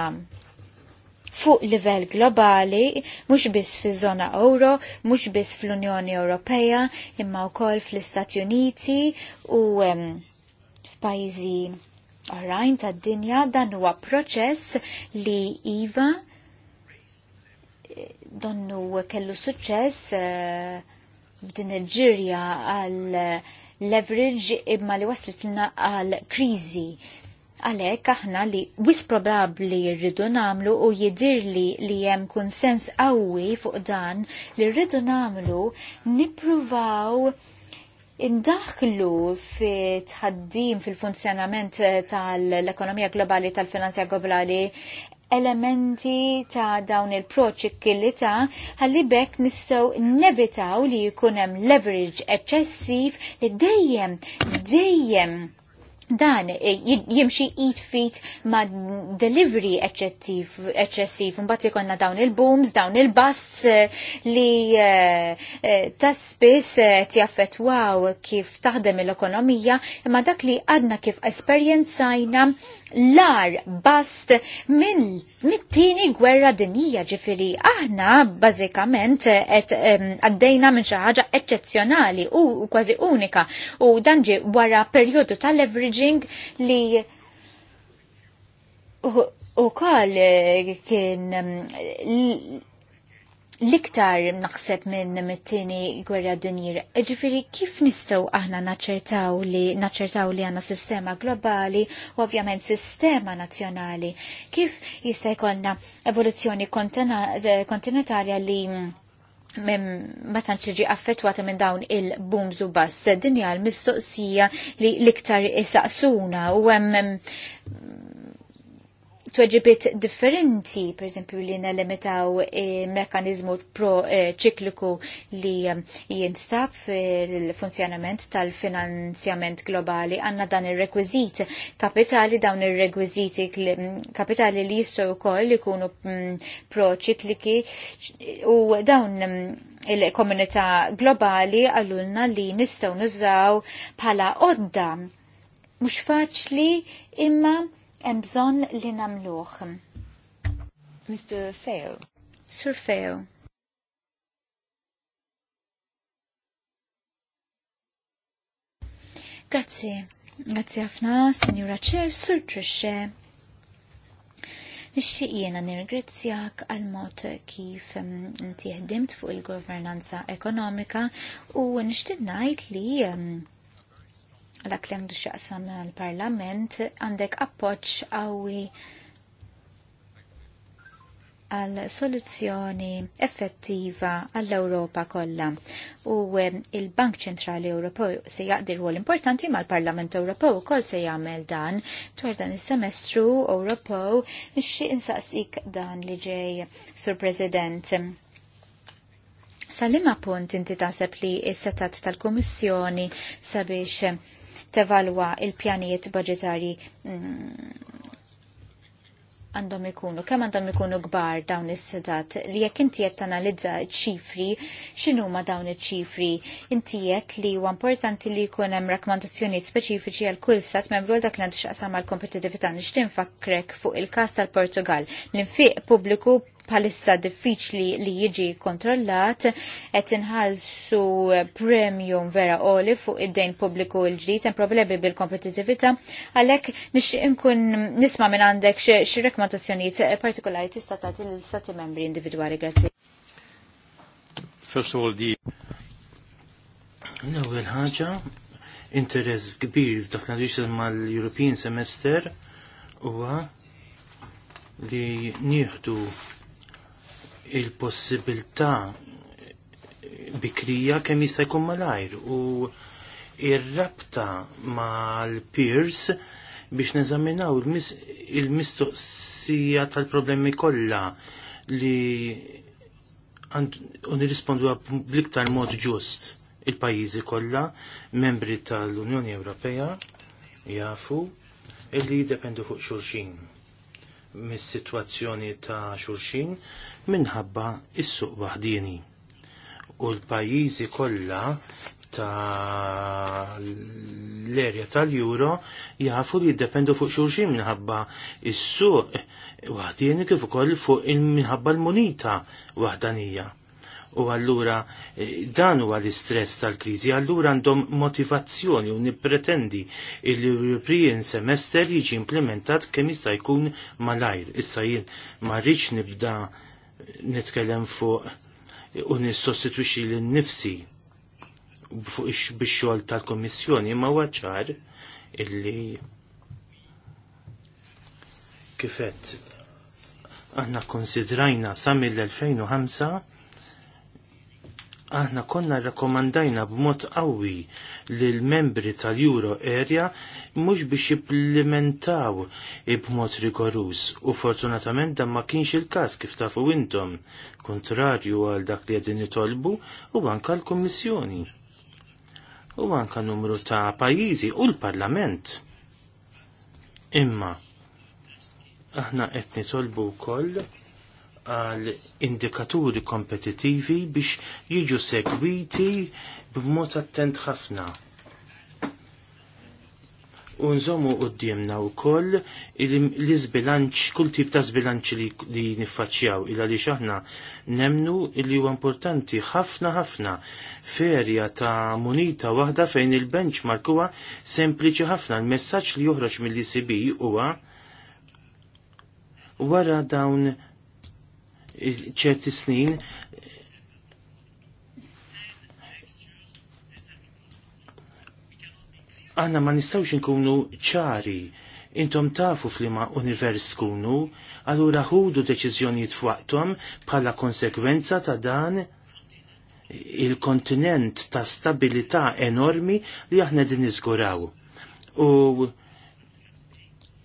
fuq livell globali, mhux biss fiż-żona euro, mhux biss fl-Unjoni Ewropea, imma wkoll fl-Istati Uniti u f'pajjiżi oħrajn tad-dinja dan huwa proċess li iva donnu kellu suċċess b'din eh, il-ġirja għal uh, leverage imma li waslitna għal kriżi għalek aħna li wis probabli rridu namlu u jidir li li jem konsens għawi fuq dan li rridu namlu nipruvaw indaħlu fi tħaddim fil-funzjonament tal-ekonomija globali tal-finanzja globali elementi ta' dawn il ta' ħalli bekk nistgħu nevitaw li jkun hemm leverage eċċessiv li dejjem dejjem dan eh, jimxi eat feet ma delivery eċċessiv, mbagħad ikonna dawn il-booms, dawn il-busts eh, li eh, ta' spiss waw kif taħdem l-ekonomija, imma dak li għadna kif esperjenzajna lar bust mill mit-tieni gwerra dinija ġifiri aħna bażikament qed eh, għaddejna minn xi ħaġa eċċezzjonali u kważi unika u dan wara perjodu ta' leveraging li u eh, kien l-iktar naħseb minn mit-tieni gwerra dinjir. Ġifiri, kif nistgħu aħna naċċertaw li naċċertaw li għandna sistema globali u ovvjament sistema nazzjonali? Kif jista' jkollna evoluzzjoni kontinentali li ma tantx ġi affettwata minn dawn il-booms bass. Dinja l-mistoqsija li l-iktar isaqsuna u hemm tweġibit differenti, per esempio li nelimitaw il-mekanizmu eh, pro-ċikliku eh, li eh, jinstab fil-funzjonament tal-finanzjament globali għanna dan il-rekwizit kapitali dawn il-rekwiziti kapitali li jistu koll kunu mm, pro-ċikliki u dawn mm, il-komunità globali għallunna li nistaw nużaw bħala odda mux faċli imma hemm bżonn li namluħ. Mr. Feo. Sir Feo. Grazzi. Grazzi ħafna, Signora Chair, Sur Trisce. Nixtieq jena nirgrizzjak għal mod kif inti ħdimt fuq il-governanza ekonomika u nixtieq ngħid li dak li għandu xaqsam għal-parlament, għandek appoċ għawi għal soluzzjoni effettiva għall-Europa kollha. U eh, il-Bank Ċentrali Ewropew se jaqdi rwol importanti mal-Parlament Ewropew ukoll se jagħmel dan dwar dan is-semestru Ewropew xi insaqsik dan li ġej Sur President. Salima punt inti taħseb li s-setat tal-Komissjoni sabiex tevalwa il-pjanijiet budgetari mm, għandhom ikunu, kemm għandhom ikunu kbar dawn is-sedat li jekk inti qed tanalizza ċifri, x'inhu ma dawn iċ-ċifri, inti qed li huwa importanti li jkun hemm rakkomandazzjonijiet speċifiċi għal kull sat membru dak li għandu x'aqsam għall kompetitività nixtin fakkrek fuq il-każ tal-Portugal. L-infiq pubbliku palissa diffiċli li jiġi kontrollat qed inħallsu premium vera oli fuq id-dejn pubbliku l ġdijt hemm problemi bil kompetitivita għalhekk nix inkun nisma' minn għandek xi rekomandazzjonijiet partikolari tista' tagħti l istati membri individwali. Grazzi. First of all, di l ħaġa interess kbir f'dak li mal-European semester huwa li nieħdu il-possibilità bikrija kemm jista' jkun malajr u ir-rabta mal-peers biex neżaminaw il-mistoqsija il mistoqsija tal problemi kollha li u nirrispondu bl-iktar mod ġust il-pajjiżi kollha membri tal-Unjoni Ewropea jafu illi jiddependu fuq xulxin mis-sitwazzjoni ta' xulxin minħabba is-suq waħdini. U l-pajjiżi kollha ta' l-erja tal-juro jafu li jiddependu fuq xulxin minħabba is-suq waħdini kif ukoll fuq minħabba l-munita waħdanija u allura eh, dan huwa l-istress tal-kriżi, allura għandhom motivazzjoni u nippretendi il-European Semester jiġi implementat kemm jista' jkun malajr. Issa jien ma rridx nibda eh, nitkellem fuq eh, u nissostitwixxi lil nifsi fuq ix-xogħol tal-Kommissjoni ma waċċar illi kifet għanna konsidrajna sa mill-2005 aħna konna rekomandajna b'mod qawwi lil membri tal-Euro area mhux biex jipplimentaw b'mod rigoruż u fortunatament dan ma kienx il-każ kif tafu intom, kontrarju għal dak li qegħdin nitolbu u anke l-Kummissjoni. U anka numru ta' pajjiżi u l-Parlament. Imma aħna qed nitolbu wkoll għal indikaturi kompetitivi biex jiġu segwiti b'mod attent ħafna. Unżomu d-djemna u koll l zbilanċ kull tip ta' zbilanċ li, nifacċjaw, illa li xaħna nemnu li huwa importanti ħafna ħafna ferja ta' munita waħda fejn il-benchmark huwa sempliċi ħafna. Il-messaġġ li joħroġ mill-ICB huwa wara dawn ċerti snin għanna ma nistawx nkunu ċari intom tafu flima univers tkunu, allura ħudu deċiżjonijiet f'waqthom bħala konsekwenza ta' dan il-kontinent ta' stabilità enormi li aħna din niżguraw. U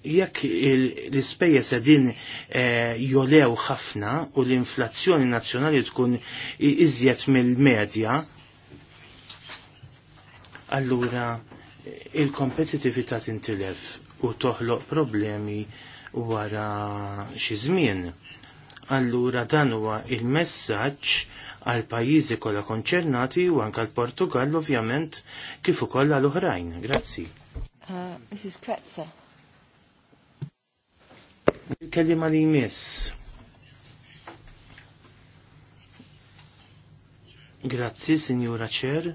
jekk l-ispejjeż din eh, jolew ħafna u l-inflazzjoni nazzjonali tkun iżjed mill-medja, allura eh, il-kompetitività tintilef u toħloq problemi wara xi żmien. Allura dan huwa il-messaġġ għal pajjiżi kollha konċernati u anke għal Portugal ovvjament kif ukoll għal oħrajn. Grazzi. Uh, Mrs. Kretzer. Il-kelima li jmiss. Grazzi, Signora Cer.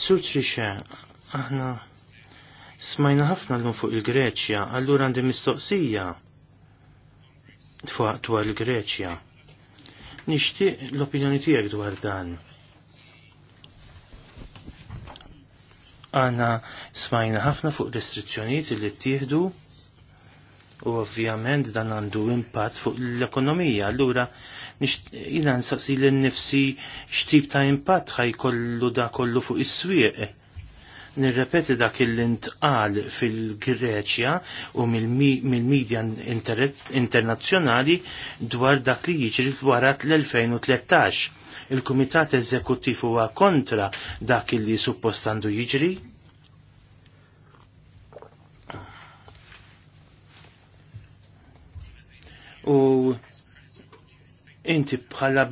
Sur Trisha, aħna smajna ħafna l fuq il-Greċja, allura għandi mistoqsija fuq dwar il-Greċja. Nixtieq l-opinjoni tiegħek dwar dan. Għana smajna ħafna fuq restrizzjonijiet li ttieħdu u ovvjament dan għandu impatt fuq l-ekonomija. Allura, jina nsaqsi l-nifsi xtib ta' impatt ħajkollu da kollu fuq is-swieq. Nirrepeti dak il-intqal fil-Greċja u mil medja internazzjonali dwar dak li jiġri wara l-2013 il-Kumitat Eżekuttiv huwa kontra dak li suppostandu jiġri? U inti bħala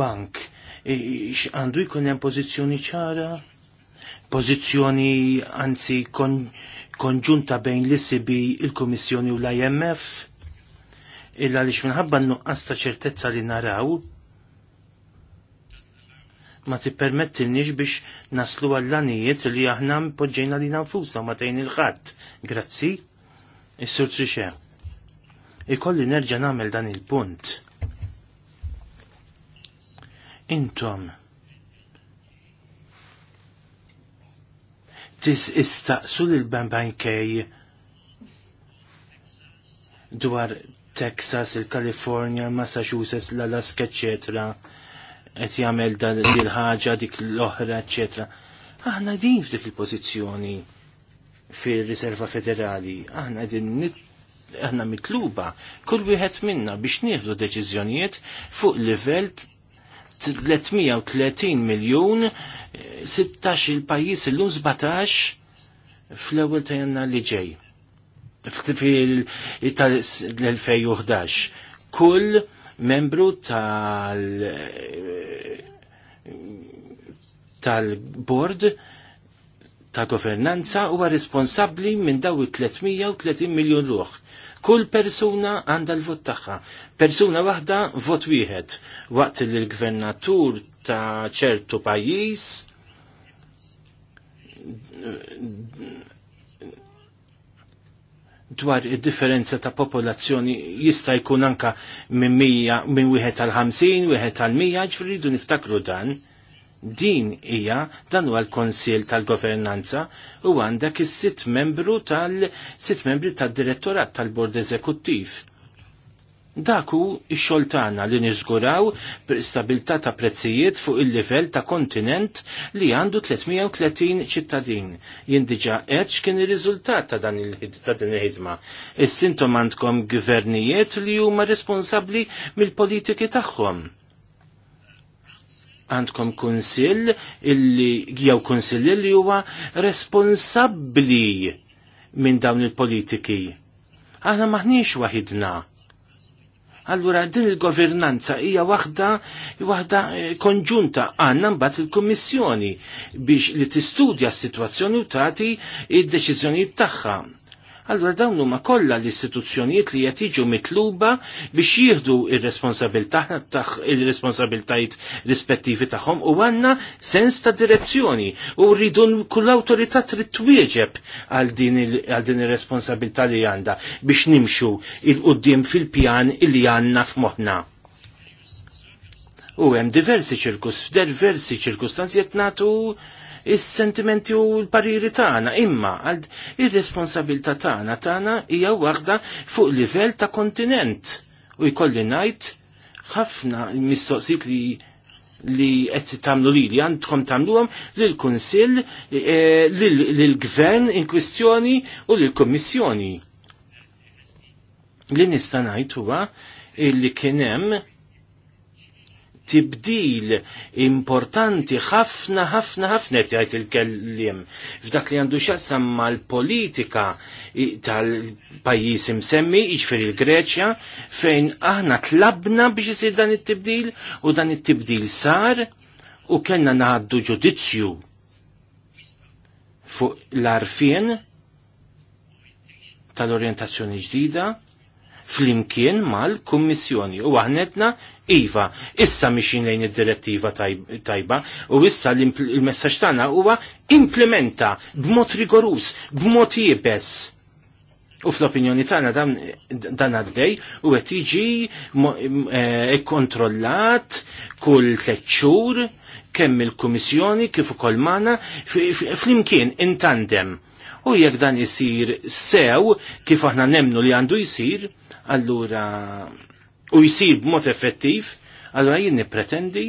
bank għandu jkun hemm pożizzjoni ċara, pożizzjoni anzi konġunta bejn l isb il-Kummissjoni u l-IMF illa li minħabba nuqqas ta' ċertezza li naraw ma tippermettilniex biex naslu għall li aħna poġġejna li nafusa ma tejn il-ħadd. Grazzi, is-sur Trixe. Ikolli nerġa' nagħmel dan il-punt. Intom tis istaqsu lil bambankej dwar Texas, il-California, il-Massachusetts, l-Alaska, eccetera, qed jagħmel dil-ħaġa dik l-oħra, etc. Aħna din f'dik il-pożizzjoni fir-Riserva Federali, aħna din aħna mitluba kull wieħed minna biex nieħdu deċiżjonijiet fuq livell 330 miljun 16 il-pajjiż illum 17 fl-ewwel ta' li ġej fil-2011. Kull membru tal tal-board ta' governanza huwa responsabbli minn daw 330 miljon ruħ. Kull persuna għandha l-vot tagħha. Persuna waħda vot wieħed. Waqt li l-gvernatur ta' ċertu pajjiż dwar id-differenza ta' popolazzjoni jista' jkun anka minn minn wieħed għal 50, wieħed tal 100, ġifridu niftakru dan. Din hija dan huwa l-Konsil tal-Governanza u għandek is-sitt membru tal-sitt membri tad-Direttorat tal-Bord Eżekuttiv Daku ix-xogħol tagħna li niżguraw stabilità ta' prezzijiet fuq il-livell ta' kontinent li għandu 330 ċittadin. Jien eċ kien ir-riżultat ta' dan ta' din il-ħidma. Is-sintom għandkom gvernijiet li huma responsabbli mill-politiki tagħhom għandkom kunsill illi jew kunsill li huwa responsabbli minn dawn il-politiki. Aħna maħniex waħidna Allura din il-governanza hija waħda waħda eh, konġunta għandna mbagħad il-Kummissjoni biex li tistudja s-sitwazzjoni u tagħti id-deċiżjonijiet tagħha Allura dawn huma kollha l-istituzzjonijiet li qed jiġu mitluba biex jieħdu ir-responsabiltajiet rispettivi tagħhom u għandna sens ta' direzzjoni u rridu kull awtorità trid twieġeb għal din ir-responsabilità li għandha biex nimxu il-qudiem fil-pjan li għandna f'moħħna. U hemm diversi ċirkus, f'diversi ċirkustanzi qed nagħtu is-sentimenti u l-pariri tagħna, imma għal ir-responsabilità tagħna tana hija waħda fuq livell ta' kontinent. U jkolli ngħid ħafna mistoqsit li li qed tagħmlu lili għandkom tagħmluhom lill-Kunsill, e, lill-Gvern in kwistjoni u lill-Kummissjoni. Li nista' ngħid huwa li kien hemm tibdil importanti ħafna ħafna ħafna jgħid il-kellim f'dak li għandu xassam mal-politika tal-pajjiż imsemmi, jiġifieri il-Greċja, fejn aħna tlabna biex isir dan it-tibdil u dan it-tibdil sar u kellna naħaddu ġudizzju fuq l-arfien tal-orientazzjoni ġdida fl-imkien mal-Kummissjoni u għahnetna Iva, issa miexin lejn id-direttiva tajba u issa il-messaġġ tagħna huwa implementa b'mod rigorus, b'mod jibes. U fl-opinjoni tagħna dan għaddej u għet iġi eh, kontrollat kull tliet xhur kemm il-Kummissjoni kif ukoll magħna flimkien intandem. U jekk dan isir sew kif aħna nemnu li għandu jisir, allura u jisir b'mod effettiv, allora jien nippretendi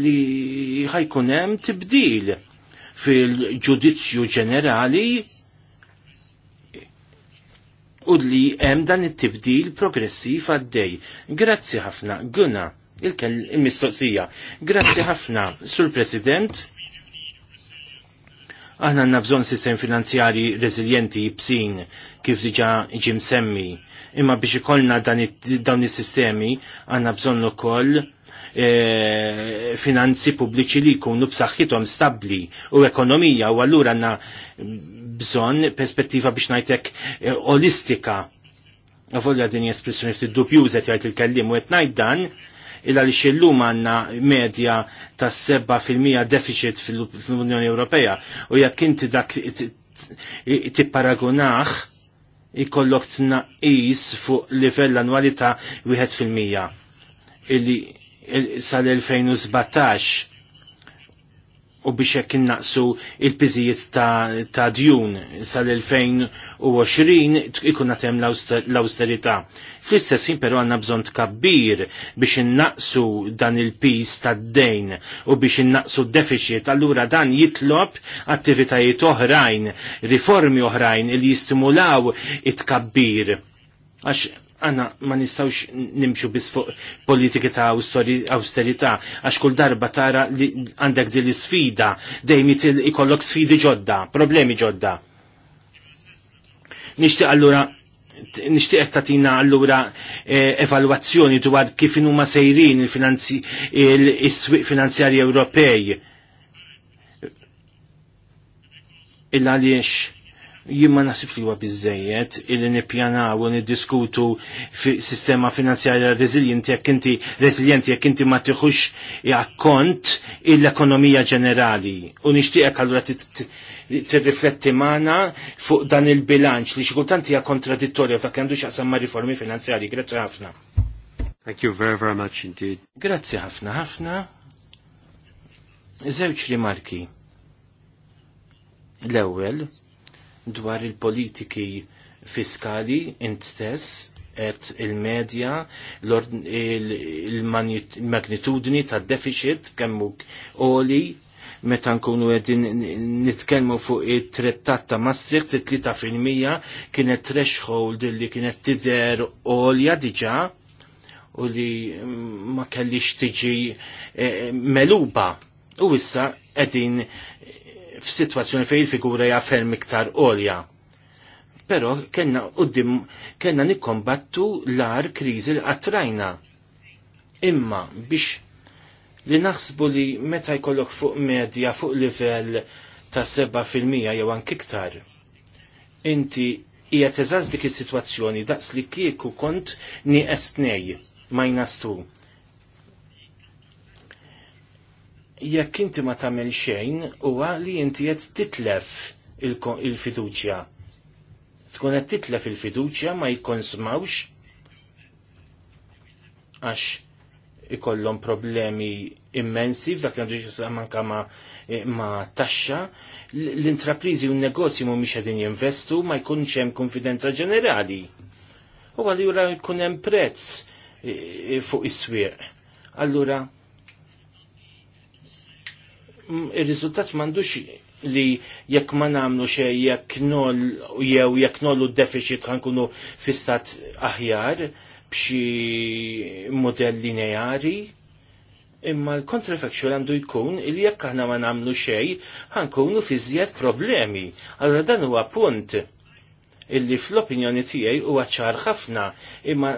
li ħajkun hemm tibdil fil-ġudizzju ġenerali u li hemm dan it-tibdil progressiv għaddej. Grazzi ħafna, Guna, il-mistoqsija. Grazzi ħafna, Sur President, Aħna għandna bżonn sistem finanzjari rezilienti jibsin kif diġà ġim semmi. Imma biex ikollna dawn is-sistemi għandna bżonn ukoll E, finanzi pubbliċi li jkunu b'saħħithom stabbli u ekonomija u allura għandna bżonn perspettiva biex ngħidlek e, olistika. Għavolja din espressjoni ftit dubjużet jgħid il-kellim u qed ngħid dan illa li xillum għanna medja ta' 7% deficit fil-Unjoni Ewropea u jekk inti dak tipparagunaħ ikollok tnaqis fuq livell annwali ta' 1% illi sal-2017 u biex jekk innaqsu il-piżijiet ta', ta djun sal-2020 ikun għatem l-austerità. Fl-istess jien però għandna bżonn tkabbir biex innaqsu dan il ta' tad-dejn u biex innaqsu d-deficit, allura dan jitlob attivitajiet oħrajn, riformi oħrajn li jistimulaw it-kabbir. Għax għanna ma nistawx nimxu bis fuq politika ta' austerita, għax kull darba tara li għandek di li sfida, dejjem ikollok sfidi ġodda, problemi ġodda. Nishti għallura nishtiq tatina allura eh, evalwazzjoni dwar kif huma sejrin il-swieq finanzjari Ewropej. Illa għaliex jien ma nasibx li huwa biżejjed illi nippjanaw u niddiskutu fi sistema finanzjarja reżiljenti jekk inti reżiljenti jekk inti ma tieħux akkont l-ekonomija ġenerali. U nixtieqek allura tirrifletti magħna fuq dan il-bilanċ li xi kultant hija kontradittorja ta' li għandu x'aqsam ma' riformi finanzjarji. Grazzi ħafna. Thank you very very much indeed. Grazzi ħafna ħafna. Żewġ rimarki. L-ewwel, dwar il-politiki fiskali int stess et il-medja il-magnitudni ta' deficit kemmu oli meta nkunu għedin nitkelmu fuq it-trettat ta' Maastricht it-3% kienet threshold li kienet tider olja diġa u li ma kellix tiġi eh, meluba u issa qegħdin f'sitwazzjoni fejn il-figura jaffer iktar olja. Però kellna uddim, kena nikkombattu l-ar kriżi l-attrajna. Imma biex li naħsbu li meta jkollok fuq medja fuq livell ta' 7% jew anki iktar. Inti hija teżaż dik is-sitwazzjoni daqs li kieku kont nieqes ma jnastu. jekk inti ma tagħmel xejn huwa li inti qed titlef il-fiduċja. Tkun qed titlef il-fiduċja ma jikkonsmawx għax ikollhom problemi immensi f'dak li għandu manka ma, ma taxxa, l-intraprizi u n-negozji mhumiex qegħdin jinvestu ma jkunx hemm konfidenza ġenerali. U għallura jkun hemm prezz eh, fuq is-swieq. Allura, il-riżultat m'għandux li jekk ma nagħmlu xejn jekk nol jew jekk nollu deficit għankunu fi stat aħjar b'xi model lineari. Imma l-contrafactual għandu jkun il jekk aħna ma nagħmlu xejn ħankunu fi żjed problemi. Allura dan huwa punt illi fl-opinjoni tiegħi huwa ċar ħafna imma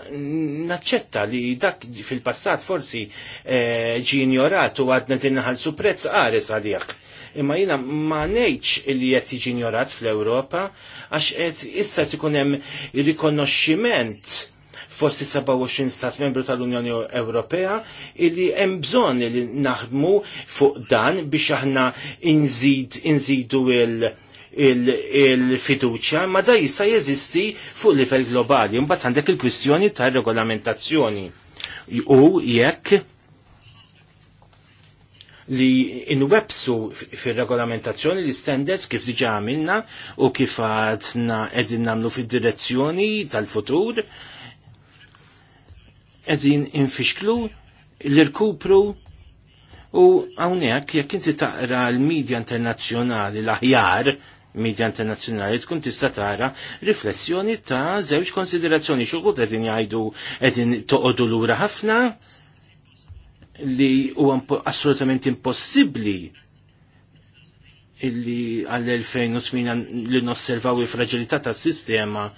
naċċetta li dak fil-passat forsi eh, ġi ignorat u għadna su prezz għares għalih. Imma jina ma ngħidx illi qed jiġi ignorat fl-Ewropa għax qed issa tkun hemm rikonoxximent fost 27 stat membru tal-Unjoni Ewropea illi hemm bżonn li naħdmu fuq dan biex aħna inżid inżidu il- il-fiduċja, ma da jista' jeżisti fuq livell globali. Mbagħad għandek il-kwistjoni tar-regolamentazzjoni. U jekk li inwebsu fil-regolamentazzjoni li standards kif diġa għamilna u kif għadna edin namlu fil-direzzjoni tal-futur edin infixklu l-irkupru u għawnek jekk inti taqra l-medja internazzjonali l-aħjar media internazzjonali tkun tista' tara riflessjoni ta' żewġ konsiderazzjoni xi qegħdin jgħidu qegħdin toqogħdu lura ħafna li huwa assolutament impossibbli illi għall-2008 li nosservaw il-fragilità tas-sistema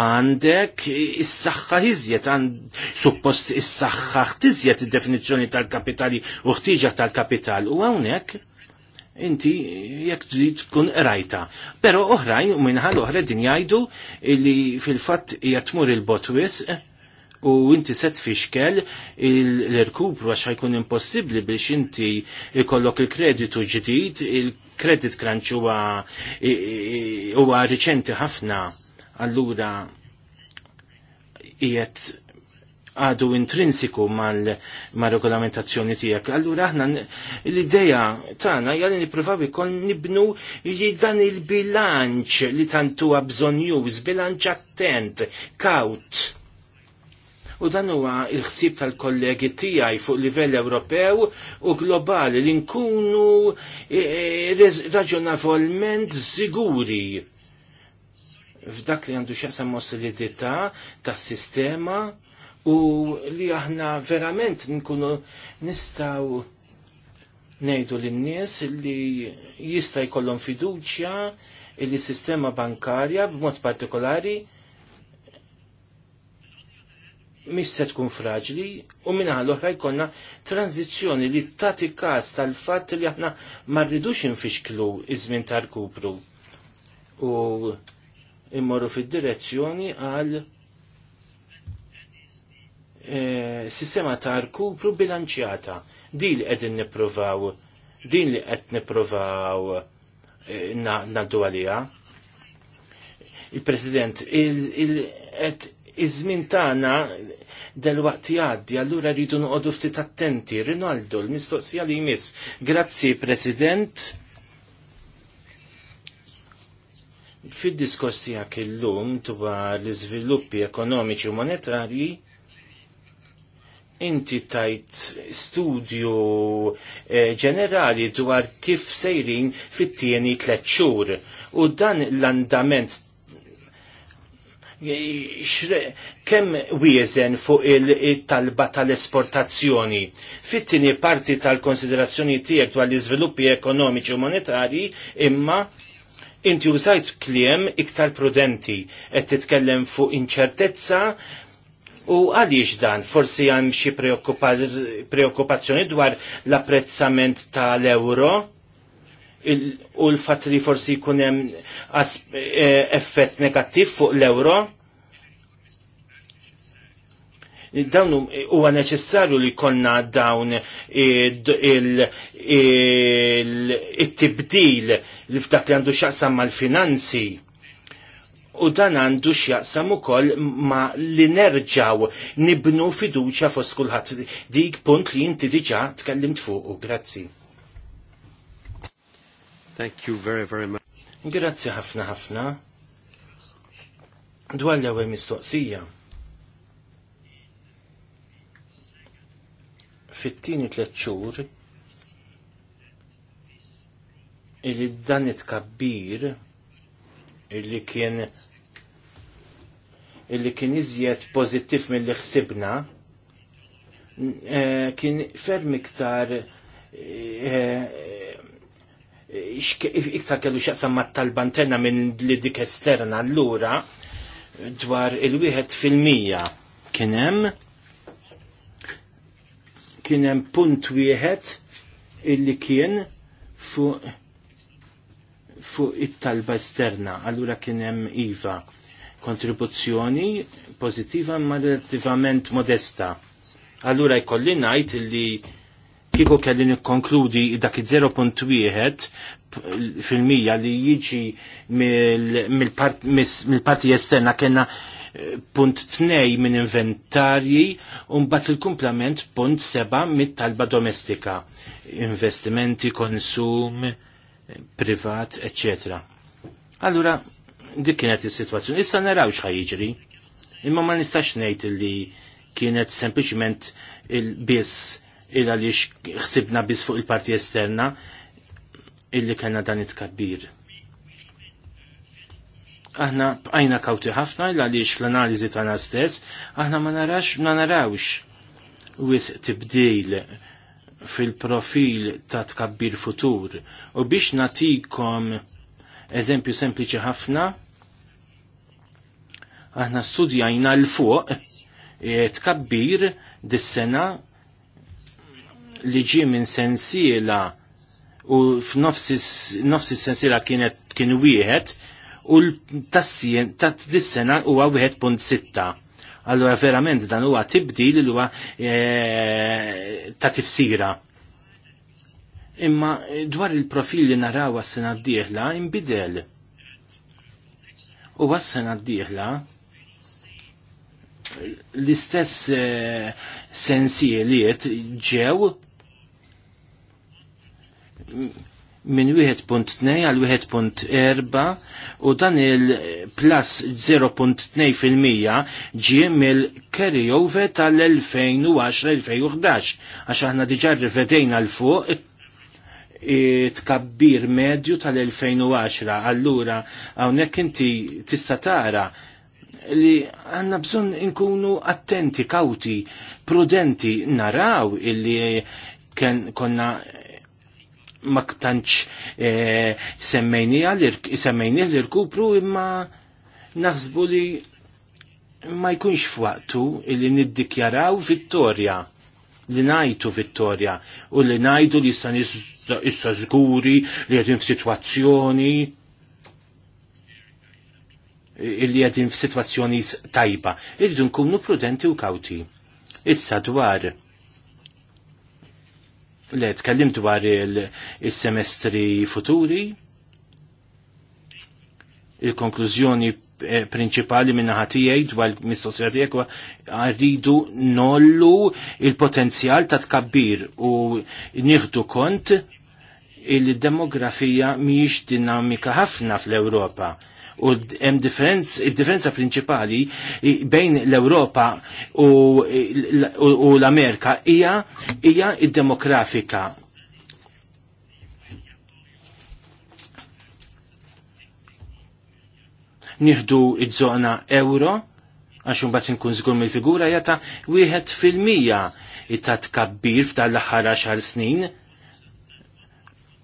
għandek is-saħħa iżjed għand suppost is-saħħa ħtiżjed id-definizzjoni tal-kapitali u ħtiġa tal-kapital u hawnhekk inti jekk trid tkun rajta. Però oħrajn u minħal oħra din jgħidu li fil-fatt jatmur il-botwis u inti set fixkel l-irkupru għax ħajkun impossibli biex inti ikollok il-kreditu ġdid, il kredit crunch huwa riċenti ħafna allura jiet għadu intrinsiku mal-regolamentazzjoni tiegħek. Allura aħna l-idea tagħna hija li nippruvaw ikoll nibnu li dan il-bilanċ li tantu huwa bilanċ attent, kaut. U dan huwa il-ħsieb tal-kollegi tiegħi fuq livell Ewropew u globali li nkunu e, e, raġonavolment żiguri f'dak li għandu xaqsam ostilità tas sistema u li aħna verament nkunu nistaw nejdu l-nies li jista' jkollhom fiduċja li sistema bankarja b'mod partikolari mis se tkun fraġli u minna l-oħra jkollna tranzizzjoni li tagħti każ tal-fatt li aħna ma rridux infixklu iż-żmien tal-kupru u immorru fid-direzzjoni għal Eh, sistema ta' rkupru bilanċjata. Din li qegħdin nippruvaw, din li qed nippruvaw eh, ngħaddu għalija. Il-President, iż-żmien tagħna dal-waqt jgħaddi, allura rridu noqogħdu ftit attenti. Rinaldo, l-mistoqsija li jmiss. Grazzi, President. Fid-diskors tiegħek illum dwar l-iżviluppi ekonomiċi u monetarji, inti tajt studju eh, ġenerali dwar kif sejrin fit-tieni tletxur. xhur u dan l-andament kemm wiezen fuq il-talba tal-esportazzjoni. Fit-tieni parti tal-konsiderazzjoni tiegħek dwar l-iżviluppi ekonomiċi u monetarji imma inti użajt kliem iktar prudenti qed titkellem fuq inċertezza U għaliex dan, forsi għan xie preokkupazzjoni dwar l-apprezzament tal-euro u l-fat li forsi kunem e, effett negattiv fuq l-euro. Dawn huwa neċessarju li konna dawn il-tibdil li f'dak li għandu xaqsam mal-finanzi u dan għandu x'jaqsam ukoll ma li nerġaw nibnu fiduċja fost kulħadd dik punt li inti diġà tkellimt fuq. Grazzi. Thank you very very much. Grazzi ħafna ħafna. Dwar l-ewwel mistoqsija. Fit-tieni tliet xhur illi dan it-kabbir illi kien illi kien iżjed pozittiv mill-li ħsibna, eh, kien ferm iktar eh, eh, iktar kellu xaqsam ma talba interna minn li dik esterna allura dwar il-wieħed fil-mija kien hemm punt wieħed illi kien fuq fuq it-talba esterna, allura kien hemm iva kontribuzzjoni pozittiva ma relativament modesta. Allura jkolli ngħid li kiko kelli nikkonkludi dak il-0.1 fil-mija li jiġi mill-parti esterna kena eh, punt tnej minn inventarji un bat il-kumplament punt seba mit talba domestika, investimenti, konsum, eh, privat, etc. Allura, Dik kienet is-sitwazzjoni. Issa naraw jiġri. Imma ma nistax ngħid li kienet sempliċement il-biss il għaliex ħsibna biss fuq il-parti esterna illi kena dan it-kabbir. Aħna bqajna kawti ħafna il għaliex fl-analiżi tagħna stess, aħna ma narax ma narawx wis tibdil fil-profil ta' tkabbir futur u biex natikom Eżempju sempliċi ħafna, aħna studjajna l-fuq e, tkabbir dis-sena li ġi minn sensiela u f'nofs is-sensiela kienet kien wieħed u l-tassien ta' dis-sena huwa wieħed punt sitta. Allora verament dan huwa tibdil li huwa e, ta' tifsira imma dwar il-profil li naraw għas-sena d-dieħla imbidel. U għas-sena d-dieħla l-istess eh, sensijiet ġew minn 1.2 għal 1.4 u dan il-plus 0.2% ġie mill-carryover tal-2010-2011 għax aħna diġa rivedejna l-fuq tkabbir medju tal-2010. Allura, hawnhekk inti tista' tara li għanna bżon inkunu attenti, kauti, prudenti, naraw illi ken, konna ma ktanċ e, l-irkupru imma naħsbu li ma jkunx f'waqtu illi niddikjaraw vittorja li najtu vittorja u li najdu li sanis issa, issa zguri li għedin f-situazzjoni illi għedin f-situazzjoni tajba. Irridu nkunu prudenti u kauti. Issa dwar le tkellim dwar il-semestri futuri, il-konklużjoni eh, prinċipali minna ħatijaj dwar l-mistoqsija wa għarridu nollu il-potenzjal ta' tkabbir u nieħdu kont il-demografija mhijiex dinamika ħafna fl-Ewropa u hemm differenza prinċipali bejn l-Ewropa u l-Amerika hija hija id-demografika. Nieħdu iż-żona euro għax imbagħad inkun żgur mill-figura jata wieħed fil-mija ta' tkabbir f'dan l-aħħar 10 snin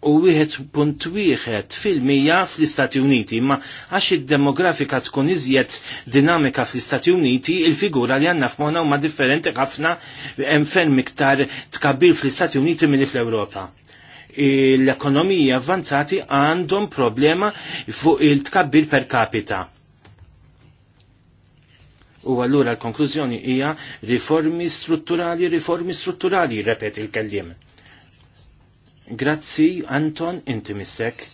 u wieħed punt wieħed fil-mija fl-Istati Uniti, imma għax id-demografika tkun iżjed dinamika fl-Istati Uniti, il-figura li għandna f'mona huma differenti ħafna hemm ferm iktar tkabbir fl-Istati Uniti milli fl-Ewropa l-ekonomija avvanzati għandhom problema fuq il-tkabbir per capita. U allura l-konklużjoni hija riformi strutturali, riformi strutturali, repet il-kellim. Grazzi, Anton, inti missek.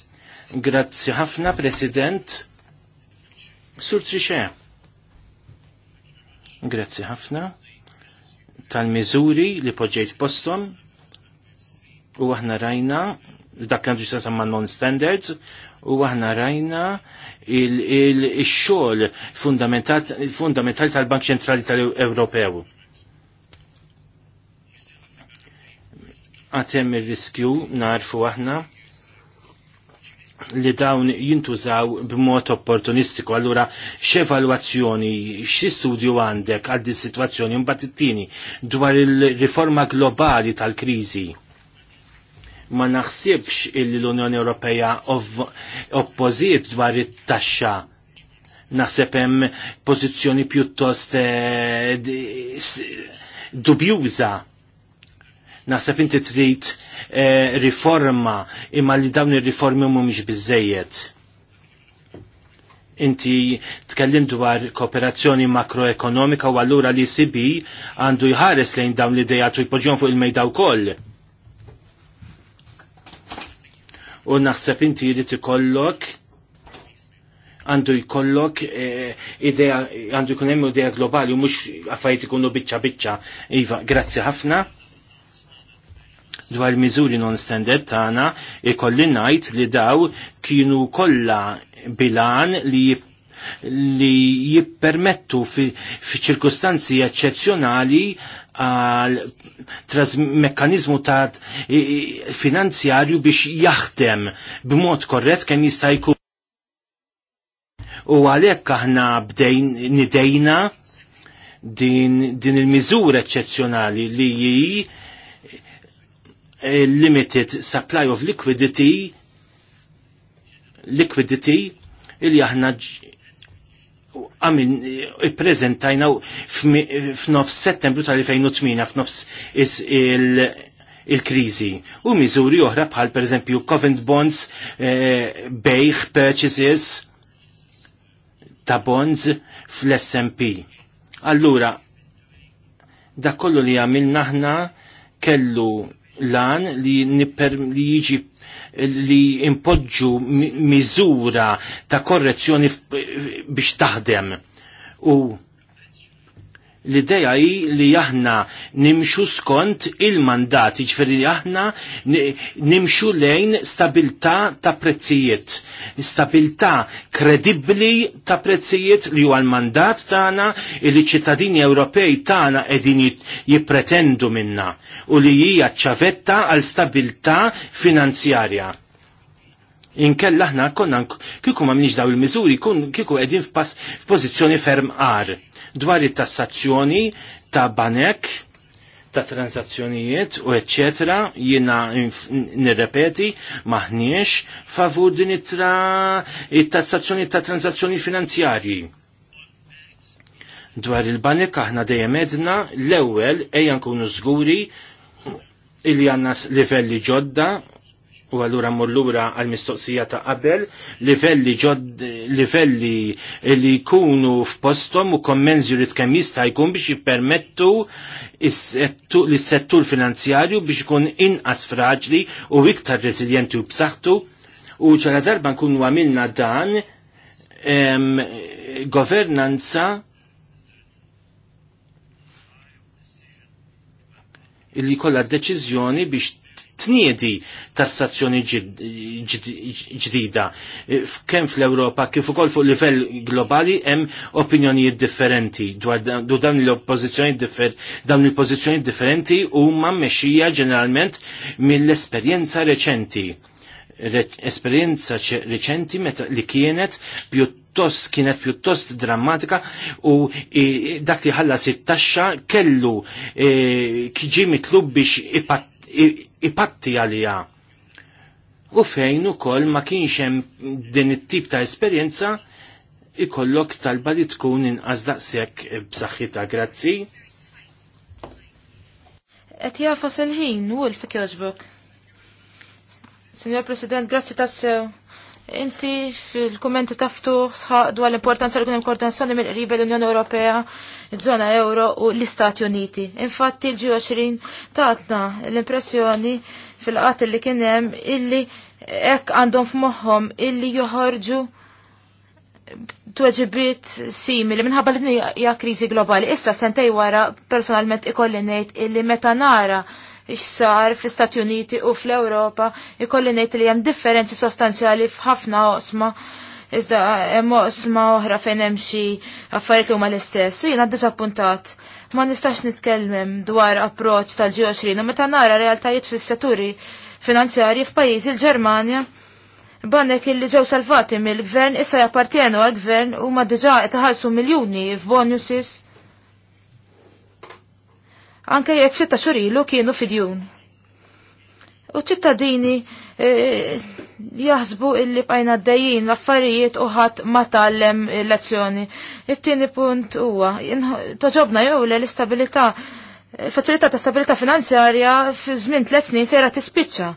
Grazzi ħafna, President. Sur Trixe. Grazzi ħafna tal-miżuri li poġġejt postom u aħna rajna dak kandu ma' non-standards u aħna rajna il-xol il, il fundamentali tal-Bank Ċentrali tal-Ewropew. għatem il-riskju narfu aħna li dawn jintużaw b'mod opportunistiku. Allura, x'evalwazzjoni, x'i studju għandek għal din situazzjoni mbagħad it-tieni dwar il-riforma globali tal-kriżi. Ma naħsibx illi l-Unjoni Ewropea oppożit dwar it-taxxa naħseb hemm pożizzjoni pjuttost eh, dubjuża Naħseb inti trid eh, riforma imma li dawn ir-riformi mhumiex biżejjed. Inti tkellim dwar kooperazzjoni makroekonomika u allura li sibi għandu jħares lejn dawn l-idejat tu jpoġġjon fuq il-mejda wkoll. U naħseb inti jrid ikollok għandu jkollok eh, idea, għandu jkun hemm idea globali u mhux affarijiet ikunu biċċa biċċa. Iva, grazzi ħafna dwar miżuri non-standard tagħna ikolli ngħid li daw kienu kollha bilan li li jippermettu fi ċirkustanzi eccezzjonali għal mekkanizmu ta' finanzjarju biex jaħdem b'mod korrett kemm jista' jkun. U għalhekk aħna bdejn nidejna din, din il miżur eċċezzjonali li limited supply of liquidity liquidity il aħna i prezentajna f'nofs settembru tal-2008 f'nofs il-krizi u miżuri oħra bħal per eżempju covent bonds eh, bejħ purchases ta' bonds fl-SMP. Allura, da kollu li għamilna naħna kellu lan li, li jiġi li impoġġu miżura ta' korrezzjoni biex taħdem u L-ideja hi li aħna nimxu skont il-mandat, jiġifieri li aħna nimxu lejn stabilità ta' prezzijiet, stabilità kredibbli ta' prezzijiet li huwa l-mandat tagħna li ċittadini Ewropej tagħna qegħdin jippretendu minna u li hija ċavetta għal stabilità finanzjarja inkella aħna konna kiku ma minix daw il-mizuri, kiku edin f'pożizzjoni ferm għar dwar it-tassazzjoni ta' banek ta' transazzjonijiet u eccetera, jina nirrepeti maħniex favur din it-tassazzjoni ta' transazzjoni finanzjarji. Dwar il-banek aħna dejjem edna l-ewwel ejja nkunu żguri illi għanna livelli ġodda U għallura mullura għal-mistoqsija ta' qabel, livelli ġod, livelli li jkunu f'postom u kommenzjurit kemm jista' jkun biex jippermettu l-settur finanzjarju biex ikun inqas fraġli u iktar rezilienti u b'saħħtu. U ċara darba nkunu għamilna dan em, governanza illi kolla deċizjoni biex tniedi ta' stazzjoni ġdida. E, kemm fl-Ewropa kif ukoll fuq livell globali hemm opinjonijiet differenti dwar dan l-oppożizzjoni dawn il-pożizzjoni differenti huma mmexxija ġeneralment mill-esperjenza reċenti esperjenza reċenti li kienet pjuttost kienet pjuttost drammatika u e, dak li ħalla sit-taxxa kellu e, kiġi mitlub biex ipat, e, ipatti għalija. U fejn u koll ma kienxem din it-tip ta' esperjenza ikollok talba li tkun inqas daqshekk b'saħħitha grazzi. Qed jafas il-ħin u l-fik Signor President, grazzi tassew Inti fil-kommenti taftuħ sħaq dwar l-importanza li kunem hemm koordinazzjoni mill-qriba l-Unjoni Ewropea, il-Zona Ewro u l-Istati Uniti. Infatti l-G20 tatna l-impressjoni fil qat li kien hemm illi hekk għandhom f'moħħom illi joħorġu tweġibiet simili minħabba l hija kriżi globali. Issa sentej wara personalment ikolli ngħid illi meta nara x'sar fl-Istati Uniti u fl-Ewropa, ikolli ngħid li hemm differenzi sostanzjali f'ħafna osma, Iżda hemm oqsma oħra fejn hemm xi affarijiet li huma l-istess. U jiena ddiżappuntat ma nistax nitkellmem dwar approċċ tal-G20 u meta nara realtajiet fis-setturi finanzjarji f'pajjiżi l-Ġermanja banek illi ġew salvati mill-gvern issa jappartjenu għal-gvern u ma diġa taħalsu miljuni f'bonuses anke jekk fitta xurilu kienu fidjun. U ċittadini e, jaħsbu illi bqajna d-dajjin l-affarijiet uħat ma tallem lezzjoni. It-tieni punt huwa toġobna jew l-istabilità faċilità ta' stabilità finanzjarja fi żmien tliet snin sejra tispiċċa.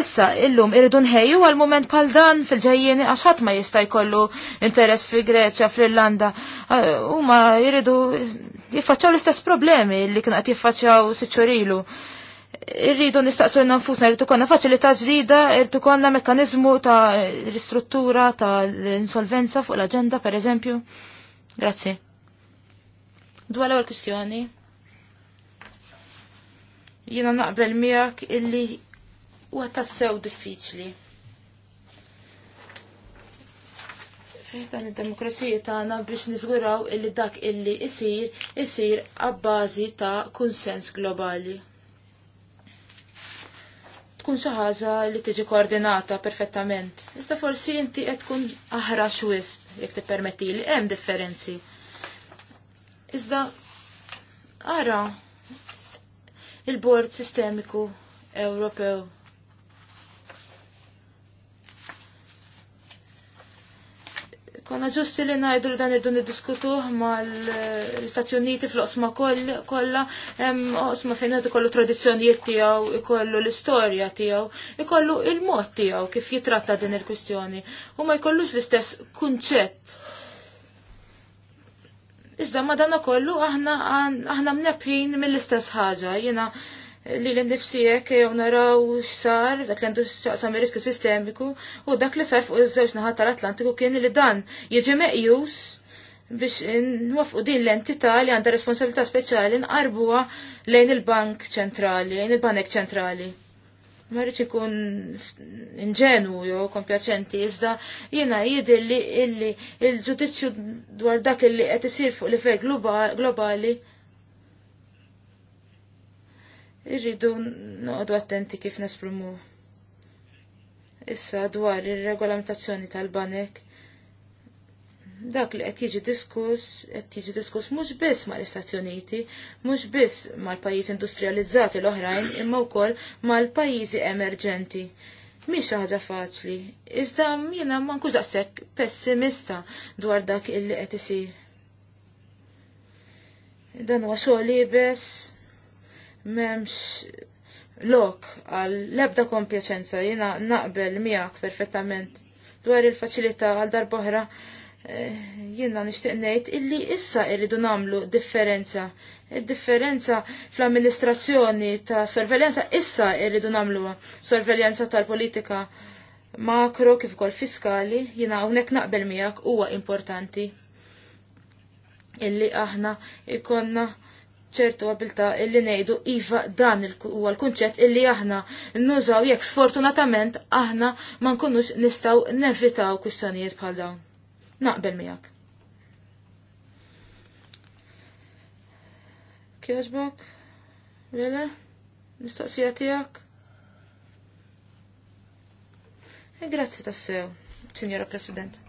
Issa illum irridu nħejju għal mument bħal dan fil-ġejjieni għax ħadd ma jista' jkollu interess fi Greċja, fl-Irlanda. Huma jridu jiffaċċaw l-istess problemi li kienu qed jiffaċċaw siċċorilu. Irridu nistaqsu l-nanfusna, irridu konna faċilità ġdida, irridu konna mekkanizmu ta' ristruttura ta' l-insolvenza fuq l-agenda, per eżempju. Grazzi. Dwar l-ewwel kwistjoni. Jiena naqbel miegħek illi huwa tassew diffiċli. dan id-demokrazija tagħna biex niżguraw illi dak illi isir isir għabbażi ta' kunsens globali. Tkun xi ħaġa li tiġi koordinata perfettament. Iżda forsi inti qed tkun aħra xwiss jekk tippermettili hemm differenzi. Iżda ara il-bord sistemiku Ewropew Konna ġusti li najdu li dan irdu niddiskutuh mal-Istati Uniti fl-osma kollha, osma fejn qed ikollu tradizzjonijiet tiegħu, ikollu l-istorja tiegħu, ikollu il-mod tiegħu kif jitratta din il-kwistjoni u ma jkollux l-istess kunċett. Iżda ma dan kollu aħna aħna mnebħin mill-istess ħaġa, jiena li l-indifsijek jew naraw x'sar dak li għandu xaqsam riskju sistemiku u dak li sar fuq iż-żewġ naħat tal-Atlantiku kien li dan jiġi meqjus biex nwafqu din l-entità li għandha responsabilità speċjali nqarbuha lejn il-Bank Ċentrali, lejn il-Banek Ċentrali. Ma rridx ikun inġenu jew kompjaċenti iżda jiena jidilli illi il-ġudizzju dwar dak illi qed isir fuq l-ifer globali irridu noqdu attenti kif nesprimu. Issa dwar ir-regolamentazzjoni tal-banek, dak li qed jiġi diskuss, qed jiġi diskuss mhux biss mal-Istati Uniti, mhux biss mal-pajjiżi industrializzati l-oħrajn, imma wkoll mal-pajjiżi emerġenti. Mhix ħaġa faċli, iżda jiena ma nkunx daqshekk pessimista dwar dak illi qed isir. Dan huwa xogħol ibes, memx lok għal lebda kompjaċenza jina naqbel miegħek perfettament dwar il-faċilità għal darboħra eh, jina nishtiq ngħid illi issa irridu namlu differenza. il differenza fl-amministrazzjoni ta' sorveljanza issa irridu namluha. Sorveljanza tal-politika makro kif ukoll fiskali jina hawnhekk naqbel miegħek huwa importanti illi aħna ikonna ċertu għabilta illi nejdu iva dan huwa l-kunċett illi aħna nużaw jekk sfortunatament aħna ma nkunux nistaw nevitaw kwistjonijiet bħal dawn. Naqbel miegħek. Kjaġbok? Vele? Mistoqsija tiegħek? Eh, grazzi tassew, Signora President.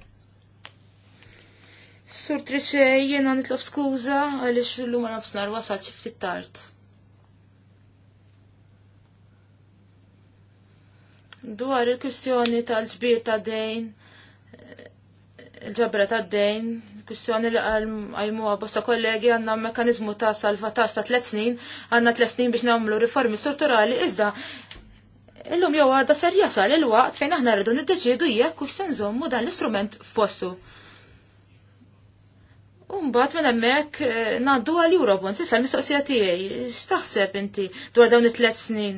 Sur Trixe, jena nitlob skuza għalix l-lum nafsnar wasal ċifti tard. Dwar il-kustjoni tal-ġbir ta' dejn, il-ġabra ta' dejn, kwistjoni li għajmu bosta kollegi għanna mekanizmu ta' salvataġġ ta' tlet snin, għanna tlet snin biex nagħmlu riformi strutturali, iżda illum jew għada ser jasal il-waqt fejn aħna rridu niddeċiedu jekk u x'senżommu dan l-istrument f'postu. Umbat minn hemmhekk eh, naddu għal Eurobonds, issa l-mistoqsija tiegħi, x'taħseb inti dwar dawn it tlet snin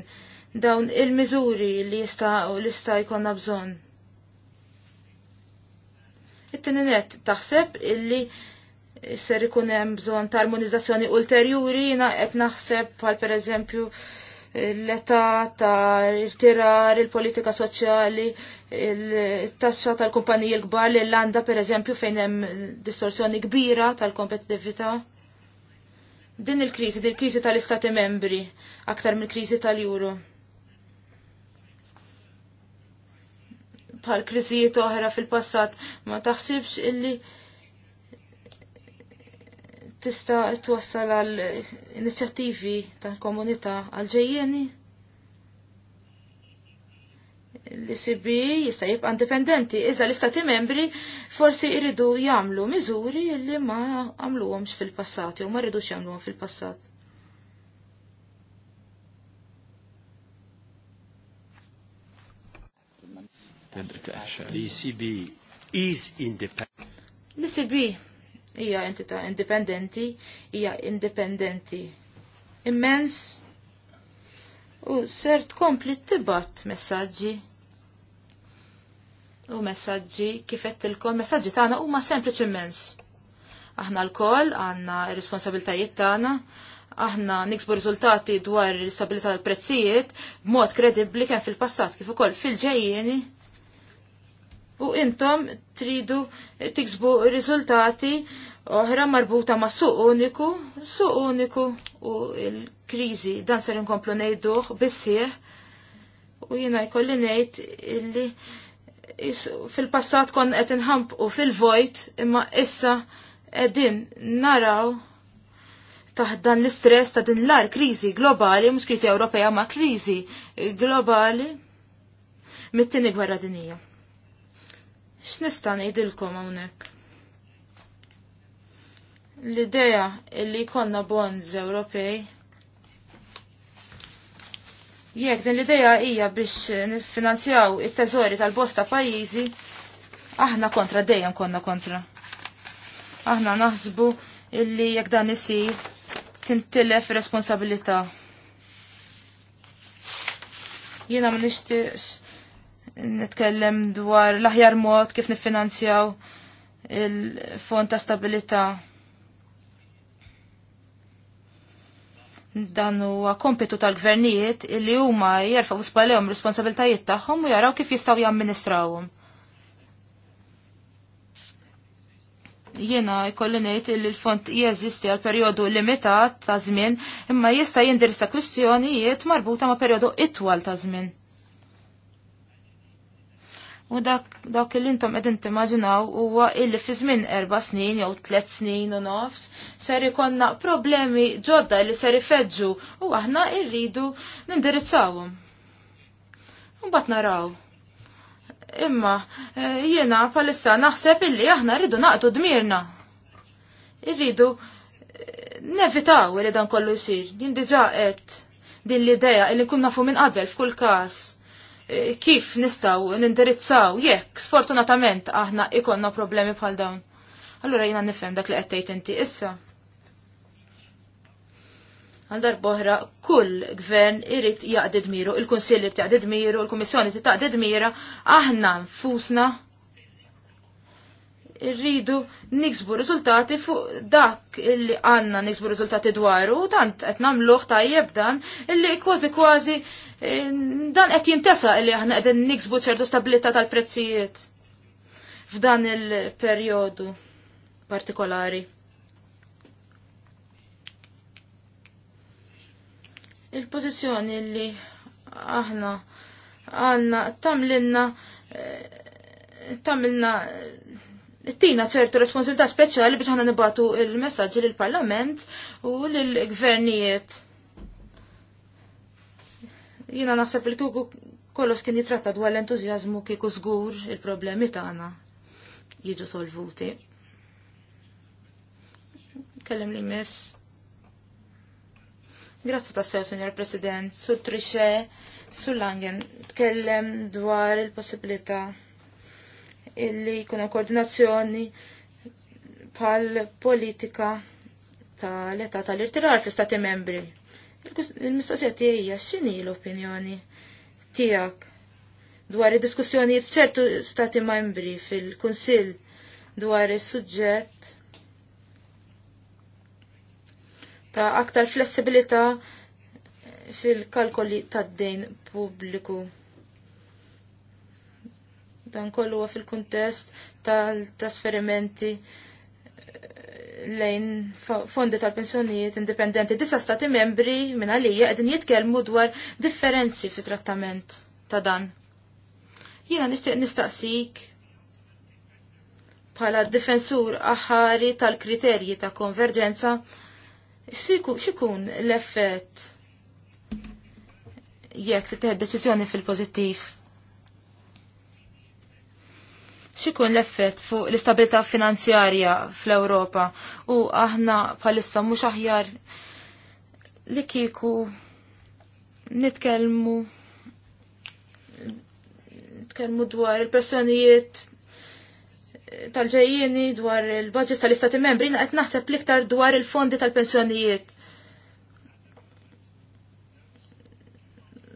dawn il-miżuri li jista' li jista' jkollna bżonn? it tininet taħseb illi ser ikun hemm bżonn ta' armonizzazzjoni ulterjuri jiena naħseb naħseb per pereżempju l-età ta' tirar, il-politika soċjali, il-tassa tal-kumpaniji l-kbar l landa per eżempju fejn hemm distorsjoni kbira tal-kompetitività. Din il-kriżi, din il-kriżi tal-Istati membri, aktar mill-kriżi tal juro Bħal kriżijiet oħra fil-passat, ma taħsibx illi tista' twassal għal inizjattivi tal-komunità għal ġejjeni l-ICB jista' jibqa' indipendenti, iżda l-istati membri forsi jridu jagħmlu miżuri li ma għamluhomx fil-passat jew ma rridux jagħmluhom fil-passat. l ecb is independent. L-ICB hija entita indipendenti, hija indipendenti immens u ser tkompli tibat messaġġi u messaġġi kif qedtilkom messaġġi tagħna huma sempliċi immens. Aħna l kol għandna r-responsabiltajiet tagħna, aħna niksbu riżultati dwar l-istabilità tal-prezzijiet b'mod kredibbli kemm fil-passat kif ukoll fil-ġejjieni. fil passat kif ukoll fil ġejjieni u intom tridu tiksbu riżultati oħra marbuta ma' suq uniku, suq uniku u l-kriżi dan ser inkomplu ngħiduh bissieħ u jiena jkolli ngħid illi fil-passat kon qed u fil-vojt imma issa qegħdin naraw taħt dan l-istress ta' din l-ar kriżi globali, mhux kriżi Ewropea ma' kriżi globali mit tini gwerra dinija x'nista' ngħidilkom hawnhekk. L-idea li jkollna bonds Ewropej Jekk din l-idea hija biex niffinanzjaw it-teżori tal-bosta pajjiżi, aħna kontra dejjem konna kontra. Aħna naħsbu illi jekk dan isir tintilef responsabilità. Jiena ma nixtieqx nitkellem dwar l-aħjar mod kif nifinanzjaw il-fond ta' stabilità. Dan huwa kompitu tal-gvernijiet illi huma jerfgħu spalehom responsabiltajiet tagħhom u jaraw kif jistgħu jamministrawhom. jiena jkolli ngħid li l-fond jeżisti għal perjodu limitat ta' żmien imma jista' jindirissa kwistjonijiet marbuta ma' perjodu itwal ta' żmien. U dak, dak il intom qegħdin timmaġinaw huwa illi fi żmien erba' snin jew tliet snin u nofs ser ikonna problemi ġodda li ser ifeġġu u aħna rridu nindirizzawhom. bat naraw. Imma eh, jiena palissa naħseb illi aħna rridu naqdu dmirna. Irridu eh, nevitaw li dan kollu jsir. Jien diġa din l-idea illi kunna nafu minn qabel f'kull każ kif nistaw nindirizzaw jekk sfortunatament aħna ikonna problemi bħal dawn. Allura jina nifem dak li qed tgħid inti issa. Għal darboħra, kull gvern irrit jaqdid miru, il-konsilli b'taqdid miru, il-komissjoni taqdid mira, aħna nfusna rridu niksbu riżultati fuq dak illi għanna niksbu riżultati dwaru, tant qed nagħmluh tajjeb dan illi kważi kważi eh, dan qed jintesa illi aħna qegħdin niksbu ċertu stabilità tal-prezzijiet f'dan il-perjodu partikolari. Il-pożizzjoni li aħna għanna tamlinna eh, tamilna tina ċertu responsabilità speċjali biex ħana nibatu il-messagġi l-Parlament u l-gvernijiet. Jina naħseb il-kuku kollox kien jitratta dwar l-entużjażmu kieku żgur il-problemi tagħna jiġu solvuti. Kellem li miss. Grazzi tassew, Signor President, sul Trixe, sul Langen, tkellem dwar il-possibilità illi jkun koordinazzjoni bħal politika tal-età tal-irtirar fl-istati membri. Il-mistoqsija tiegħi hija x'inhi l-opinjoni tiegħek dwar id-diskussjonijiet f'ċertu stati membri fil-Kunsill dwar is-suġġett ta' aktar flessibilità fil-kalkoli tad-dejn pubbliku. Dan kollu huwa fil-kuntest tal-trasferimenti eh, lejn fondi tal-pensjonijiet indipendenti. Disa stati membri minn għalija qegħdin jitkellmu dwar differenzi fi trattament ta' dan. Jiena nixtieq nistaqsik bħala difensur aħari tal-kriterji ta' konverġenza xikun l-effett jekk titeħed deċiżjoni fil-pożittiv xikun l-effett fuq l-istabilità finanzjarja fl-Ewropa u aħna bħalissa mhux aħjar li kieku nitkellmu nitkelmu dwar il-personijiet tal ġejjini dwar il-budget tal-istati membri qed naħseb l-iktar dwar il-fondi tal-pensjonijiet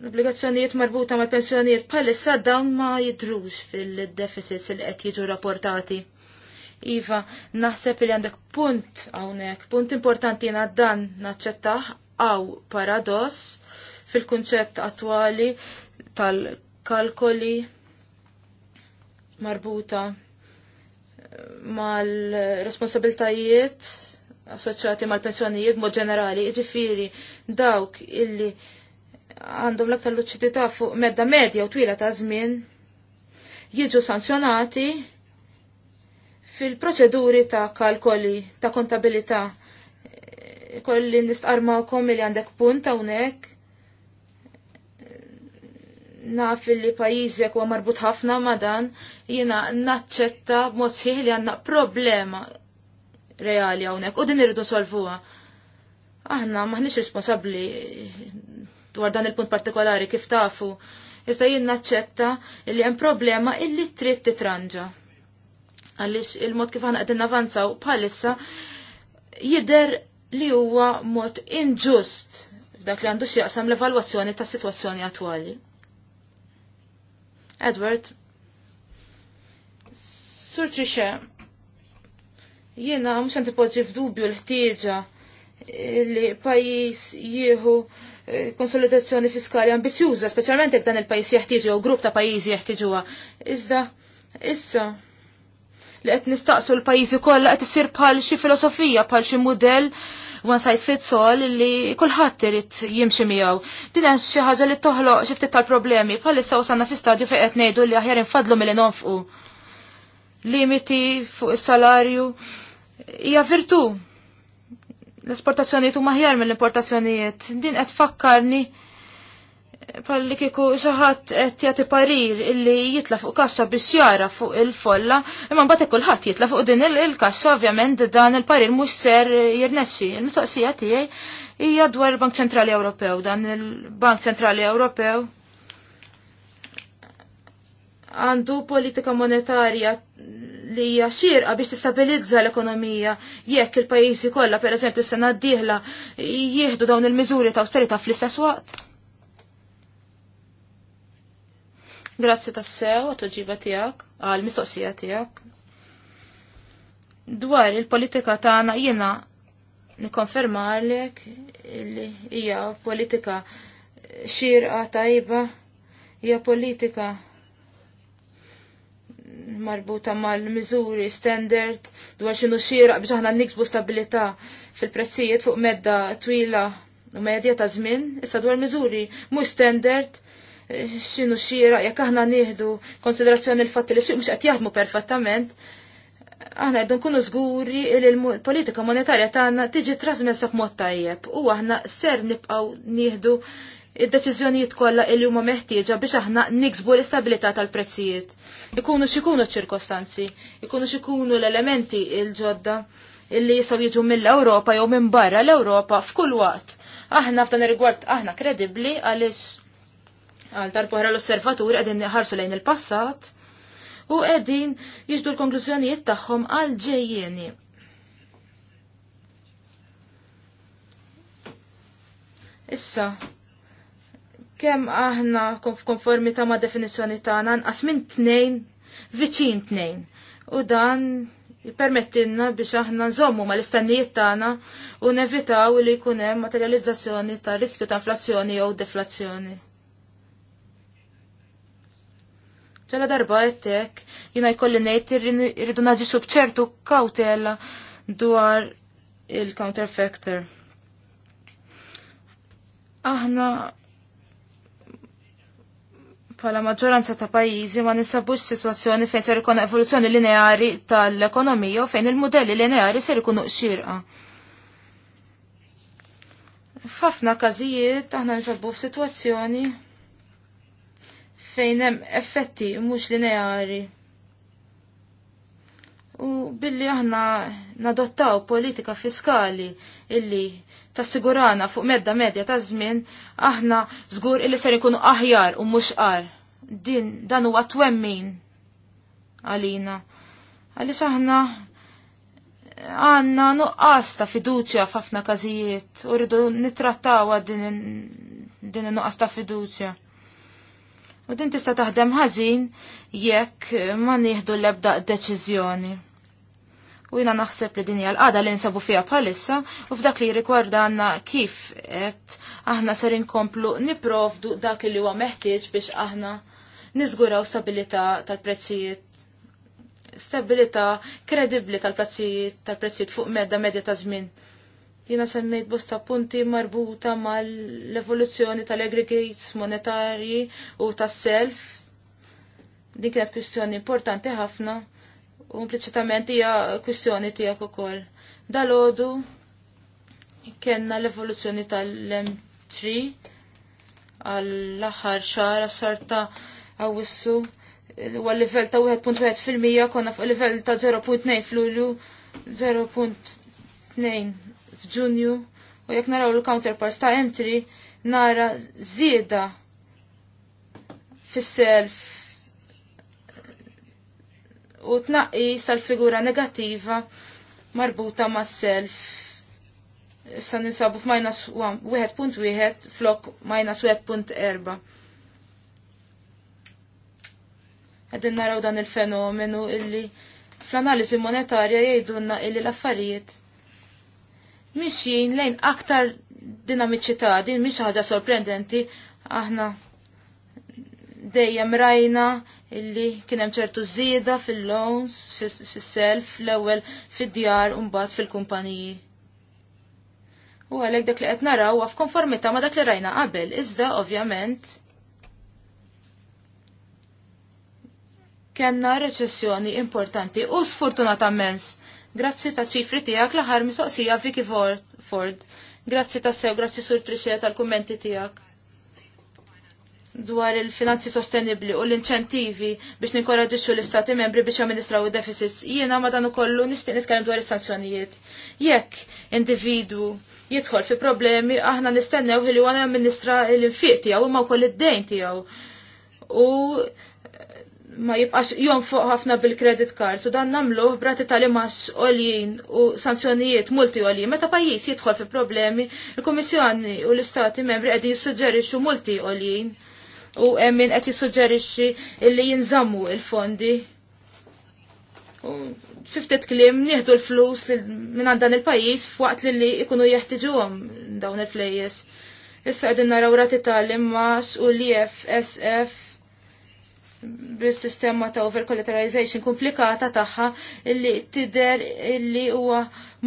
l-obbligazzjonijiet marbuta mal pensjonijiet bħalissa dawn ma jidrux fil-deficits li qed jiġu rapportati. Iva, naħseb li għandek punt hawnhekk, punt importanti jena dan naċċettaħ għaw paradoss fil-kunċett attwali tal-kalkoli marbuta eh, mal-responsabiltajiet assoċjati mal-pensjonijiet mod ġenerali, iġifiri dawk illi għandhom l-aktar luċidità fuq medda medja u twila ta' żmien jiġu sanzjonati fil-proċeduri ta' kalkoli ta' kontabilità. E, kolli kom li għandek punt hawnhekk. Naf li pajjiżek huwa marbut ħafna ma' dan jiena naċċetta b'mod li għandna problema reali hawnhekk u din irridu solvuha. Aħna maħniex responsabbli dwar dan il-punt partikolari kif tafu. jista jinn naċċetta li hemm problema illi trid titranġa. Għaliex il-mod kif aħna qegħdin avanzaw bħalissa jidher li huwa mod inġust f'dak li għandu xieqsam l-evalwazzjoni ta' sitwazzjoni attwali. Edward, Sur Trisha, jiena mhux għandi poġġi f'dubju l-ħtieġa li pajjiż jieħu konsolidazzjoni fiskali ambizjuża, speċjalment jekk dan il-pajjiż jeħtieġu jew grupp ta' pajjiżi jeħtieġuha. Iżda issa li qed nistaqsu l-pajjiżi kollha qed issir bħal xi filosofija, bħal xi mudell one size fits all li kulħadd irid jimxi miegħu. Din hemm xi ħaġa li toħloq xi ftit tal-problemi bħalissa wasanna fi stadju fejn qed ngħidu li aħjar infadlu milli nonfqu. Limiti fuq is-salarju hija virtu l-esportazzjonijiet huma ħjar mill-importazzjonijiet. Din qed fakkarni palli kiku saħat qed jagħti parir illi jitla fuq kassa biex jara fuq il-folla, imma mbagħad kulħadd jitla fuq din il-kassa ovvjament dan il-parir mhux ser jirnexxi. Il-mistoqsija tiegħi hija dwar il-Bank Ċentrali Ewropew, dan il-Bank Ċentrali Ewropew għandu politika monetarja li hija xirqa biex tistabilizza l-ekonomija jekk il-pajjiżi kollha eżempju, s-sena d-dieħla jieħdu dawn il-miżuri ta' austerita fl-istess waqt? Grazzi tas-sew għat-tweġiba tiegħek għal-mistoqsija tiegħek. Dwar il-politika tagħna jiena nikkonfermarlek li hija politika xirqa tajba hija politika marbuta mal-miżuri standard dwar xinu xira biex aħna niksbu stabilita fil-prezzijiet fuq medda twila u medja ta' żmien, issa dwar miżuri mhux standard eh, xinu xieraq jekk aħna nieħdu konsiderazzjoni l-fatti li suq mhux qed jaħdmu perfettament, aħna rridu nkunu żguri li l-politika monetarja tagħna tiġi trasmessa b'mod tajjeb u aħna ser nibqgħu nieħdu id-deċiżjonijiet kollha li huma meħtieġa biex aħna niksbu l-istabilità tal-prezzijiet. Ikunu xikunu ċirkostanzi, ikunu xikunu l-elementi il-ġodda illi jistgħu jiġu mill-Ewropa jew minn barra l-Ewropa f'kull waqt. Aħna f'dan ir-rigward aħna kredibbli għaliex għal darbohra l osservatur qegħdin ħarsu lejn il-passat u qegħdin jiġdu l-konklużjonijiet tagħhom għal ġejjieni. Issa, Kem aħna ta' ma' definizjoni tagħna nqas minn tnejn viċin tnejn. U dan permettinna biex aħna nżommu ma l-istannijiet tagħna u nevitaw li jkun hemm materializzazzjoni ta' riskju ta' inflazzjoni jew deflazzjoni. Ġala darba għettek, jina jkolli nejt irridu naġisu bċertu kautela dwar il-counterfactor. Aħna Pala maġġoranza ta' pajjiżi ma nisabux situazzjoni fejn ser ikun evoluzzjoni lineari tal-ekonomija u fejn il-modelli lineari ser ikunu xirqa. F'ħafna każijiet aħna nisabu f'sitwazzjoni fejn hemm effetti mhux lineari. U billi aħna nadottaw politika fiskali illi sigurana fuq medda medja ta' żmien aħna żgur illi ser ikunu aħjar u mhux qar. Din dan huwa twemmin għalina. Għaliex aħna għanna nuqqas ta' fiduċja f'ħafna każijiet u rridu nittrattaw din din nuqqas ta' fiduċja. U din tista' taħdem ħażin jekk ma nieħdu l-ebda deċiżjoni u jina naħseb li dinja l-qada li nsabu fija bħalissa u f'dak li rikwarda għanna kif et aħna ser inkomplu niprofdu dak li huwa meħtieġ biex aħna nizguraw stabilita tal-prezzijiet stabilita kredibli tal-prezzijiet tal-prezzijiet fuq medda medja ta' żmien. Jina semmejt bosta punti marbuta mal-evoluzzjoni tal-aggregates monetarji u tas-self din kienet kwistjoni importanti ħafna u impliċitament hija kwistjoni tiegħek ukoll. Dalodu kellna l-evoluzzjoni tal-M3 għall-aħħar xahar awissu u huwa livell ta' 1.1 fil-mija konna fuq livell ta' 0.2 f'Lulju, 0.2 f'Ġunju u jekk naraw l-counterparts ta' M3 nara zieda fis-self u tnaqqis tal-figura negattiva marbuta ma' self. Issa ninsabu f-minus 1.1 flok minus 1.4. Għedin naraw dan il-fenomenu illi fl-analizi monetarja jgħidunna illi l-affarijiet mixjien lejn aktar dinamiċità, din mhix ħaġa sorprendenti, aħna dejjem rajna illi kien hemm ċertu żieda fil-loans, fis-self, l-ewwel fid-djar u mbagħad fil-kumpaniji. U għalhekk dak li qed naraw huwa f'konformità ma' dak li rajna qabel, iżda ovvjament kenna reċessjoni importanti u sfortunatament grazzi ta' ċifri tiegħek l-aħħar mistoqsija Vicky Ford. Grazzi ta' sew, grazzi sur Trixie tal-kummenti tiegħek dwar il-finanzi sostenibli u l-inċentivi biex ninkoraġixxu l-istati membri biex jamministraw id-deficits. Jiena ma dan ukollu nixtieq nitkellem dwar is-sanzjonijiet. Jekk individwu jidħol fi problemi, aħna nistennew li huwa amministra l-infiq tiegħu imma wkoll id-dejn tiegħu. U ma jibqax jonfoq ħafna bil-credit card u dan namluh brati tal imax oljien u sanzjonijiet multi oljien. Meta pajjiż jidħol fi problemi, il-Kummissjoni u l-Istati membri qegħdin jissuġġerixxu multi oljien u hemm min qed jissuġġerixxi jinżammu il-fondi. Fiftet kliem nieħdu l-flus minn għand il-pajjiż f'waqt li jkunu jeħtiġuhom dawn il-flejjes. Issa qegħdin naraw rati tal-immas u l-IFSF bil-sistema ta' overcollateralization komplikata tagħha illi tider illi huwa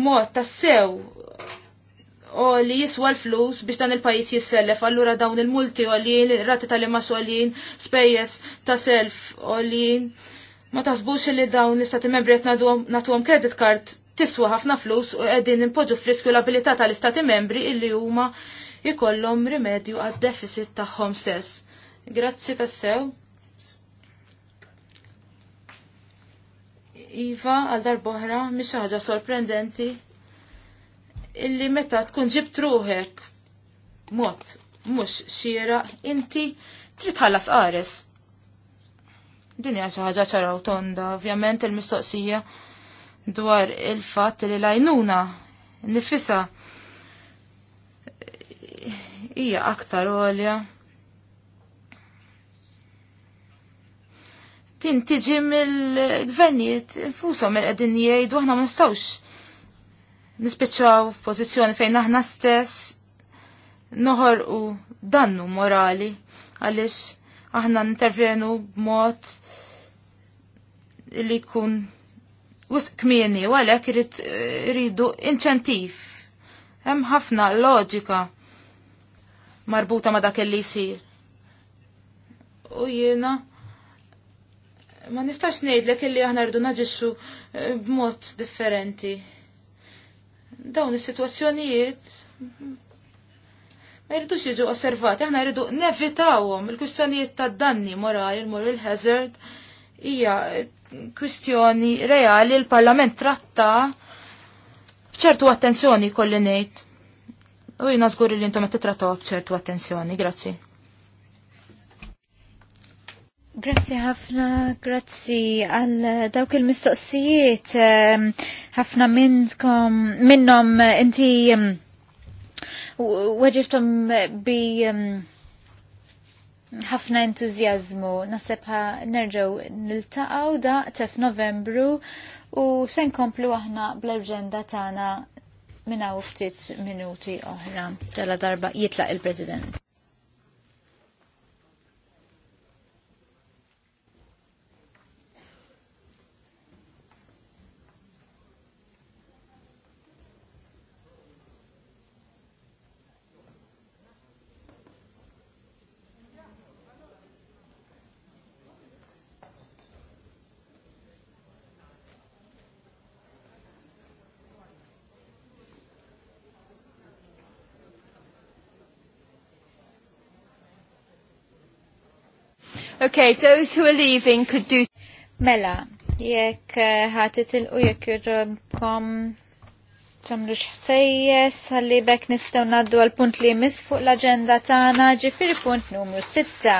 mod ta' sew oli jiswa l-flus biex dan il-pajis jissellef, allura dawn il-multi li rati tal-imas olin, spejjes ta' self olin. Ma tasbux li dawn l-istati membri jett natuħom credit card tiswa ħafna flus u għedin impoġu frisku l abilita tal-istati membri illi huma jikollom rimedju għad deficit tagħhom stess. Grazzi tassew. Iva għal darboħra, mhix ħaġa sorprendenti illi meta tkun ġibt ruħek mod mhux xira inti trid ħallas qares. Din hija xi ħaġa ċara tonda, ovvjament il-mistoqsija dwar il-fatt li lajnuna nifisa hija aktar għolja. Tin tiġi mill-gvernijiet infushom qegħdin jgħidu aħna ma nistgħux nispiċċaw f'pożizzjoni fejn aħna stess u dannu morali għaliex aħna nintervenu b'mod li jkun wisq kmieni u għalhekk rridu eh, iridu inċentiv. Hemm ħafna loġika marbuta ma dak li jsir. U jiena ma nistax ngħidlek illi aħna rridu naġixxu eh, b'mod differenti dawn is-sitwazzjonijiet ma jridux jiġu osservati, aħna jridu nevitawhom il-kwistjonijiet tad-danni morali, il-moral hazard, hija kwistjoni reali l-Parlament tratta b'ċertu attenzjoni kolli ngħid. U jina żgur li intom qed titrattaw b'ċertu attenzjoni, grazzi. Grazzi ħafna, grazzi għal dawk il-mistoqsijiet. Ehm, ħafna minnkom, minnom inti ehm, weġibtom bi ehm, ħafna entuzjazmu. Nasebħa nerġaw nil-taqaw da tef novembru u sen komplu aħna bl-agenda tana minna ftit minuti oħra. Ġala darba jitlaq il-President. Okay, those who are leaving could do... Mela, jekk eh, ħatit il-u jekk jirġobkom tamlu xsejjes, għalli bekk nistaw naddu għal-punt li jmiss fuq l-agenda tagħna ġifiri punt numru 6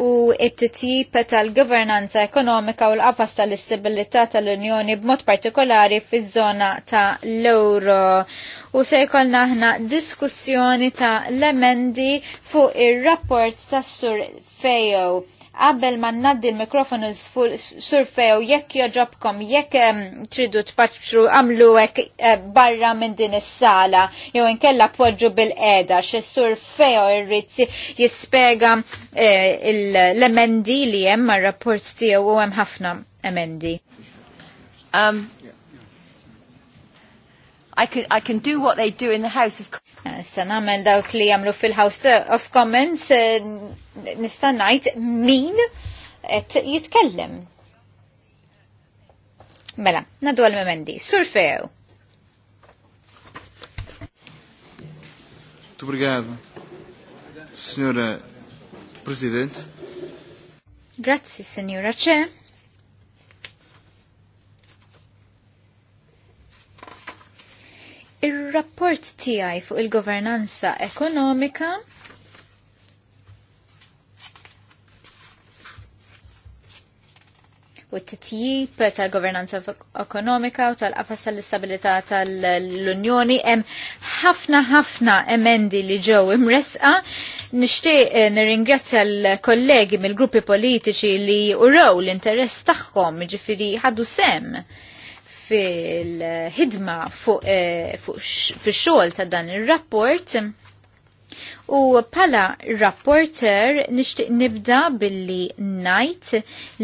u it-titjib tal-governanza ekonomika u l-qafas tal-istabilità tal-Unjoni b'mod partikolari fiż-żona ta' l-euro. U se jkollna aħna diskussjoni ta' l-emendi fuq ir-rapport ta' Sur Fejo qabel ma naddi l-mikrofonu surfew jekk joġobkom jekk tridu tpaċċru għamlu hekk e, barra minn din is-sala jew inkella poġġu bil-qeda x surfew irrit jispega e, l-emendi li hemm mar-rapport tiegħu u hemm ħafna emendi. Um, I can, I can do what they do in the House of Commons. Mela, dawk li jamlu fil-House of Commons eh, nista' ngħid min qed jitkellem. Mela, nadu għal-memendi. Surfeo. Tu Obrigado, Signora Presidente. Grazie, Signora Cem. Ir-rapport tiegħi fuq il-governanza ekonomika u t-titjib tal-governanza ekonomika u tal-qafas tal-istabilità tal-Unjoni hemm ħafna ħafna emendi li ġew imresqa. Nixtieq eh, nirringrazzja l-kollegi mill-gruppi politiċi li uraw l-interess tagħhom, ġifieri ħadu sem fil-ħidma fuq eh, fil-xogħol ta' dan ir-rapport. U pala rapporter nishtiq nibda billi najt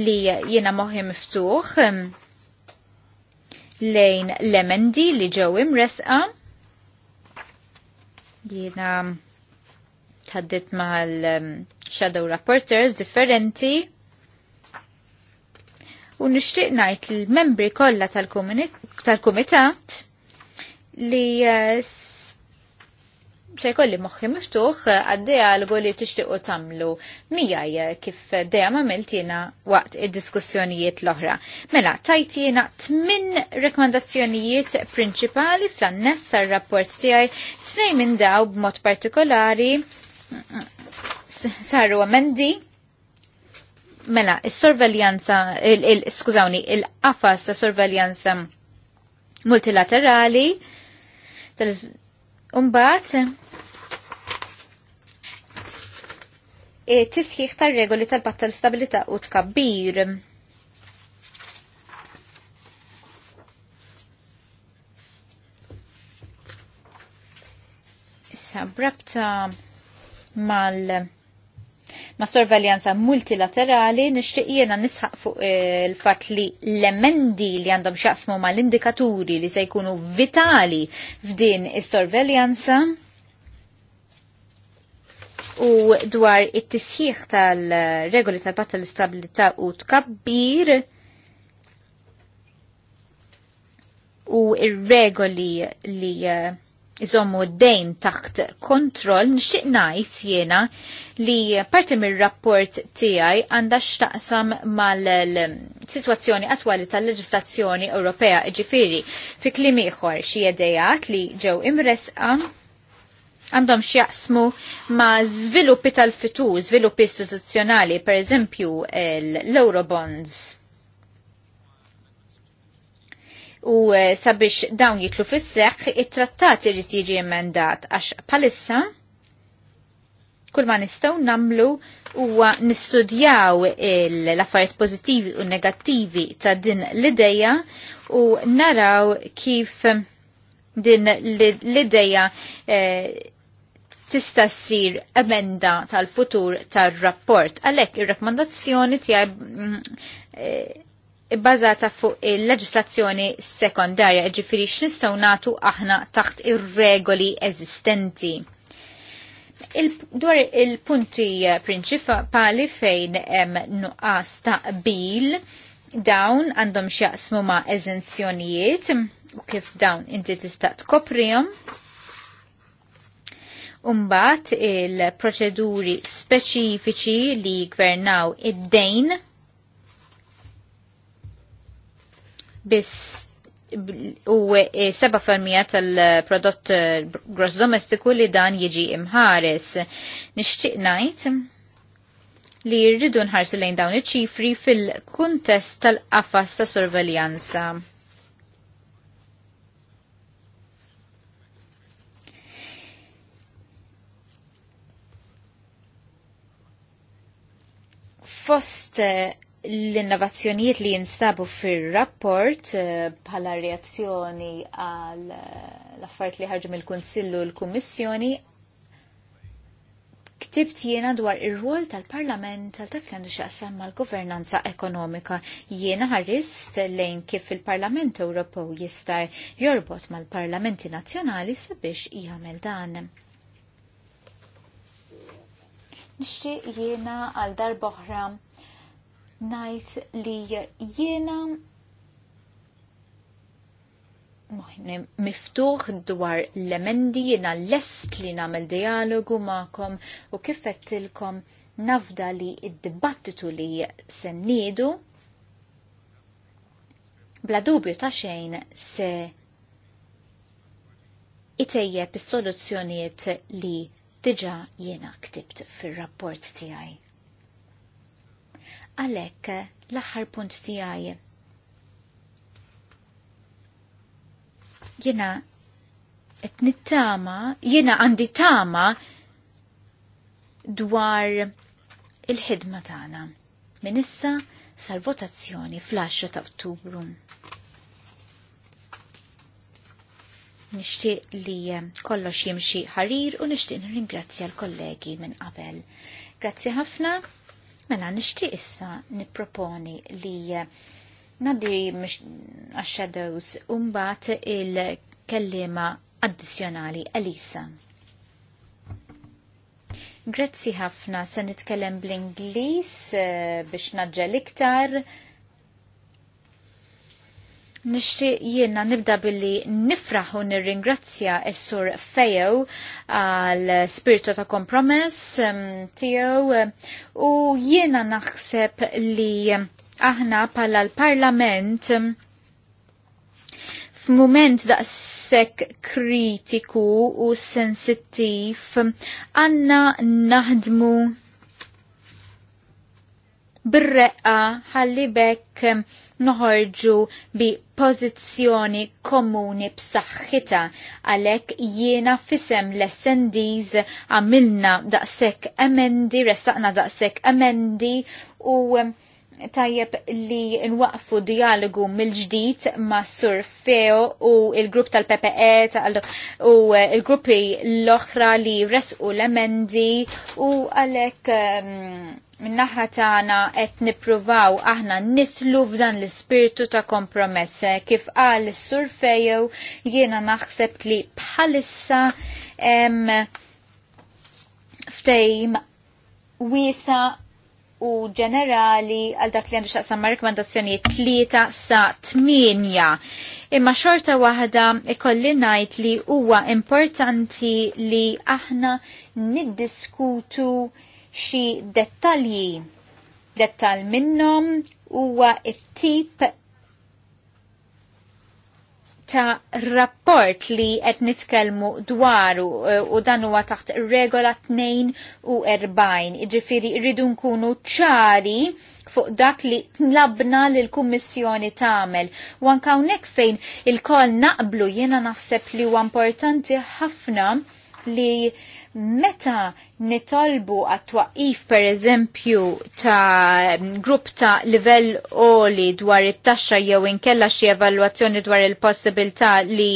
li jena moħi miftuħ lejn l-emendi li ġew imresqa. Jena tħaddit mal eh, shadow rapporters differenti u nixtieq ngħid l-membri kollha tal-kumitat li eh, se kolli moħħi miftuħ eh, għaddeja l li tixtiqu tamlu mijaj eh, kif dejjem għamilt jiena waqt id-diskussjonijiet l-oħra. Mela, tajt jiena tmin rekomandazzjonijiet prinċipali fl-annes rapport tiegħi snej minn daw b'mod partikolari saru għamendi. Mela, il-sorveljanza, il skużawni, il-qafas ta' sorveljanza multilaterali, Umbat, e tisħiħ tar regoli tal-patta l-stabilita u tkabbir. Issa, brabta mal- ma' sorveljanza multilaterali nixtieq jiena nisħaq fuq eh, il-fatt li l-emendi li għandhom xaqsmu ma' l-indikaturi li se jkunu vitali f'din is-sorveljanza u dwar it-tisħiħ tal-regoli tal-patta l-istabilità u tkabbir u ir-regoli li uh, iżommu d-dejn taħt kontroll, nixtieq ngħid jiena li parti mir-rapport tiegħi għandha x'taqsam mal-sitwazzjoni attwali tal-leġislazzjoni Ewropea, ġifieri fi klimi iħor xi idejat li ġew imresqa għandhom xjaqsmu ma' żviluppi tal-fitu, zviluppi istituzzjonali, per eżempju l-Eurobonds u eh, sabiex dawn jitlu fis-seħħ it-trattat irid jiġi emendat għax palissa kull ma nistgħu namlu huwa nistudjaw l-affarijiet pożittivi u negattivi ta' din l idejja u naraw kif din l-ideja eh, tista ssir emenda tal-futur tar rapport Għalhekk ir rakkomandazzjoni tiegħi. Mm, eh, bbażata fuq il-leġislazzjoni sekondarja, ġifiri x'nistgħu nagħtu aħna taħt ir-regoli eżistenti. dwar il-punti prinċipali fejn hemm nuqqas taqbil dawn għandhom x'jaqsmu ma' eżenzjonijiet u kif dawn inti tista' tkoprihom. Umbat il-proċeduri speċifiċi li gvernaw id-dejn biss u 7% e, tal-prodott e, gross domestiku li dan jiġi imħares. Nixtieq ngħid li rridu nħarsu lejn dawn iċ-ċifri fil-kuntest tal-qafas ta' sorveljanza. Fost e, l-innovazzjonijiet li jinstabu fir-rapport eh, bħala reazzjoni għal eh, l-affarijiet li ħarġu mill-Kunsillu l-Kummissjoni ktibt jiena dwar ir-rwol tal-Parlament tal dak li xaqsam mal-governanza ekonomika. Jiena ħarrist lejn kif il-Parlament Ewropew jista' jorbot mal-Parlamenti Nazzjonali sabiex jagħmel dan. Nixtieq jiena għal darba oħra najt li jiena miftuħ dwar l-emendi jena lest li namel dialogu ma'kom u kifettilkom nafda li id-dibattitu li sennidu bla dubju ta' xejn se itejje is-soluzzjonijiet li diġa jena ktibt fir-rapport tiegħi. Għalhekk l-aħħar punt tiegħi. Jiena qed nittama, jiena għandi tama dwar il-ħidma tagħna minn issa sal-votazzjoni fl-10 ta' Ottubru. nishtiq li kollox jimxi ħarir u nishtiq nirringrazzja l-kollegi minn qabel. Grazzi ħafna. Mela nixtieq issa nipproponi li eh, nadi għax-shadows umbat il-kellima addizzjonali Elisa. Grazzi ħafna se nitkellem bl-Ingliż eh, biex naġġel iktar. Nishti jiena nibda billi nifraħ u nirringrazzja s-sur Fejo għal spiritu ta' kompromess um, tiegħu um, u jiena naħseb li aħna pala l-parlament um, f'mument sekk kritiku u sensittiv għanna naħdmu bir-reqqa ħalli bekk noħorġu bi pozizjoni komuni b'saħħita għalek jiena fisem l snds għamilna daqsek emendi, ressaqna daqsek emendi u um, tajjeb li nwaqfu dialogu mill-ġdid ma' Sur Feo u il-grupp tal-PPE u uh, il-gruppi l-oħra li resqu l-emendi u għalek um, minnaħħa tagħna qed nippruvaw aħna nislu f'dan l-ispirtu ta' kompromess. Kif qal is-sur Fejew jiena naħseb li bħalissa hemm ftejm wiesa u ġenerali għal dak li għandu xaqsam ma' rekomendazzjonijiet tlieta sa' tminja. Imma xorta waħda ikolli ngħid li huwa importanti li aħna niddiskutu xi dettalji dettal minnhom huwa it-tip ta' rapport li qed nitkellmu dwaru eh, u dan huwa taħt regola 42. Iġifieri rridu nkunu ċari fuq dak li tlabna l-Kummissjoni tagħmel. U anke hawnhekk fejn il-kol naqblu jiena naħseb li huwa importanti ħafna li meta nitolbu għat-twaqif per eżempju ta' grupp ta' livell oli dwar it-taxxa jew inkella xi evalwazzjoni dwar il-possibilità li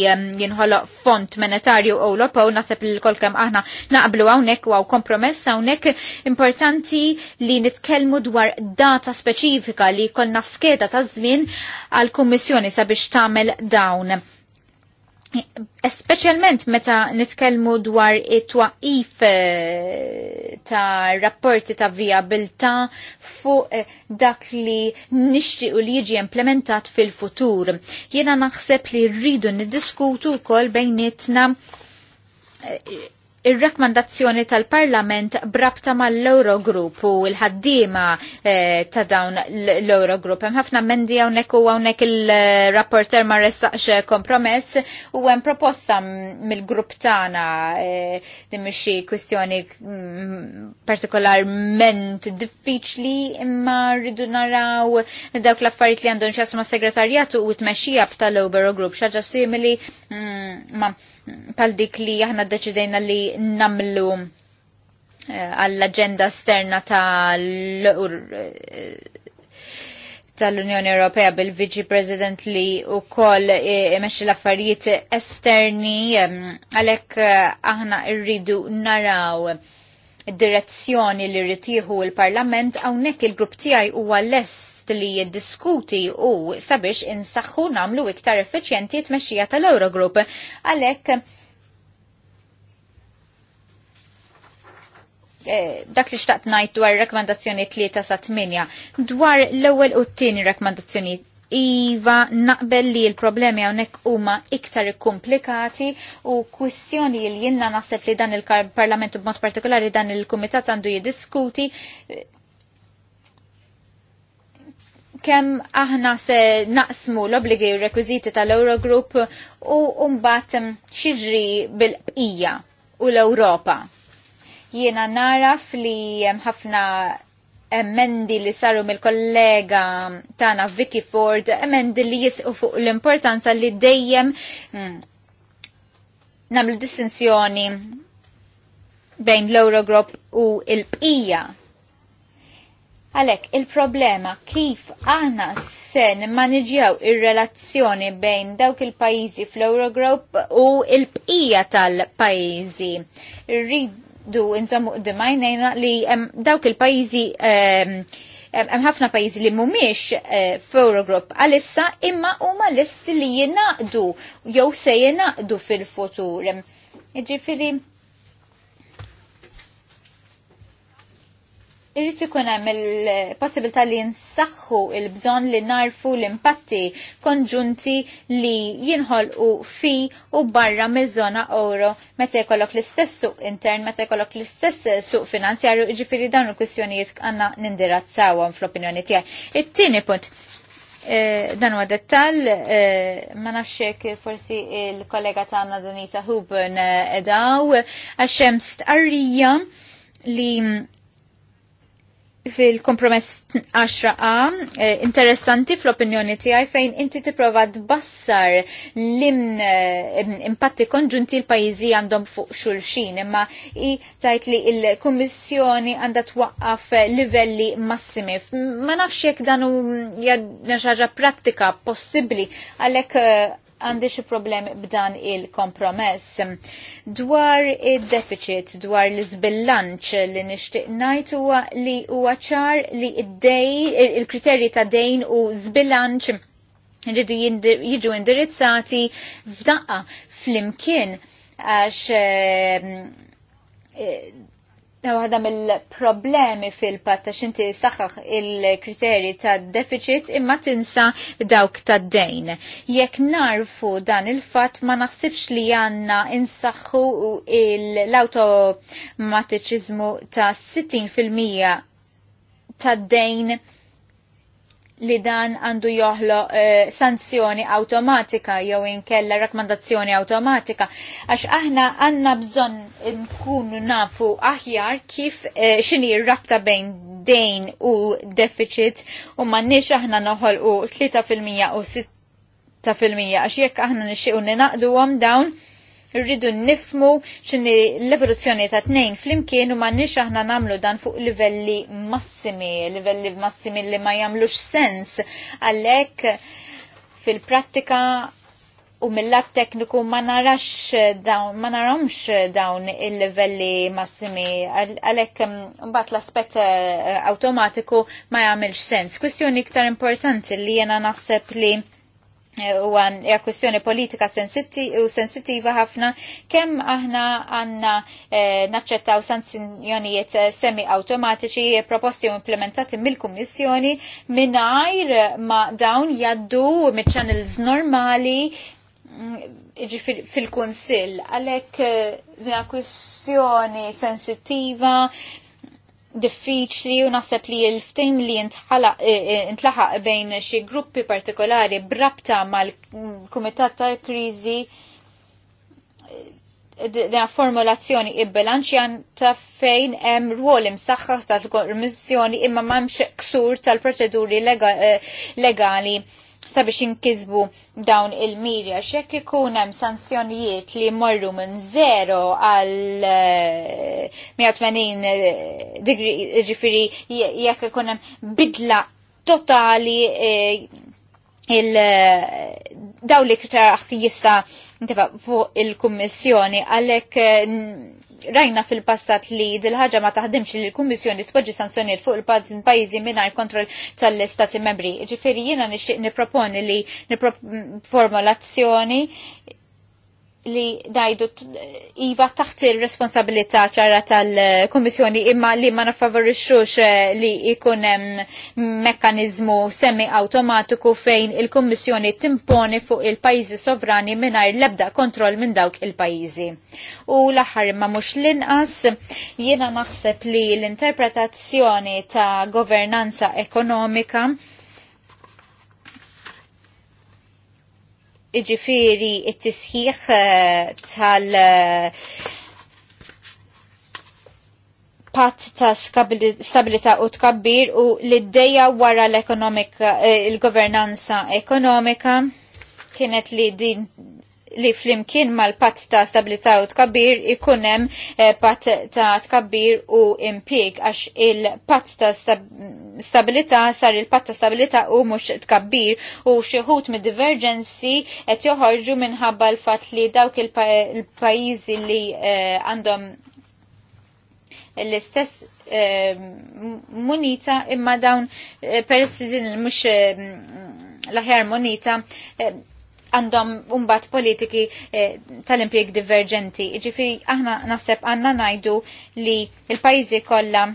jinħoloq font monetarju Ewropew naħseb li l aħna naqblu hawnhekk u kompromess hawnhekk importanti li nitkellmu dwar data speċifika li jkollna skeda ta' żmien għall-Kummissjoni sabiex tagħmel dawn Specialment meta nitkellmu dwar it-twaqif eh, ta' rapporti ta' viabilta fuq eh, dak li nixtiequ li jiġi implementat fil-futur. Jiena naħseb li rridu niddiskutu wkoll bejnietna eh, Ir-rakmandazzjoni tal-Parlament brabta mal-Eurogroup u l-ħaddima eh, ta' dawn l-Eurogroup. Hemm ħafna mendi hawnhekk u hawnhekk il-rapporter ma ressaqx kompromess u hemm proposta mill-grupp tagħna eh, din mhixi kwistjoni mm, partikolarment diffiċli imma rridu naraw dawk l-affarijiet li għandhom xasma segretarjat u tmexxija tal-Eurogroup ċaġa simili mm, ma pal dik li aħna deċidejna li namlu eh, għall-agenda sterna eh, tal-Unjoni Ewropea bil-Viġi President li u koll eh, imexxi l-affarijiet esterni għalek aħna irridu naraw direzzjoni li rritiħu il-Parlament hawnhekk il-grupp tiegħi huwa lest li jiddiskuti u sabiex insaħħu namlu iktar effiċjenti t-mexxija tal-Eurogroup għalhekk Eh, dak li xtaqt najt dwar rekomendazzjoni 3 sa 8 dwar l-ewwel u t-tieni rekomendazzjoni Iva, naqbel li l-problemi għonek huma iktar komplikati u kwistjoni li jenna naħseb li dan il-parlament b'mod partikolari dan il-komitat għandu jidiskuti kem aħna se naqsmu l-obligi u rekwiziti tal-Eurogroup u umbat xirri bil-bqija u l-Europa Jiena naraf li ħafna emendi li saru mill-kollega tana Vicky Ford, emendi li jisqu fuq l-importanza li dejjem mm, namlu distinzjoni bejn l-Eurogroup u il-bqija. Għalek, il-problema kif għana sen maniġjaw il-relazzjoni bejn dawk il-pajizi fl-Eurogroup u il-bqija tal-pajizi. Rid du nżommu d-dimajnejna li dawk il-pajizi ehm, hemm ħafna pajjiżi li mhumiex eh, f'Eurogroup għalissa imma huma list li jingħaqdu jew se jingħaqdu fil-futur. Jiġifieri Irrit ikun hemm il-possibilità li nsaħħu il-bżonn li narfu l-impatti konġunti li jinħolqu fi u barra miż-żona euro meta jkollok l-istess suq intern, meta jkollok l-istess suq finanzjarju, jiġifieri dawn il-kwistjonijiet għandna nindirazzawhom fl-opinjoni tiegħi. It-tieni punt, eh, dan huwa dettall, eh, ma nafx forsi il-kollega tagħna Danita Huben eh, edaw għax hemm stqarrija li fil-kompromess 10a, eh, interessanti fl-opinjoni tiegħi fejn inti tipprova tbassar l-impatti eh, konġunti l-pajjiżi għandhom fuq xulxin, imma i tajt li l-Kummissjoni għandha twaqqaf livelli massimi. Ma nafx jekk dan xi ħaġa prattika possibbli għalhekk eh, għandi xi problemi b'dan il-kompromess. Dwar id-deficit, dwar l izbillanċ li nixtieq ngħid huwa li huwa ċar li il-kriterji ta' dejn u zbillanċ rridu jiġu indirizzati f'daqqa fl-imkien għax ehm, Waħda mill-problemi fil-patta xinti saħħaħ il-kriterji ta' deficit imma tinsa dawk ta' dejn. Jekk narfu dan il-fat ma naħsibx li għanna insaħħu l-automatiċizmu ta' 60% ta' dejn li dan għandu joħlo uh, sanzjoni automatika jew inkella rakkomandazzjoni automatika għax aħna għanna bżon nkunu nafu aħjar kif eh, xini rabta bejn dejn u deficit u mannix aħna noħol u 3% u 6% għax jekk aħna u ninaqdu għom dawn rridu nifmu x'inhi l-evoluzzjoni ta' tnejn flimkien u m'għandniex aħna nagħmlu dan fuq livelli massimi, livelli massimi li ma jagħmlux sens għalhekk fil-prattika u mill-lat tekniku ma narax dawn, ma narax dawn il-livelli massimi, għalek mm, mbat l-aspet eh, automatiku ma jgħamilx sens. Kwestjoni iktar importanti li jena naħseb li Eh, huwa hija kwestjoni politika u sensittiva ħafna kemm aħna għandna eh, naċċettaw sanzjonijiet eh, semi awtomatiċi proposti u implementati mill-Kummissjoni mingħajr ma dawn jaddu miċ-channels normali mm, fil-konsil, għalek dina kwestjoni sensittiva diffiċli u naħseb li l-ftim li eh, eh, intlaħaq bejn xi gruppi partikolari brabta mal-Kumitat tal-Kriżi eh, dina formulazzjoni ibbilanċjan ta' fejn hemm rwol imsaħħa tal-Kommissjoni imma m'hemmx ksur tal-proċeduri legali sabiex inkisbu dawn il-mirja xek ikun hemm sanzjonijiet li morru minn zero għal 180 eh, eh, digri ġifiri jekk ikun hemm bidla totali eh, il daw li ktar jista' fuq il-kummissjoni għalhekk rajna fil-passat li dil-ħagġa ma taħdimx li l-Kummissjoni tpoġġi sanzjoniet fuq il-pajjiżi mingħajr kontroll tal-Istati Membri. Ġifieri jiena nixtieq nipproponi li nippropon li dajdu iva taħt il-responsabilità ċara tal komissjoni imma li ma nafavorixxux eh, li ikun mekkanizmu semi automatiku fejn il komissjoni timponi fuq il-pajjiżi sovrani mingħajr lebda kontroll minn dawk il-pajjiżi. U l-aħħar imma mhux l-inqas jiena naħseb li l-interpretazzjoni ta' governanza ekonomika iġifiri it-tisħiħ eh, tal- eh, pat ta' stabilita u tkabbir u l-iddeja wara l-ekonomika, eh, il-governanza ekonomika kienet li din li flimkien mal-pat ta' stabilità u tkabbir ikunem eh, pat ta' tkabbir u impieg għax il-pat ta' stabilità sar il-pat ta' stabilità u mux tkabbir u xieħut mid divergenzi et joħorġu minħabba l-fat li dawk il-pajizi li eh, għandhom l-istess eh, munita imma dawn peress li din mux l-ħjar monita għandhom umbat politiki eh, tal-impjeg divergenti. Ġifiri, aħna naħseb għanna najdu li il-pajzi kollha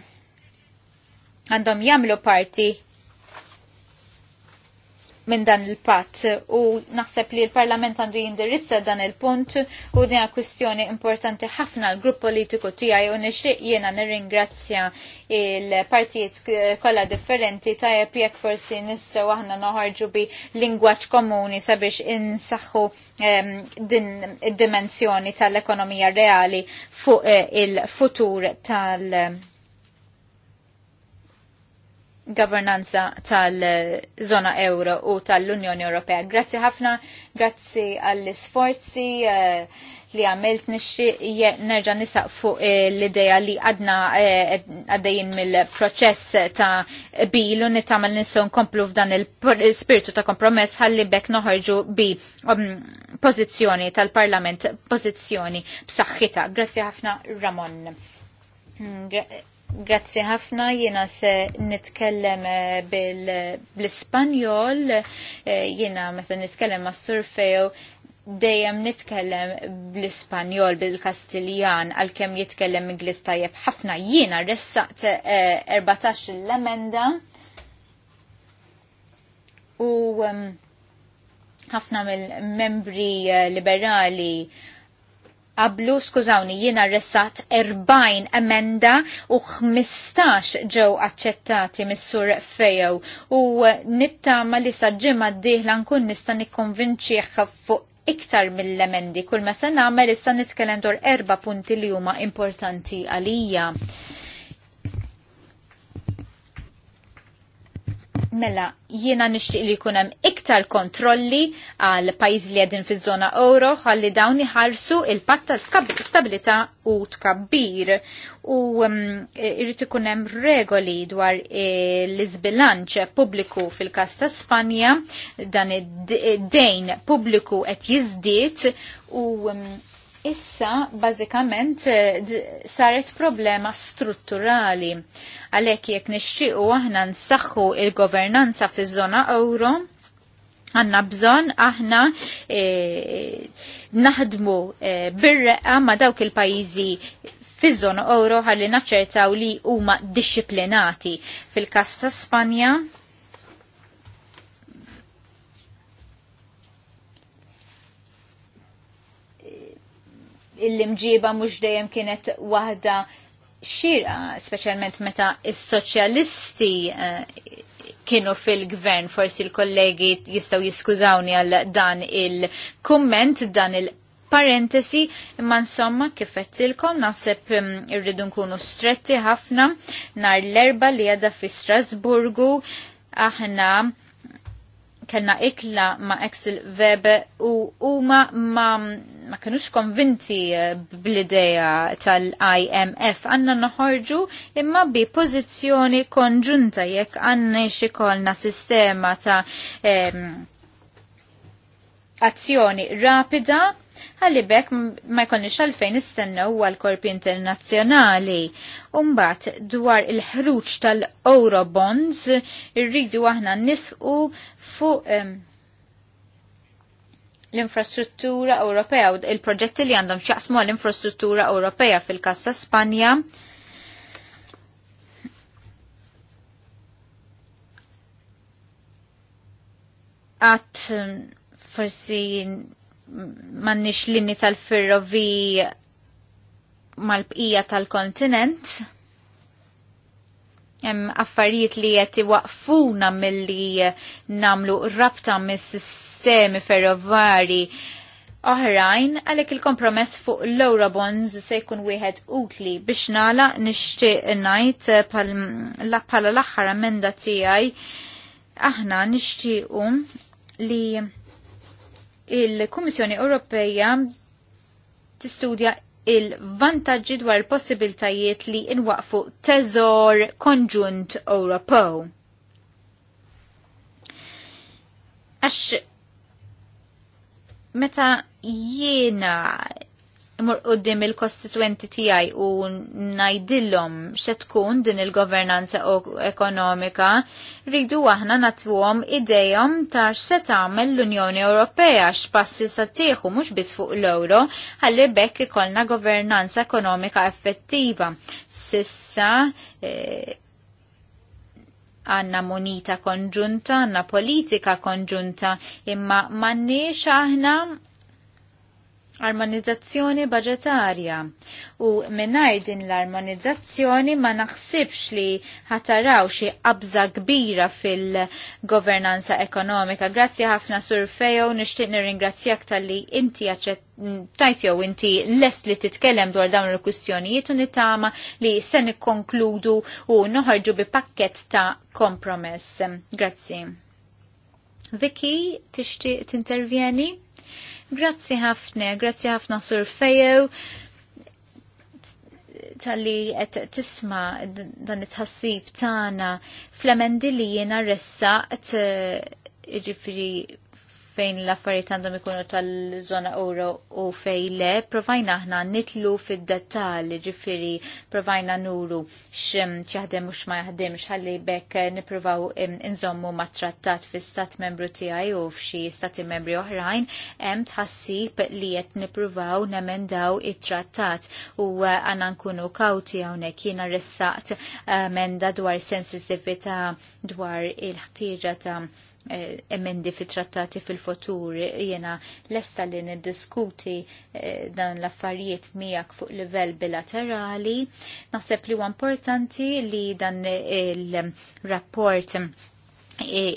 għandhom jamlu parti minn dan il-patt u naħseb li l-Parlament għandu jindirizza dan il-punt u dina kwistjoni importanti ħafna l-grupp politiku tijaj u nixtieq jiena nirringrazzja il-partijiet kollha differenti tajjeb jekk forsi u aħna noħarġu bi lingwaġġ komuni sabiex insaħħu um, din id-dimensjoni tal-ekonomija reali fuq eh, il-futur tal- governanza tal-zona euro u tal-Unjoni Ewropea. Grazzi ħafna, grazzi għall-sforzi eh, li għamilt nerġa nisaq fuq eh, l-ideja li għadna eh, għaddejjin mill-proċess ta' bilu nitamal ninson komplu f'dan il-spiritu ta' kompromess għalli bekk noħarġu bi um, pozizjoni tal-parlament, pozizjoni b'saxħita. Grazzi ħafna Ramon. Mm, Grazzi ħafna, jiena se nitkellem eh, bil-Ispanjol, eh, jiena meta nitkellem ma' surfew dejjem nitkellem bl-Ispanjol, bil-Kastiljan, għalkemm jitkellem Ingliż tajjeb ħafna. Jiena ressaqt 14 eh, l-emenda u ehm, ħafna mill-membri liberali qablu, skużawni, jiena ressat 40 emenda u 15 ġew aċċettati mis-sur fejow u nittama li saġġima d-dihla nkun nista nikkonvinċieħ fuq iktar mill-emendi. Kull ma se nagħmel issa nitkellem dwar erba' punti li huma importanti għalija. Mela, jiena nixtieq li jkun hemm iktar kontrolli għal pajjiż li għedin fi zona euro għalli dawn ħarsu il-patt stabilita u tkabbir. U mm, irrid ikun hemm regoli dwar eh, l-iżbilanċ pubbliku fil-każ ta' Spanja, dan id-dejn pubbliku qed jizdiet u mm, issa bażikament eh, saret problema strutturali. Għalhekk jekk nixtiequ aħna nsaħħu il-governanza fiż-żona euro, għanna bżon aħna eh, naħdmu eh, birreqa ma dawk il-pajizi fiż-żona euro ħalli naċċertaw li huma disċiplinati. Fil-kas ta' Spanja, l-imġiba mhux dejjem kienet waħda xira, speċjalment meta is-soċjalisti eh, kienu fil-gvern, forsi l-kollegi jistaw jiskużawni għal dan il-komment, dan il- parentesi, imma insomma kifet ilkom, naħseb mm, irridu nkunu stretti ħafna nar l-erba li għada fi Strasburgu, aħna kellna ikla ma' Axel Weber u huma ma, ma kinux konvinti eh, bl-ideja tal-IMF għanna noħorġu imma bi pożizzjoni konġunta jekk għanna xikolna sistema ta' azzjoni rapida għalli bekk ma jkollniex għalfejn istennew għal korpi internazzjonali. Umbat dwar il-ħruġ tal-Eurobonds irridu aħna nisqu fuq l-infrastruttura Ewropea u il-proġetti li għandhom xaqsmu l-infrastruttura Ewropea fil-kas ta' Spanja. Għat forsi mannix l-inni tal-ferrovi mal-bqija tal-kontinent hemm affarijiet li qed iwaqfuna milli namlu rabta mis-sistemi ferrovari oħrajn għalhekk il-kompromess fuq l-Eurobonds se jkun wieħed utli biex nala nixtieq ngħid bħala l-aħħar emenda tiegħi aħna nixtiequ li il-Kummissjoni Ewropeja tistudja il-vantaġġi dwar il-possibiltajiet li inwaqfu teżor konġunt Ewropew. Għax meta jiena imur qoddim il-kostituenti tijaj u najdillom xetkun din il-governanza ekonomika, rridu aħna natwom idejom ta' xet għamel l-Unjoni Ewropea x'passi sa tieħu mhux biss fuq l-euro għalli bekk ikollna governanza ekonomika effettiva. Sissa eh, għanna e, monita konġunta, għanna politika konġunta, imma manni aħna armonizzazzjoni budgetarja u minnajr din l-armonizzazzjoni ma naħsibx li ħataraw xi qabża kbira fil-governanza ekonomika. Grazzi ħafna sur Fejo, nixtieq nirringrazzjak tal-li inti tajt jew inti lest li titkellem dwar dawn il-kwistjonijiet u li se nikkonkludu u noħarġu bi pakket ta' kompromess. Grazzi. Vicky, tixtieq intervjeni Grazzi ħafna, grazzi ħafna sur fejew tal-li qed tisma dan it-ħassib tagħna fl-emendi li jiena ressaqt eh, ġifiri fejn l-affarijiet għandhom ikunu tal-żona euro u fej le, provajna aħna nitlu fid-dettalji ġifieri provajna nuru x'im x'jaħdem u x'ma jaħdem, ħalli bekk nippruvaw inżommu ma' trattat fi stat membru tiegħi u f'xi stati membri oħrajn hemm tħassib li qed nippruvaw nemendaw it-trattat u eh, għandna nkunu kawti hawnhekk jiena ressaqt eh, emenda dwar sensitività dwar il-ħtieġa ta' Eh, emendi fi trattati fil-futur jena lesta li niddiskuti eh, dan l-affarijiet miegħek fuq livell bilaterali. Naħseb li huwa importanti li dan il-rapport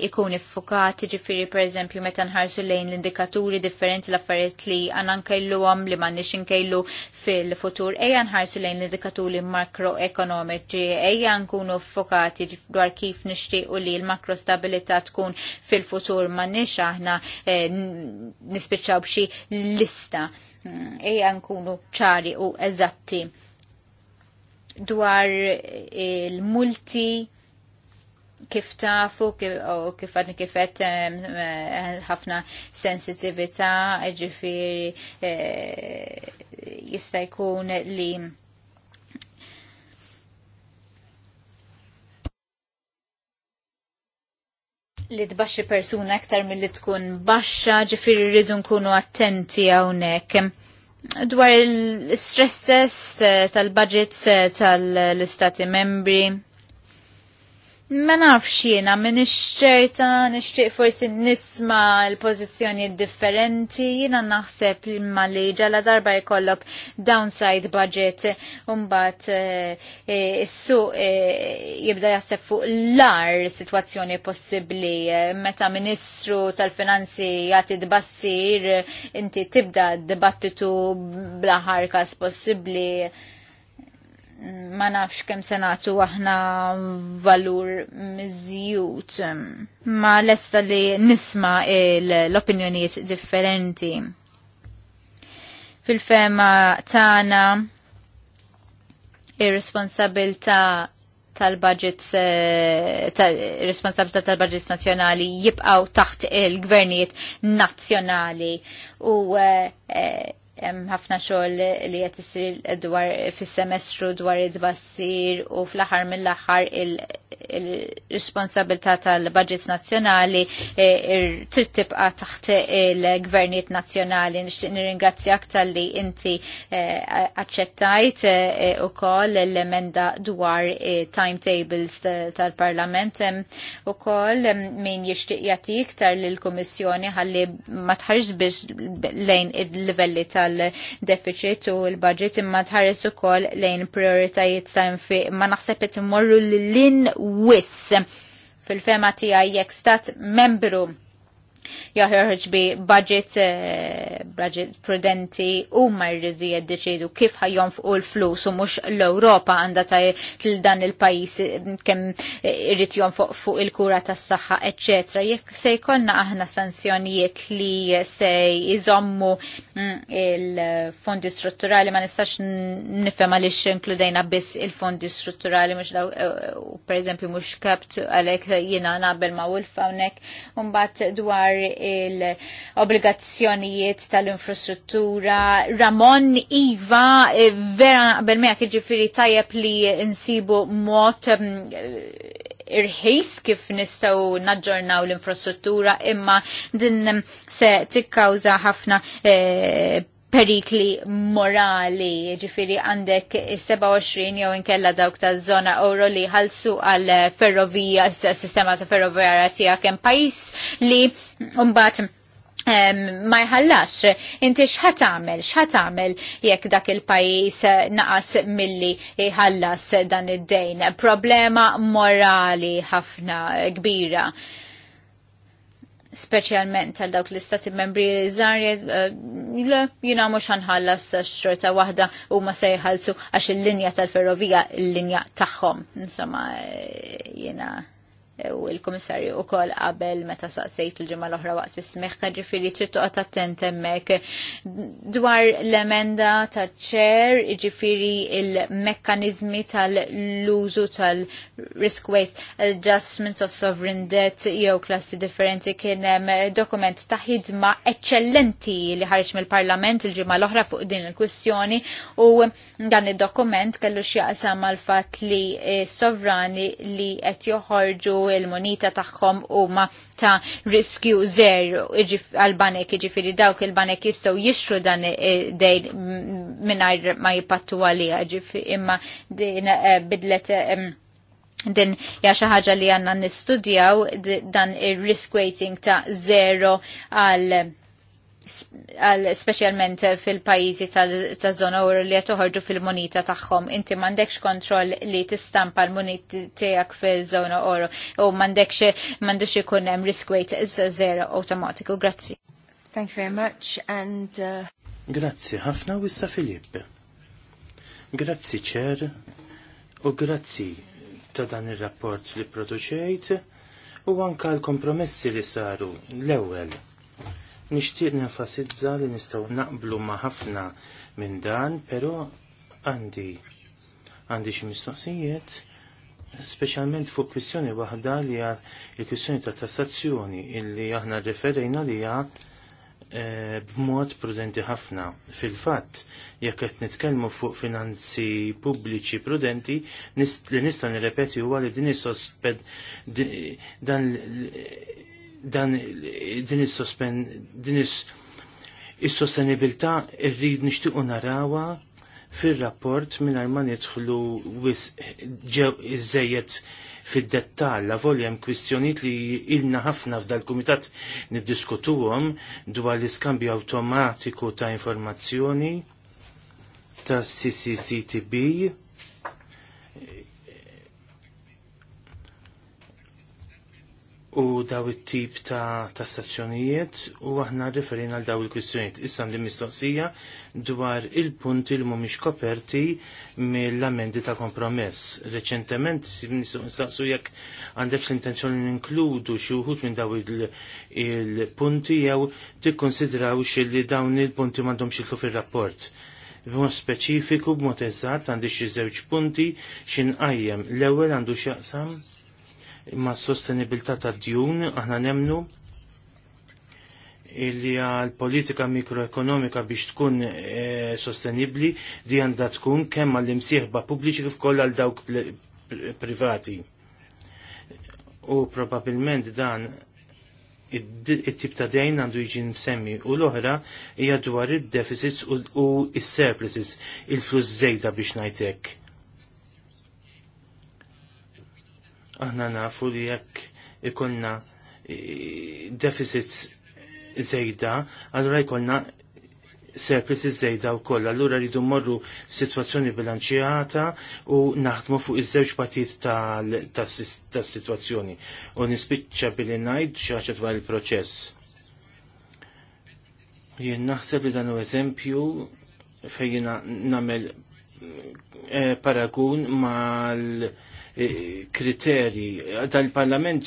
ikun iffukat, ġifiri per eżempju meta nħarsu lejn l-indikaturi differenti l-affarijiet li għanna nkejlu għam li mannix nkejlu fil-futur, eja nħarsu lejn l-indikaturi makroekonomiċi, eja nkunu ffokati dwar kif u li l makrostabilita tkun fil-futur manni aħna eh, nispiċċaw bxi lista, mm, eja nkunu ċari u eżatti dwar eh, il-multi kif tafu, kif għadni kifet ħafna sensitivita, ġifiri e, jista' jkun li li tbaxxi persuna aktar mill-li tkun baxxa, ġifiri rridu nkunu attenti hawnhekk. Dwar il-stress test eh, tal-budgets eh, tal-istati membri, Ma nafx jiena minn ixċerta nixtieq forsi nisma l-pożizzjoni differenti, jiena naħseb imma li ġala darba jkollok downside budget mbagħad is-suq eh, eh, eh, jibda jaħseb fuq l-ar sitwazzjoni possibbli meta Ministru tal-Finanzi jagħti dbassir inti tibda dibattitu bla ħarkas possibbli ma nafx kem senatu aħna valur mizjut ma lessa li nisma l-opinjonijiet differenti. Fil-fema tana ir-responsabilta tal-budget responsabilità tal-budget eh, nazjonali jibqaw taħt il-gvernijiet nazzjonali u eh, eh, ħafna xogħol li qed isir dwar fis-semestru dwar id-bassir u fl-aħħar mill-aħħar il-responsabilità tal-budgets nazzjonali e, trid tibqa' taħt il-gvernijiet nazzjonali. Nixtieq nirringrazzjak aktar li inti e, aċċettajt e, ukoll l-emenda dwar timetables tal-Parlament ukoll min jixtieq jagħti iktar lill-Kummissjoni ħalli ma tħarġx biex lejn il-livelli tal tal-deficit u l-budget imma tħares ukoll lejn prioritajiet sajn fi ma naħseb it-morru l lin wiss fil-fema tijaj jekk stat membru jaħroġ bi budget, eh, budget prudenti u ma jridu jiddeċidu kif ħajjon fuq l-flus u mux l-Europa għanda ta' dan il-pajis eh, kem eh, irrit jon fuq il-kura tas saħħa ecc. Jek se jkollna aħna sanzjonijiet li se jizommu mm, il-fondi strutturali ma nistax nifem għalix inkludejna biss il-fondi strutturali mux daw, per eżempju, mux kapt għalek jina nabel ma' Wolf għonek, un dwar dwar il-obbligazzjonijiet tal-infrastruttura. Ramon Iva, eh, vera bel-meja kħiġifiri tajjeb li nsibu mot mm, irħis kif nistaw naġġornaw l-infrastruttura imma din mm, se tikkawza ħafna eh, perikli morali, ġifiri għandek 27 jew inkella dawk ta' zona euro li ħalsu għal ferrovija, sistema ta' ferrovija tijak kem pajis li umbat ma jħallax, inti xħat għamel, xħat għamel jekk dak il-pajis naqas milli jħallas dan id-dejn. Problema morali ħafna kbira specialment tal dawk l-istati membri zarje, eh, jina mux ħanħallas xorta wahda u ma sejħalsu għax il-linja tal-ferrovija, il-linja taħħom. Insomma, eh, jina u il-komissarju u koll qabel meta saqsejt il-ġimma l-oħra waqt ismiħ ta' ġifiri trid toqgħod attent hemmhekk dwar l-emenda ta' ċer ġifiri il mekkanizmi tal-użu tal-risk waste adjustment of sovereign debt jew klassi differenti kien hemm dokument ta' ħidma eċċellenti li ħarġ mill-Parlament il-ġimma l-oħra fuq din il-kwistjoni u dan id-dokument kellu x'jaqsam għal fatt li sovrani li qed joħorġu il-monita tagħhom huma ta' riskju zer għal-banek ġifiri dawk il-banek jistgħu jixru dan dejn mingħajr ma jipattu għalija imma din eh, bidlet din jaxa xi ħaġa li għandna nistudjaw dan ir-risk weighting ta' zero għal specialment fil-pajizi tal-zona u li jatuħorġu fil-monita tagħhom. Inti mandekx kontroll li tistampa l monita tijak fil-zona oro u mandekx mandux ikun hemm risk weight zero automatiku. Grazzi. Thank you very much and uh... Grazzi ħafna wissa Filipp. Grazzi ċer u grazzi ta' dan ir-rapport li produċejt u anka l-kompromessi li saru l-ewwel Nixtieq nenfasizza li nistgħu naqblu ma' ħafna minn dan, però għandi għandi xi mistoqsijiet speċjalment fuq kwistjoni waħda li hija l-kwistjoni ta' tassazzjoni illi aħna referejna li hija eh, b'mod prudenti ħafna. Fil-fatt, jekk qed nitkellmu fuq finanzi pubbliċi prudenti, li nista' nirrepeti huwa li din is dan dan din is-sospen din is-sostenibilità irrid nixtiequ narawha fir-rapport mingħajr ma nidħlu wis ġew iżejjed fid-dettall la volja hemm kwistjonijiet li ilna ħafna f'dal kumitat niddiskutuhom dwar l-iskambju awtomatiku ta' informazzjoni ta' CCCTB u daw it-tip ta', ta stazzjonijiet u aħna referina għal daw il-kwistjoniet. Issa li mistoqsija dwar il-punti li mhumiex koperti mill-amendi ta' kompromess. Reċentement nistaqsu jekk għandekx l-intenzjoni ninkludu xi wħud minn daw il-punti jew tikkonsidrawx li dawn il-punti m'għandhomx jitlu fir-rapport. B'mod speċifiku, b'mod eżatt, għandi xi żewġ punti x'inqajjem. L-ewwel għandu x'jaqsam imma sostenibilità tad djun aħna nemnu illi għal politika mikroekonomika biex tkun e, sostenibli di għanda tkun kemm għall imsieħba pubbliċi kif kollha għal dawk privati. U probabilment dan it-tip ta' dejn għandu jiġi msemmi u l-oħra hija dwar id-deficits u s-surpluses, il-flus żejda biex najtek. Aħna nafu li jekk ikonna deficits zejda, allura jkollna surplus zejda u koll. Allura rridu morru situazzjoni bilanċjata u naħdmu fuq iż-żewġ partijiet tas-situazzjoni. U nispiċċa billi ngħid xi ħaġa dwar il-proċess. Jien naħseb li dan hu eżempju fejn nagħmel eh, paragun mal E, kriteri dal-parlament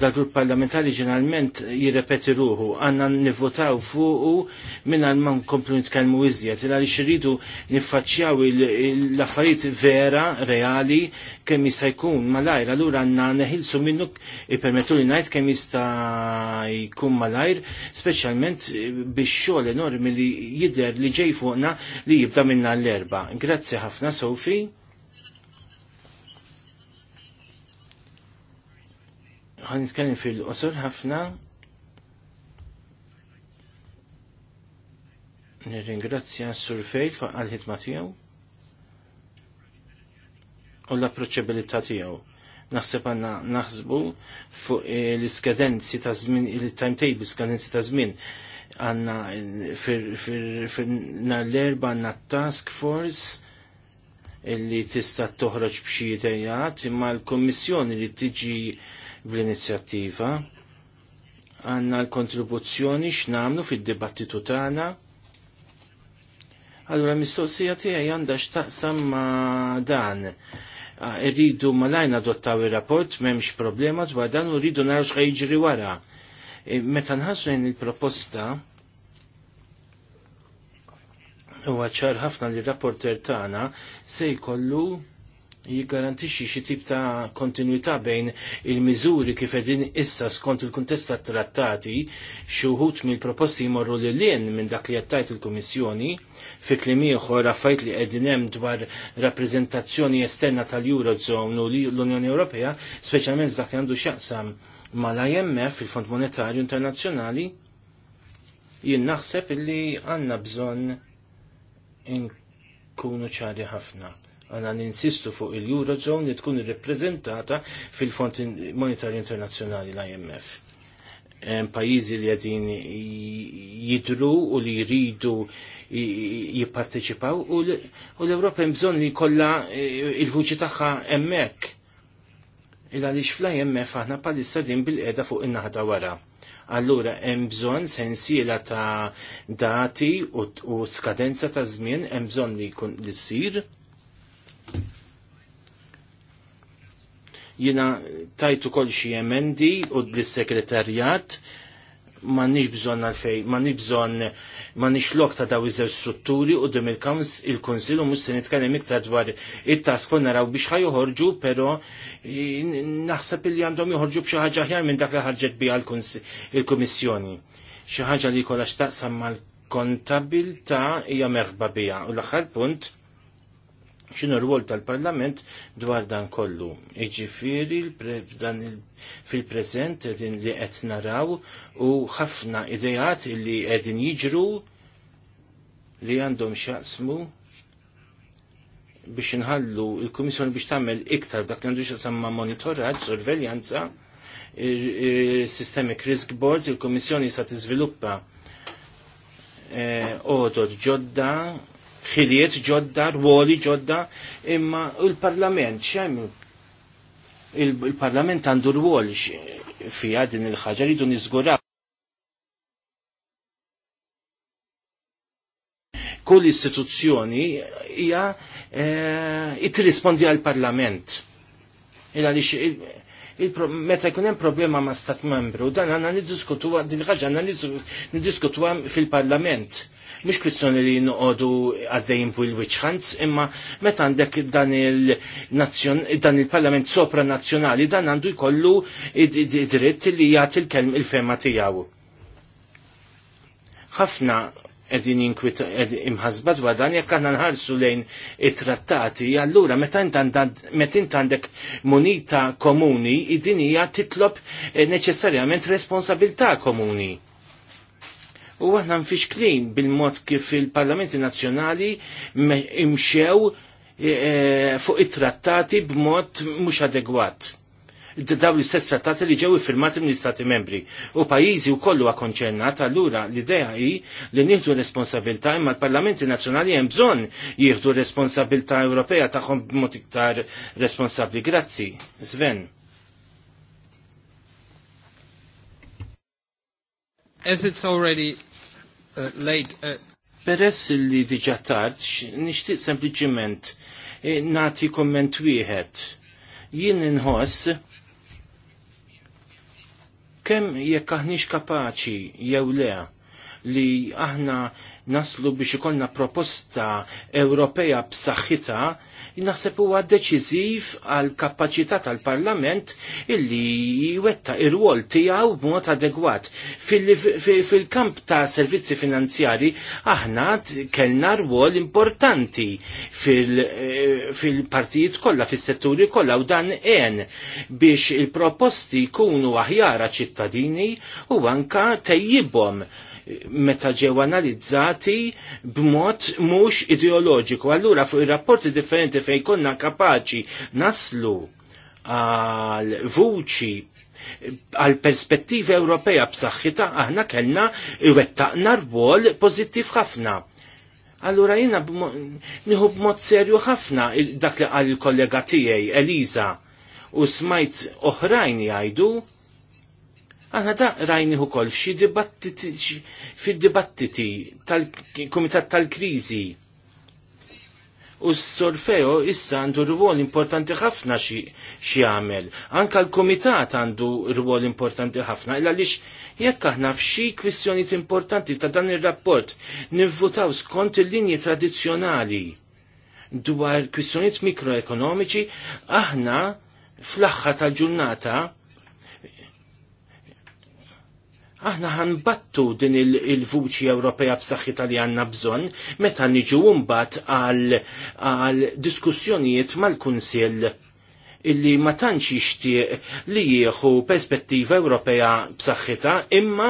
dal-grupp parlamentari ġeneralment jirrepeti ruħu għanna nivvotaw fuqu minn għal man komplu nitkellmu iżjed il għaliex iridu niffaċċjaw l-affarijiet vera reali kemm jista' jkun malajr allura għandna neħilsu minnu ipermettu li ngħid kemm jista' jkun malajr speċjalment e, biex xogħol enormi li jidher li ġej fuqna li jibda minna l-erba. Grazzi ħafna Sofi. ħan nitkellem fil-qosor ħafna. Nirringrazzja s-surfej għal ħidma tiegħu u l-approċċabilità tiegħu. Naħseb għanna naħsbu fuq eh, l-iskadenzi ta' zmin, il-timetable skadenzi ta' żmien għanna eh, fil l-erba għanna task force illi tista' toħroġ b'xi idejat imma l-Kommissjoni li tiġi bl-inizjattiva għanna l-kontribuzzjoni x'namlu fid-dibattitu tagħna. Allura mistoqsija tiegħi għandha x'taqsam ma' dan. Irridu lajna adottaw ir-rapport m'hemmx problema dwar dan u rridu naraw x'qa jiġri wara. E, meta nħassu il-proposta u ċar ħafna li rapporter tagħna se jkollu jiggarantixxi xi tip ta' kontinuità bejn il-miżuri kif edin issa skont il-kuntest tat-trattati xi wħud mill-proposti jmorru lil lien minn dak li qed il-Kummissjoni fi klimi ieħor affajt li qegħdin hemm dwar rappreżentazzjoni esterna tal-Eurozone u l-Unjoni Ewropea, speċjalment f'dak li għandu x'jaqsam mal-IMF il fond Monetarju Internazzjonali, jien naħseb li għandna bżonn inkunu ċari ħafna għana ninsistu fuq il-Eurozone li tkun irrepreżentata fil-Fond Monetarju Internazzjonali l-IMF pajizi li għedin jidru u li jridu jipparteċipaw u l-Europa bżon li kolla eh, il-vuċi taħħa emmek. Il għalix fl-IMF aħna palissa din bil edha fuq in-naħda wara. Allura hemm bżonn sensiela ta' dati u skadenza ta' żmien hemm bżonn li jkun li s-sir, jina tajtu kol xie emendi u l-sekretarjat ma nix bżon għalfej, ma nix bżon, ma nix lok ta' daw iż strutturi u dim il-kams il-konsil u mus nitkellem iktar dwar it-task naraw biex uħorġu, pero naħseb li għandhom joħorġu b'xi ħaġa ħjar minn dak li ħarġet biha il-Kummissjoni. Xi ħaġa li kolax x'taqsam mal-kontabilta hija merħba biha. U l-aħħar punt, ċinu r-wol tal-parlament dwar dan kollu. Iġifiri fil-prezent din li qed naraw u ħafna idejat li qegħdin jiġru li għandhom xaqsmu biex nħallu il-Komissjoni biex tagħmel iktar dak li għandu xaqsamma monitoraġġ, sorveljanza, Systemic Risk Board, il-Komissjoni sa tiżviluppa eh, odod ġodda xiliet ġodda, ruoli ġodda, imma l-parlament, xem il-parlament għandu rwol fija din il-ħagġa li dun Kull istituzzjoni hija eh, it-rispondi għal-parlament. Il-għalix meta jkun hemm problema ma' stat membru, dan għandna niddiskutuha din ħaġa għandna niddiskutuha fil-Parlament. Mhux kwistjoni li noqogħdu għaddejjin pu l-witch hunts, imma meta għandek dan il-Parlament sopra dan għandu jkollu id-dritt li jagħti il-kelm il-fema tiegħu. Ħafna edin imħazbad dan jekk għanna nħarsu lejn it-trattati, allura meta int għandek munita komuni, id-din hija titlob eh, neċessarjament responsabilità komuni. U għahna klin bil-mod kif il-parlamenti nazjonali imxew eh, eh, fuq it-trattati b'mod mhux adegwat daw l-istess trattati li ġew firmati mill istati membri. U pajjiżi wkoll huwa konċernat allura l-idea hi li nieħdu responsabilità imma l-Parlamenti Nazzjonali hemm bżonn jieħdu responsabilità Ewropea tagħhom b'mod iktar responsabbli. Grazzi, Sven. As it's already uh, late, uh... Peress li diġa tard, nixtieq sempliċement eh, nati komment wieħed. Jien inħoss kemm jekk aħniex kapaċi jew le li aħna naslu biex ikollna proposta Ewropea b'saħħitha, naħseb huwa deċiżiv għal kapaċità tal-Parlament illi jwetta ir-wol tiegħu b'mod adegwat. Fil-kamp ta' servizzi finanzjari aħna kellna rwol importanti fil-partijiet kollha, fis-setturi kollha u dan en biex il-proposti jkunu aħjar ċittadini u anka tejjibhom meta ġew analizzati b'mod mhux ideoloġiku. Allura fuq ir-rapporti differenti fejn konna kapaċi naslu għal vuċi għal perspettiva Ewropea b'saħħitha aħna kellna wettaqna rwol pożittiv ħafna. Allura jina nieħu b'mod serju ħafna dak li għal kollega tiegħi Eliza u smajt oħrajn jgħidu Aħna da rajni hu kol fil-dibattiti tal-Komitat tal-Krizi. U s-sorfeo issa għandu rwol importanti ħafna xi għamel. Anka l-Komitat għandu rwol importanti ħafna, illa lix jekk aħna f'xi kwistjonijiet importanti ta' dan ir-rapport nivvutaw skont il-linji tradizzjonali dwar kwistjonijiet mikroekonomiċi, aħna fl axħa tal-ġurnata aħna ħanbattu din il-vuċi il Ewropea b'saħħi li għanna bżonn meta niġu mbagħad għal diskussjonijiet mal-Kunsill illi ma tantx jixtieq li jieħu perspettiva Ewropea b'saħħitha, imma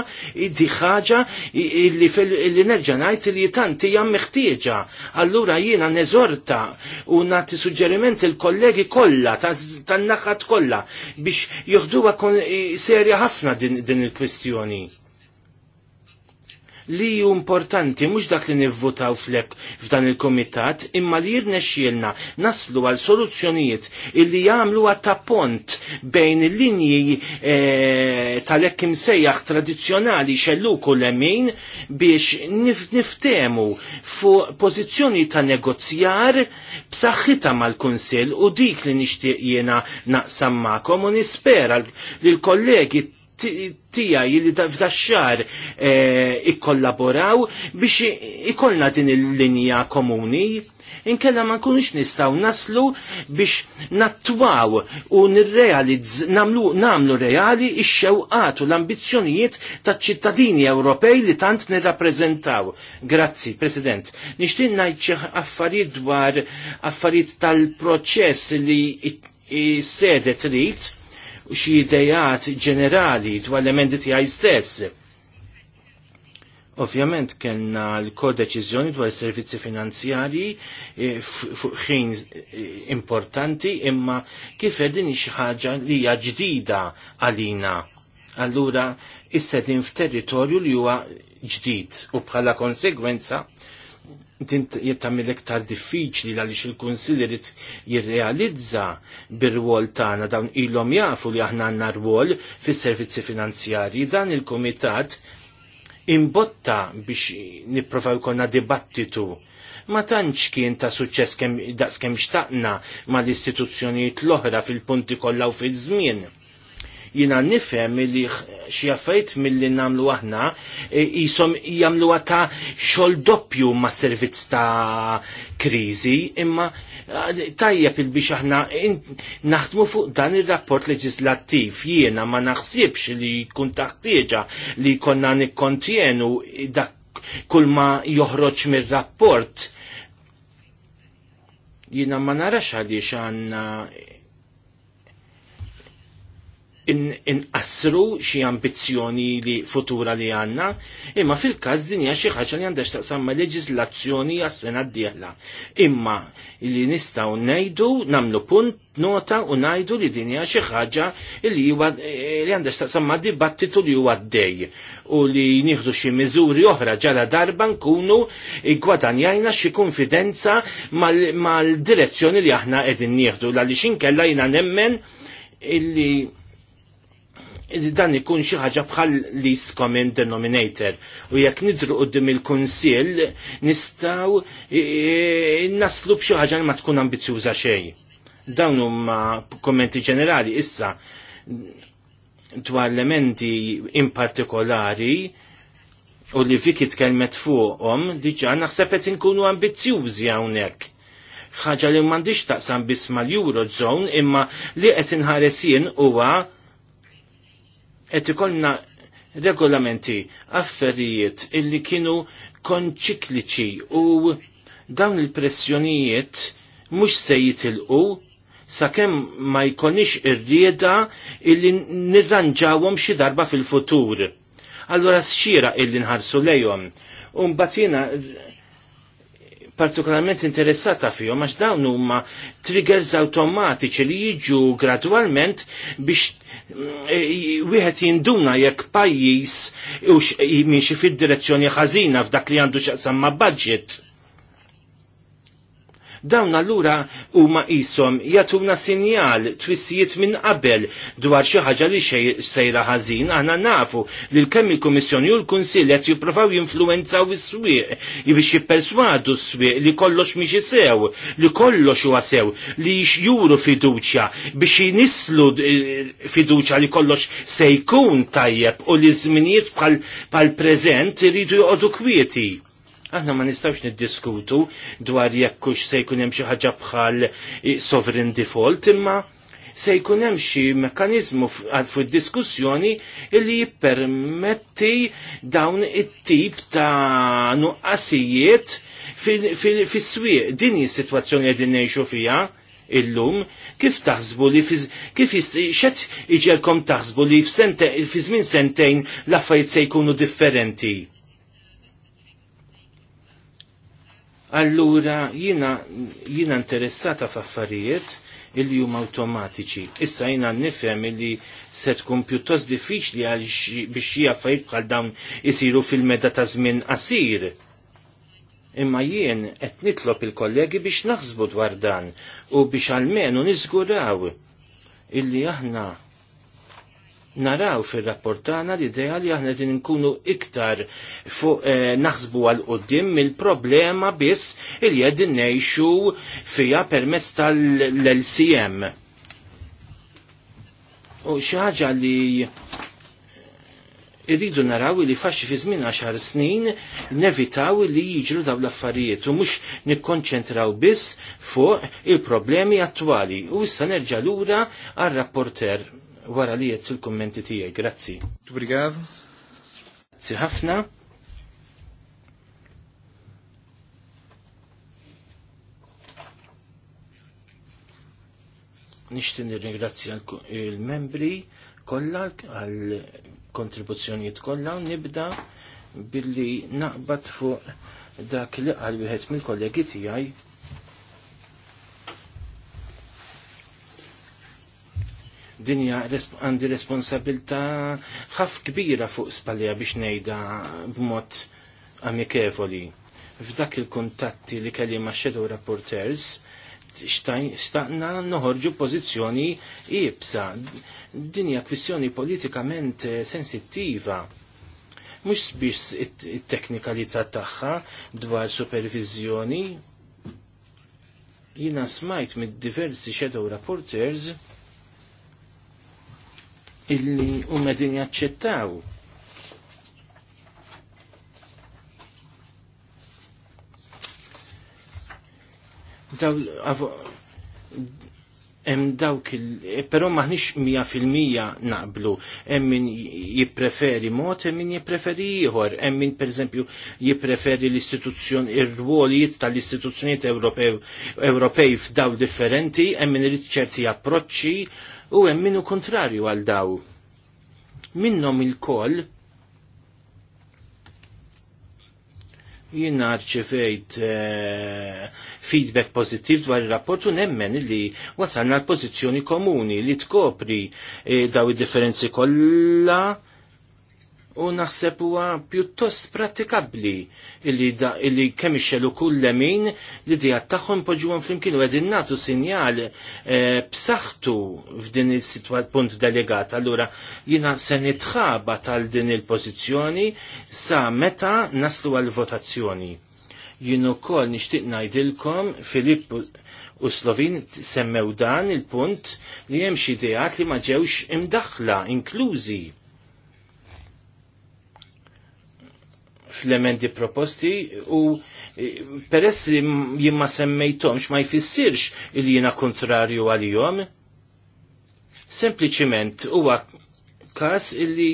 di ħaġa illi, illi nerġa' ngħid li tant hija meħtieġa. Allura jiena neżorta u nagħti suġġeriment il-kollegi kollha tan-naħat kollha biex jieħduha serja ħafna din il-kwistjoni li ju importanti mhux dak li nivvutaw flek f'dan il-komitat imma li jirnexxielna naslu għal soluzzjonijiet illi jagħmlu ta' pont bejn il-linji e, eh, tal-hekk imsejjaħ tradizzjonali xelluk u lemin biex nif niftemu fuq pożizzjoni ta' negozjar b'saħħitha mal-Kunsill u dik li nixtieq jiena naqsam magħkom u nispera li l-kollegi tija li f'da xar eh, ikkollaboraw biex ikollna din il-linja komuni inkella ma nkunux nistaw naslu biex nattwaw u nirrealizz namlu namlu reali ix-xewqat u l-ambizzjonijiet taċ-ċittadini Ewropej li tant nirrappreżentaw. Grazzi, President. Nixtieq ngħid affarijiet dwar affarijiet tal-proċess li sedet sede trid u xi idejat ġenerali dwar l-emendi tiegħi stess. Ovvjament kellna l-kodeċiżjoni dwar is-servizzi finanzjarji eh, fuq ħin eh, importanti imma kif qegħdin xi ħaġa li hija ġdida għalina. Allura issa din f'territorju li huwa ġdid u bħala konsegwenza tint jittamil iktar diffiċli għaliex il-Kunsill jirrealizza bir-rwol tagħna dawn ilhom jafu li aħna għandna rwol fis-servizzi finanzjarji dan il-kumitat imbotta biex nipprovaw jkollna dibattitu ma tantx kien ta' suċċess kemm daqs kemm xtaqna mal-istituzzjonijiet l-oħra fil-punti kollha u fiż-żmien jina nifhem li xiafajt mill milli nagħmlu aħna e, jisom jagħmluha ta' xogħol doppju ma' servizz ta' kriżi imma tajjeb il biex aħna naħdmu fuq dan ir-rapport leġislattiv jiena ma naħsibx li jkun taħtieġa li konna nikkontienu dak kull ma joħroġ mir-rapport jina ma narax għaliex għanna inqassru in xi ambizzjoni li futura li għanna, imma fil-każ din hija xi ħaġa li għandax x'taqsam ma' leġiżlazzjoni għas-sena d-dieħla. Imma li nistgħu ngħidu nagħmlu punt nota u ngħidu li din hija xi ħaġa li għandax li ma' dibattitu li huwa d u li nieħdu xi miżuri oħra ġala darba nkunu gwadanjajna xi konfidenza mal-direzzjoni li aħna qegħdin nieħdu għaliex inkella jina nemmen illi dan ikun xi ħaġa bħal least common denominator. U jekk nidru qudiem il-kunsill nistgħu e, e, naslu b'xi ħaġa li ma tkun ambizjuża xejn. Dawn huma kommenti ġenerali issa dwar elementi in partikolari u li fik tkellmet fuqhom diġà naħseb qed inkunu ambizzjużi hawnhekk ħaġa li m'għandix taqsam biss mal-Eurozone imma li qed inħares jien huwa qed ikollna regolamenti affarijiet illi kienu konċikliċi u dawn il-pressjonijiet mhux se jitilqu sakemm ma jkonix ir-rieda illi nirranġawhom xi darba fil-futur. Allora xxira illi nħarsu lejhom. U mbagħad jiena partikolarment interessata fihom għax dawn huma triggers awtomatiċi li jiġu gradwalment biex Eh, wieħed jinduna jekk pajjiż minn xi fid-direzzjoni ħażina f'dak li għandu x'aqsam ma' budget Dawn allura huma qishom jagħtuna sinjal twissijiet minn qabel dwar xi ħaġa li xej sejra ħażin aħna nafu li kemm il-Kummissjoni u l-Kunsill qed jippruvaw jinfluwenzaw is-swieq biex jipperswadu s-swieq li kollox mhix isew, li kollox huwa sew, li juru fiduċja biex jinislu eh, fiduċja li kollox se jkun tajjeb u li żminijiet bħal preżent iridu joqogħdu kwieti Aħna ma nistawx niddiskutu dwar jekkux se jkun hemm xi ħaġa bħal sovereign default imma se jkun hemm xi mekkaniżmu fuq diskussjoni li jippermetti dawn it-tip ta' nuqqasijiet fis-swieq. Din hi s-sitwazzjoni qegħdin ngħixu fiha illum, kif taħsbu li kif xed iġelkom taħsbu li fi żmien sentejn l-affarijiet se jkunu differenti? allura jina, jina interessata f'affarijiet illi huma automatiċi. Issa jina nifhem illi se tkun pjuttost diffiċli għal biex xi affarijiet bħal dawn isiru fil-meda ta' żmien qasir. Imma jien qed nitlob il-kollegi biex naħsbu dwar dan u biex għalmenu niżguraw illi aħna naraw fil rapportana li l-idea li aħna din nkunu iktar fuq eh, naħsbu għal qudiem mill-problema biss il qegħdin ngħixu fiha permezz tal-LCM. U xi ħaġa li irridu naraw li faċi fi żmien 10 snin nevitaw li jiġru daw l-affarijiet u mhux nikkonċentraw biss fuq il-problemi attwali. U issa nerġa' lura għar-rapporter wara li jett il-kommenti tijaj. Grazzi. Brigad. Grazzi ħafna. Nishtin nirringrazzja il-membri kollha għal kontribuzzjonijiet kollha nibda billi naqbad fuq dak li għal wieħed mill-kollegi tiegħi dinja għandi responsabilta ħaf kbira fuq spallija biex nejda b'mod amikevoli. F'dak il-kontatti li kelli ma' Shadow Reporters, staqna noħorġu pozizjoni ibsa. Dinja kwistjoni politikament eh, sensittiva mux biex it-teknikalità tagħha dwar supervizjoni jina smajt mid diversi shadow reporters, illi u medin jaċċettaw. Daw, hemm dawk il e, pero maħniex mija fil-mija naqblu hemm min jippreferi mod hemm min jippreferi ieħor hemm min pereżempju jippreferi l-istituzzjoni ir-rwolijiet tal-istituzzjonijiet Ewropej f'daw differenti hemm min irid ċerti approċċi u hemm minnu kontrarju għal daw. Minnom il-koll jina rċifejt uh, eh, feedback pozittiv dwar il-rapport u nemmen li wasalna l-pozizjoni komuni li tkopri eh, daw id-differenzi kollha u naħseb huwa pjuttost prattikabbli illi, illi kemm ixxelu kull lemin li dijat tagħhom poġġuhom flimkien u għedin nagħtu sinjal e, b'saħħtu f'din is-sitwat punt delegat. Allura jiena se nitħaba tal din il-pożizzjoni sa meta naslu għal-votazzjoni. Jien ukoll nixtieq ngħidilkom Filipp u Slovin semmew dan il-punt li hemm xi ideat li ma ġewx imdaħħla inklużi fl-emendi proposti u e, peress li jimma semmejtomx ma jfissirx il jina kontrarju għal-jom. Sempliciment huwa kas illi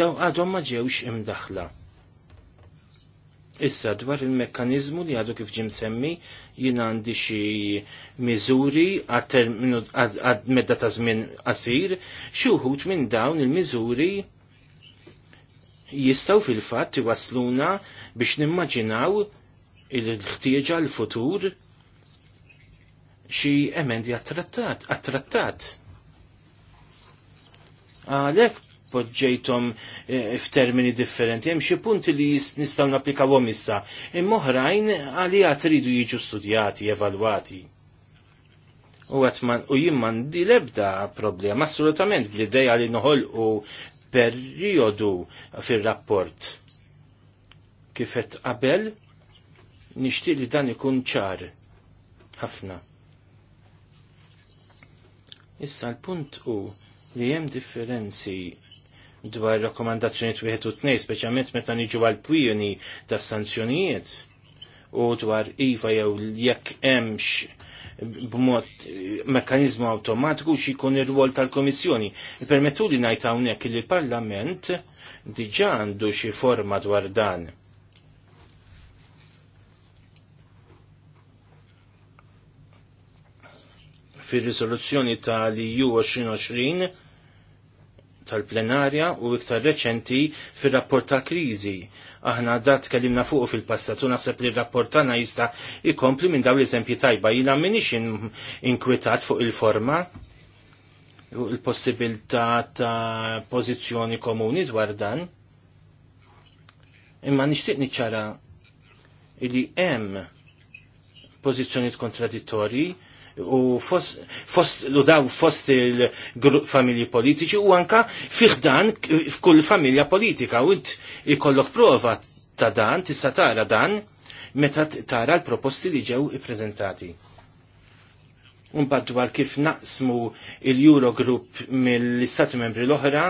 daw għadhom ma ġewx imdaħla. Issa dwar il-mekkanizmu li għadu kif ġim semmi jina għandi xi miżuri għad medda ta' żmien qasir, xi wħud minn dawn il-miżuri jistaw fil-fatt iwasluna biex nimmaġinaw il-ħtieġa l-futur xi emendi attrattat, attrattat. Għalek podġejtom eh, f'termini differenti, hemm xi punti li nistgħu napplikawhom issa, imma oħrajn għalija tridu jiġu studjati, evalwati. U għatman u jimman di lebda problema, assolutament, bl-ideja li noħol u perjodu fir-rapport. Kifet qabel nixtieq li dan ikun ċar ħafna. Issa l-punt u li hemm differenzi dwar rakkomandazzjoniet wieħed u tnej, speċjalment meta niġu għal pwijoni tas sanzjonijiet u dwar iva jew jekk hemmx b'mod mekkanizmu automatiku xi jkun ir-rwol tal-Komissjoni. Permettu li ngħid hawnhekk li l-Parlament diġà għandu xi forma dwar dan. fir-riżoluzzjoni tal-EU 2020 tal-plenarja u iktar reċenti fir-rapport ta' kriżi Aħna dat kellimna fuq fil-passat u naħseb li r-rapportana jista' ikompli minn dawn l-eżempji tajba. jiena minix inkwitat fuq il-forma il-possibilità ta' pożizzjoni komuni dwar dan. Imma nixtieq niċċara li hemm pożizzjonijiet kontradittorji u fost, fost daw fost il-familji grupp politiċi u anka fiħdan f'kull familja politika u int ikollok prova ta' dan, tista' tara dan meta tara l-proposti li ġew ippreżentati. Unbad dwar kif naqsmu il-Eurogroup mill-Istati Membri l-oħra,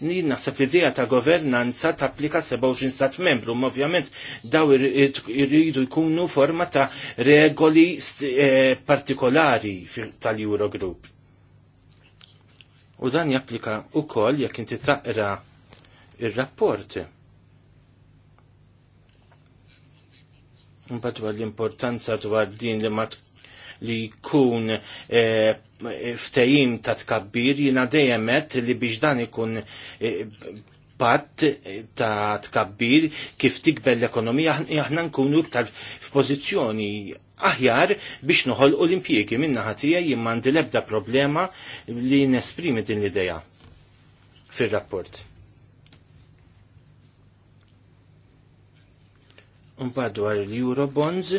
naħseb li idea ta' governanza ta' applika 27 stat membru, ma ovvjament daw irridu jkunu forma ta' regoli eh, partikolari tal-Eurogroup. U dan japplika u koll jek inti taqra il-rapport. Mbagħad dwar l-importanza dwar din li ma li jkun eh, ftejim ta' tkabbir jina dejjem li biex dan ikun eh, patt ta' tkabbir kif tikbel l-ekonomija aħna nkunu iktar f'pożizzjoni aħjar biex nuħol olimpijegi minna ħatija jimmandi lebda problema li nesprimi din l-ideja fil-rapport. Un dwar l-Eurobonds,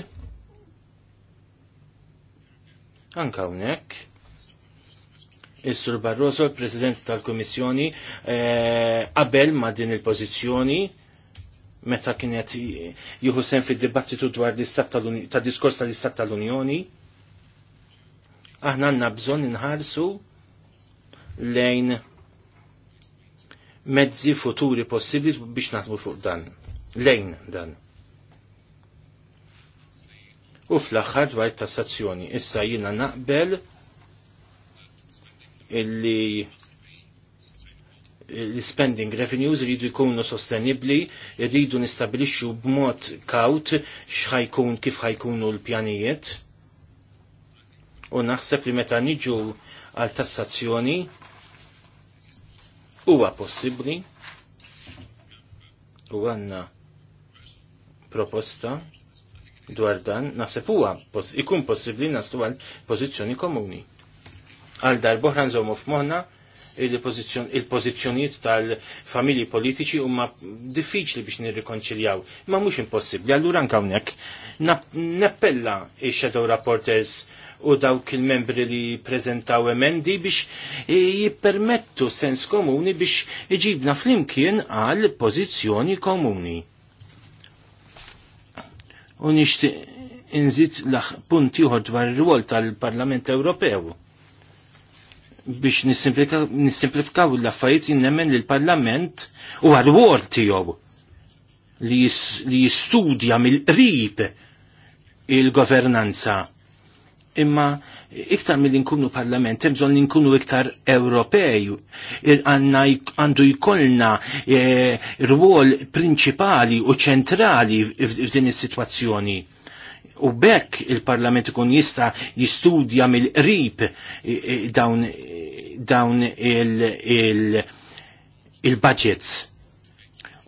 Anka hawnhekk. Is-Sur Barroso, il-President tal-Kummissjoni, eh, qabel ma' din il-pożizzjoni meta kienet juhu sen fid-dibattitu dwar ta' diskors ta' diskors tal-Istat tal-Unjoni. Aħna għandna bżonn inħarsu lejn mezzi futuri possibbli biex naħdmu fuq dan. Lejn dan u fl-axħar dwar tassazzjoni. Issa jina naqbel illi l-spending revenues rridu jkunu sostenibli, rridu nistabilixxu b'mod kaut x'ħajkun kif ħajkunu l-pjanijiet. U naħseb li meta niġu għal tassazzjoni huwa possibbli u għanna proposta dwar dan naħseb huwa pos ikun possibbli naslu għal pożizzjoni komuni. Għal darbohra nżommu f'moħħna il-pozizjoniet tal-familji politiċi huma diffiċli biex nirrikonċiljaw, ma mhux impossibbli. Allura anke hawnhekk neppella ix-shadow rapporters u dawk il-membri li prezentaw emendi biex jippermettu sens komuni biex iġibna flimkien għal pożizzjoni komuni u nixtieq laħ punti ieħor dwar ir-rwol tal-Parlament Ewropew biex nissimplifikaw l-affarijiet jinnemmen li l-Parlament u għal-wol tiegħu li jistudja mill-qrib il-governanza imma iktar mill nkunu parlament, bżon li nkunu iktar Ewropej. Għandu jkollna e, rwol prinċipali u ċentrali f'din is-sitwazzjoni. U bekk il-parlament ikun jista jistudja mill-qrib e, e, dawn, dawn il-budgets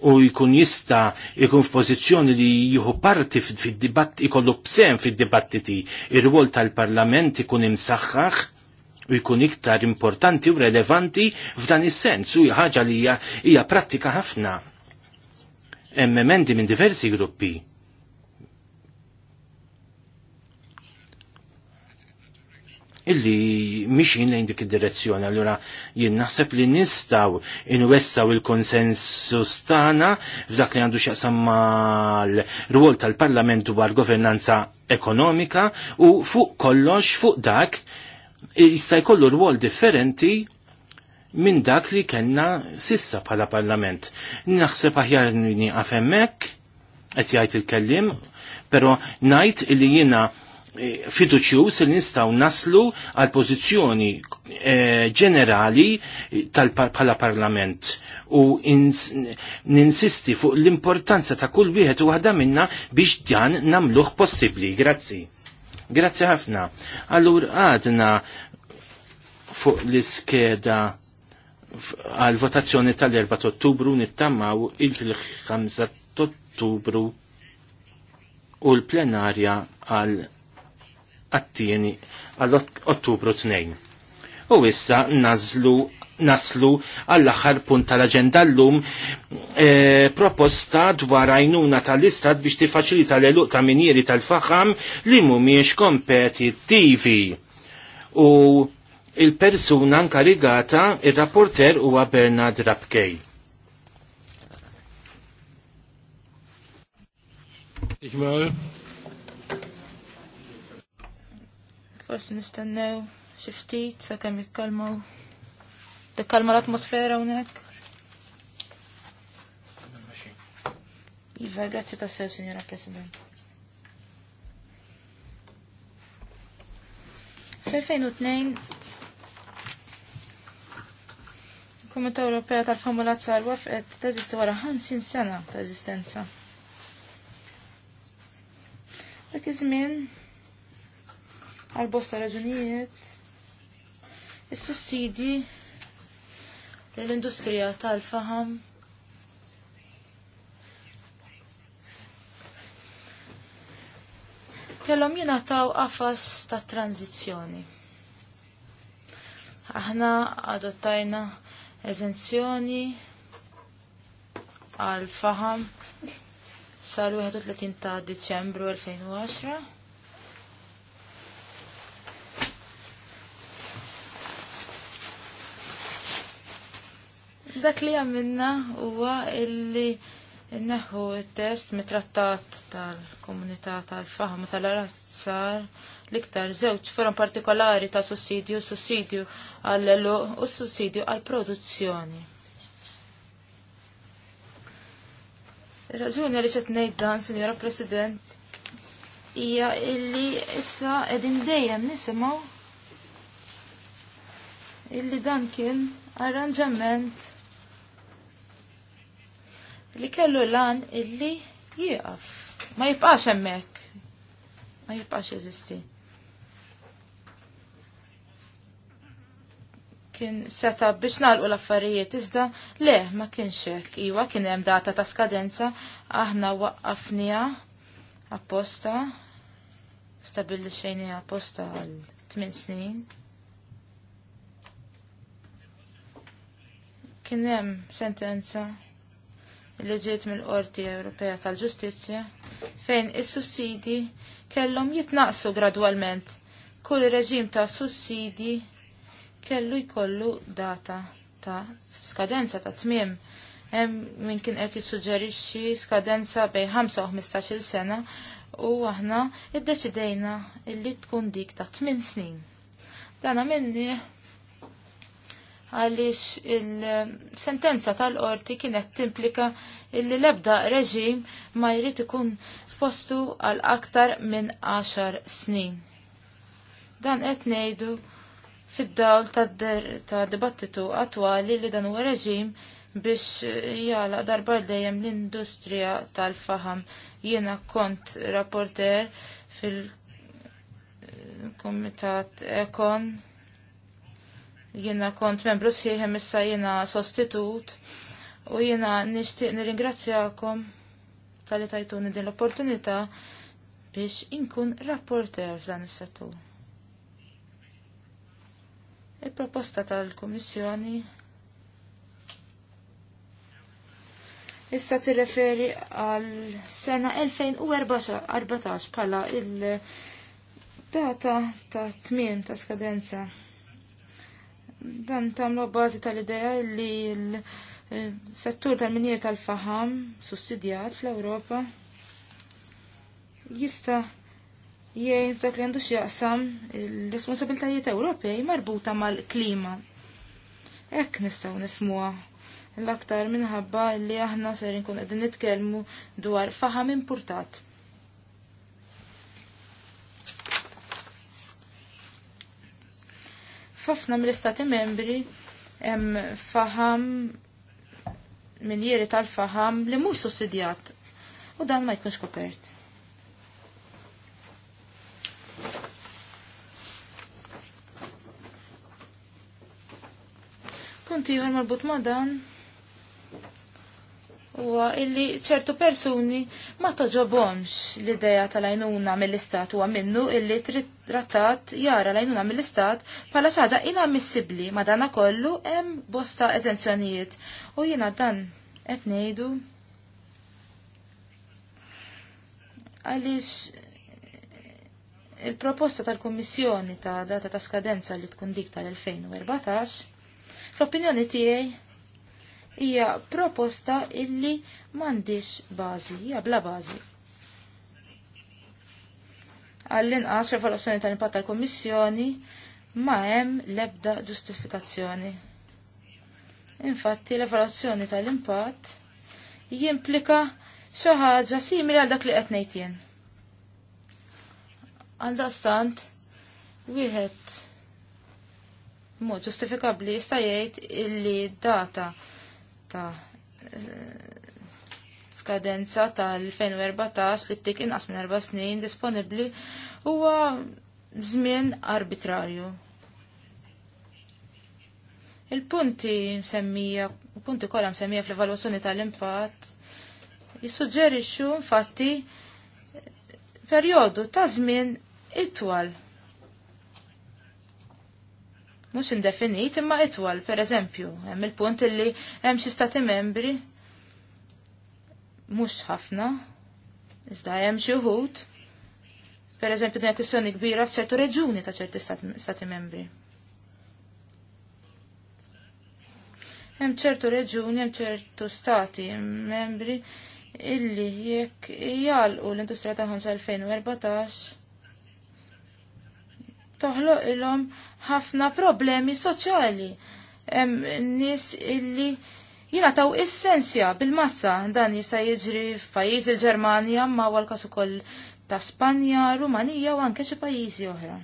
u jkun jista jkun f'pożizzjoni li jieħu parti fid-dibatt ikollu bsem fid-dibattiti ir-rwol tal-Parlament ikun imsaħħaħ u jkun iktar importanti u relevanti f'dan is-sens u ħaġa li hija prattika ħafna. Emmemendi minn diversi gruppi illi miexin lejn dik id-direzzjoni. Allura jien naħseb li nistaw inwessaw il-konsensus tagħna f'dak li għandu x'jaqsam mal-rwol tal-Parlament dwar governanza ekonomika u fuq kollox fuq dak jista' jkollu rwol differenti minn dak li kellna sissa bħala Parlament. Naħseb aħjar nini għafemmek, qed jgħid il-kellim, però ngħid li jiena E, fiduċjus li nistaw naslu għal pożizzjoni e, ġenerali tal-pala parlament u ninsisti fuq l-importanza ta' kull wieħed u waħda minna biex dan namluħ possibli. Grazzi. Grazzi ħafna. Allur għadna fuq l-iskeda għal votazzjoni tal-4 ottubru nittamaw il-5 ottubru u l-plenarja għal għattieni għall-Ottubru 2. U issa nazlu naslu għall-aħħar punt tal-aġenda llum e, proposta dwar għajnuna tal-istat biex tifaċilita l-eluq ta' minjeri tal-faħam li mhumiex kompetittivi. U il-persuna nkarigata ir-rapporter u huwa Bernard Rapkej. Ich mal. forse nistennew xi ftit sakemm jikkalmaw. Tikkalma l-atmosfera hawnhekk. Iva, grazzi tassew, Signora President. Fl-2002 Komunità Ewropea tal-Famulat sar wafqet teżisti wara 50 sena ta' eżistenza. Dak iż-żmien għal-bosta raġunijiet. Is-sussidi l-industrija tal-faham kellhom jingħataw għafas ta' tranzizzjoni. Aħna adottajna eżenzjoni għal faham sal-31 ta' Deċembru 2010 Dak li għamilna huwa illi neħu il-test mitrattat tal-komunità tal fahmu tal-arazzar liktar żewġ forum partikolari ta' sussidju, sussidju għall-elu u sussidju għall-produzzjoni. Raġuni li xet ngħid dan, Sinjora President, hija illi issa qegħdin dejjem nisimgħu illi dan kien arranġament li kellu lan illi jieqaf. Ma jibqax hemmhekk. Ma jibqax jeżisti. Kien seta biex nalqu l-affarijiet iżda le ma kienx hekk. Iwa kien hemm data ta' skadenza aħna waqqafniha apposta stabilli xejni apposta għal 8 snin. Kien hemm sentenza li ġiet mill-Qorti Ewropea tal-Ġustizzja fejn is-sussidi kellhom jitnaqsu gradwalment. Kull reġim ta' sussidi kellu jkollu data ta' skadenza ta' tmiem. Hemm min kien qed jissuġġerixxi skadenza bejn 5 15-il sena u aħna iddeċidejna illi tkun dik ta' 8 snin. Dana minni għaliex il-sentenza tal-qorti kienet timplika illi lebda reġim ma jrid ikun f'postu għal aktar minn 10 snin. Dan qed ngħidu fid-dawl ta' dibattitu attwali li dan huwa reġim biex jala darba dejjem l-industrija tal-faham. Jiena kont rapporter fil-komitat Ekon Jiena kont membru sħiħem issa jiena sostitut u jiena nixtieq nirringrazzjakom tal-li tajtuni din l-opportunità biex inkun rapporter f'dan is-settur. Il-proposta tal-Kummissjoni issa tirreferi għal sena 2014 bħala il-data ta' tmiem ta' skadenza Dan tamlu bazi tal-idea li l-settur tal-minjer tal-faham sussidjat fl-Europa jista jgħin f'dak li għandu x'jaqsam il-responsabiltajiet Ewropej marbuta mal-klima. Ekk nistgħu nifmuha l-aktar minħabba li aħna ser nkun qegħdin nitkellmu dwar faham importat. F'ħafna mill-istati membri hemm faham minjieri tal-faham li mhux sussidjat u dan ma jkunx kopert. Punti ieħor marbut ma' dan huwa illi ċertu persuni ma toġobomx l-idea tal-għajnuna mill-istat huwa minnu illi trattat jara l-għajnuna mill-istat bħala xaġa inammissibbli ma dana kollu hemm bosta eżenzjonijiet u jiena dan qed ngħidu għaliex il-proposta tal-Kummissjoni ta' data ta' skadenza li tkun dik tal-2014 fl-opinjoni tiegħi hija proposta illi m'għandix bażi, hija bla bażi. Għallin inqas fl tal-impatt tal-Kommissjoni ma hemm l-ebda ġustifikazzjoni. Infatti l-evaluazzjoni tal-impatt jimplika xi ħaġa simili għal dak li qed ngħid jien. Għal dastant, wieħed mod ġustifikabbli jista' jgħid illi data ta' eh, skadenza tal-2014 li t-tik inqas minn erba' snin disponibbli huwa żmien arbitrarju. Il-punti msemmija, il punti kollha msemmija fl-evalwazzjoni tal-impatt jissuġġerixxu infatti perjodu ta' żmien itwal mhux indefinit imma itwal, pereżempju, hemm il-punt illi hemm xi stati membri mhux ħafna, iżda hemm xi wħud. Pereżempju din kwistjoni kbira f'ċertu reġuni ta' ċerti stati membri. Hemm ċertu reġuni, hemm ċertu stati membri illi jekk jgħalqu l-industrija ta' 2014 toħloq ilhom ħafna problemi soċjali. Nis illi jina taw essenzja bil-massa dan jista' jiġri f'pajjiż il-Ġermanja ma wal kasu ukoll ta' Spanja, Rumanija u anke xi pajjiżi oħra.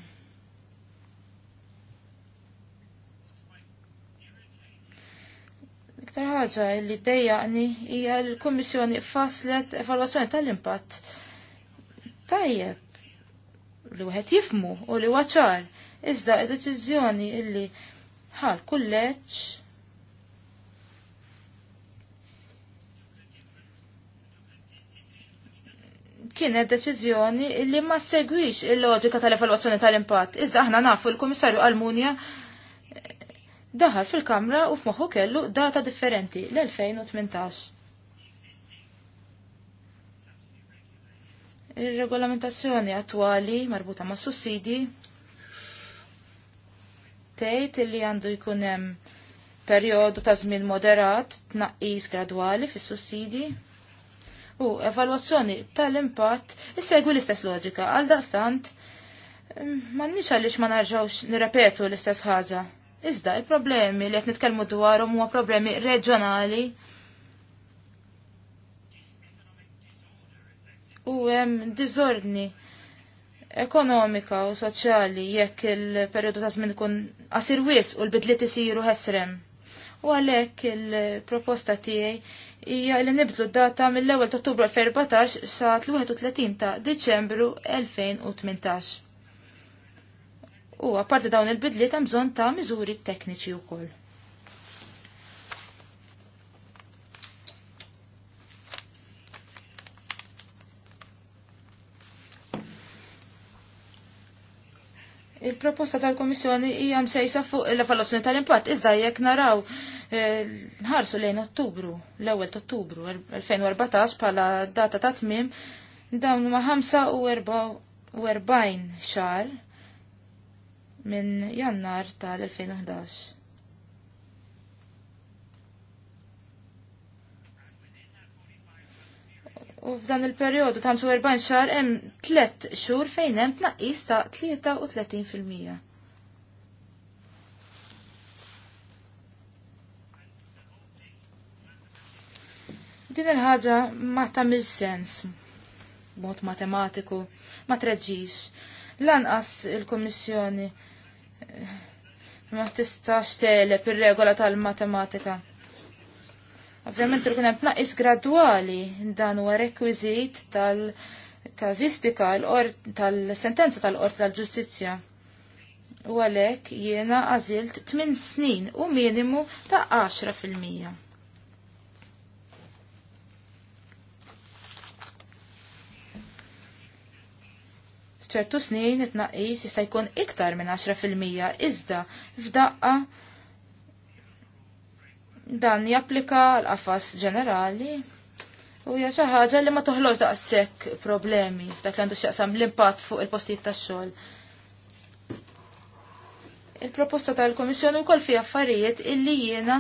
Iktar ħaġa li dejjaqni hija l-Kummissjoni faslet evalwazzjoni tal-impatt. Tajjeb, li wieħed jifmu u li waċar iżda id-deċiżjoni illi ħal kulleċ kienet deċiżjoni li ma segwix il-loġika tal-evalwazzjoni tal-impatt. Iżda aħna nafu l-Kummissarju Almunja daħal fil-kamra u f'moħħu kellu data differenti l-2018. Ir-regolamentazzjoni attwali marbuta ma' sussidi tgħid illi għandu jkun hemm perjodu ta' żmien moderat tnaqqis gradwali fis-sussidi. U evalwazzjoni tal-impatt issegwi l-istess loġika għal daqstant mm, m'għandniex għaliex ma narġawx nirrepetu l-istess ħaġa. Iżda il-problemi li qed nitkellmu dwarhom huwa problemi reġjonali u hemm diżordni ekonomika u soċjali jekk il-perjodu ta' żmien ikun qasir wis u l-bidliet isiru ħesrem. U għalhekk il-proposta tiegħi hija li nibdlu d-data mill-ewwel ta' Ottubru 2014 sa 31 ta' Diċembru 2018. U apparti dawn il-bidliet hemm bżonn ta' miżuri tekniċi wkoll. Il-proposta tal-Komissjoni hija msejsa fuq l-evaluazzjoni tal-impatt iżda jekk naraw eh, nħarsu lejn Ottubru, l-ewwel ta' Ottubru 2014 er- bħala data ta' tmiem dawn ma' 45 xar minn Jannar tal-2011. U f'dan il-perjodu ta' 45 xar hemm 3 xhur fejn hemm tnaqqis ta' 33%. Din il-ħaġa ma tagħmel sens b'mod matematiku, ma treġġix. Lanqas il-Kummissjoni ma tistax telep ir-regola tal-matematika. Ovvjament ikun hemm tnaqqis gradwali dan huwa rekwiżit tal-każistika tal-sentenza tal-qorti tal-ġustizzja. U għalhekk jiena għażilt tmien snin u minimu ta' 10 fil-mija. f'ċertu snin it-tnaqqis jista' jkun iktar minn 10% iżda f'daqqa Dan japplika l-qafas ġenerali u hija xi ħaġa li ma toħloġ daqshekk problemi f'dak li għandu x'jaqsam l-impatt fuq il-postijiet tax-xogħol. Il-proposta tal-Komissjoni wkoll fi affarijiet illi jiena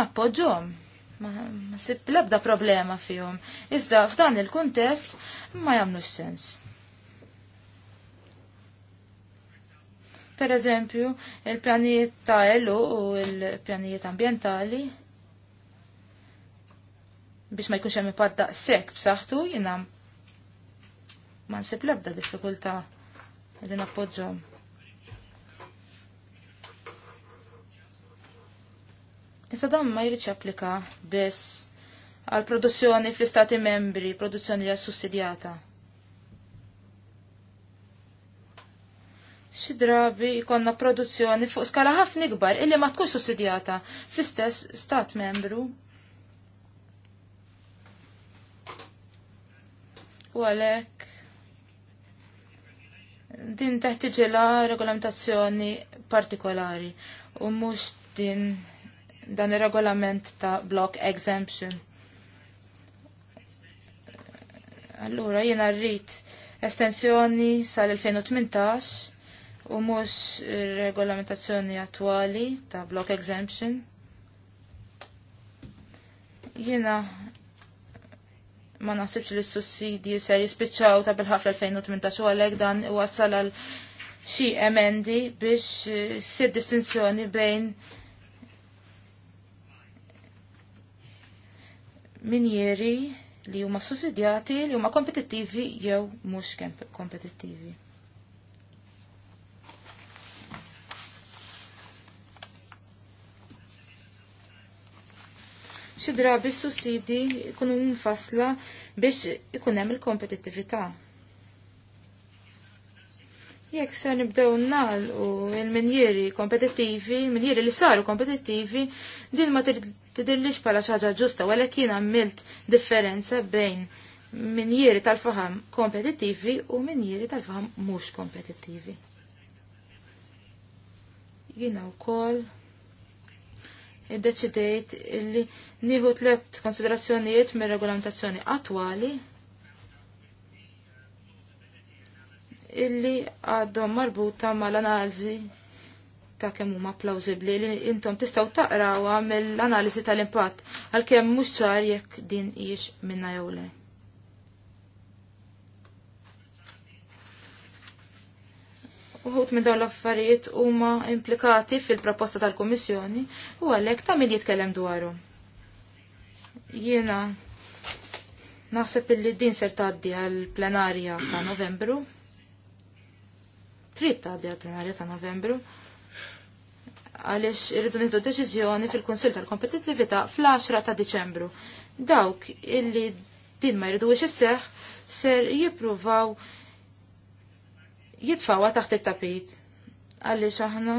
nappoġġhom. Ma sib l-ebda problema fihom. Iżda f'dan il-kuntest ma jagħmlux sens. Per eżempju, il-pjanijiet ta' elu u il-pjanijiet ambientali biex ma jkunx hemm ipadda sekk b'saħħtu jiena ma nsib l-ebda diffikultà li nappoġġhom. Issa dan ma jridx applika biss għal produzzjoni fl-istati membri, produzzjoni li sussidjata. xi drabi jkollna produzzjoni fuq skala ħafna ikbar illi ma tkun sussidjata fl-istess stat membru. U għalhekk din teħtiġilha regolamentazzjoni partikolari u mhux din dan ir-regolament ta' block exemption. Allura jiena rrid estensjoni sal-2018 u mhux regolamentazzjoni attwali ta' block exemption. Jiena ma nasibx li s sussidi ser jispiċċaw ta' bil-ħafla 2018 u għalhekk dan għassal għal xi emendi biex eh, sir distinzjoni bejn minjeri li huma sussidjati li huma kompetittivi jew mhux kompetittivi. xi drabi s-sussidi jkunu mfassla biex ikun hemm il-kompetittività. Jekk se nibdew nagħlqu u l-minjeri kompetittivi, minjeri li saru kompetittivi, din ma tidillix bħala xi ħaġa ġusta, għalhekk jien għamilt differenza bejn minjieri tal-faham kompetittivi u minjieri tal-faham mhux kompetittivi. Jina u iddeċidejt illi nieħu tlet konsiderazzjonijiet mir-regolamentazzjoni attwali illi għadhom marbuta mal-analiżi ta' kemm huma plawsibbli li intom tistgħu taqrawha mill-analiżi tal-impatt għalkemm mhux ċar jekk din hijiex minna jew le. uħut minn dawn l-affarijiet huma implikati fil-proposta tal-Kummissjoni u għalhekk ta' min jitkellem dwarhom. Jiena naħseb illi din ser tgħaddi għall-plenarja ta' Novembru. Trid tgħaddi għall-plenarja ta' Novembru għaliex irridu nieħdu deċiżjoni fil-Kunsill tal-Kompetittività fl-10 ta' Diċembru. Dawk illi din ma jridux isseħħ ser jippruvaw jitfawa taħt it-tapit. Għaliex aħna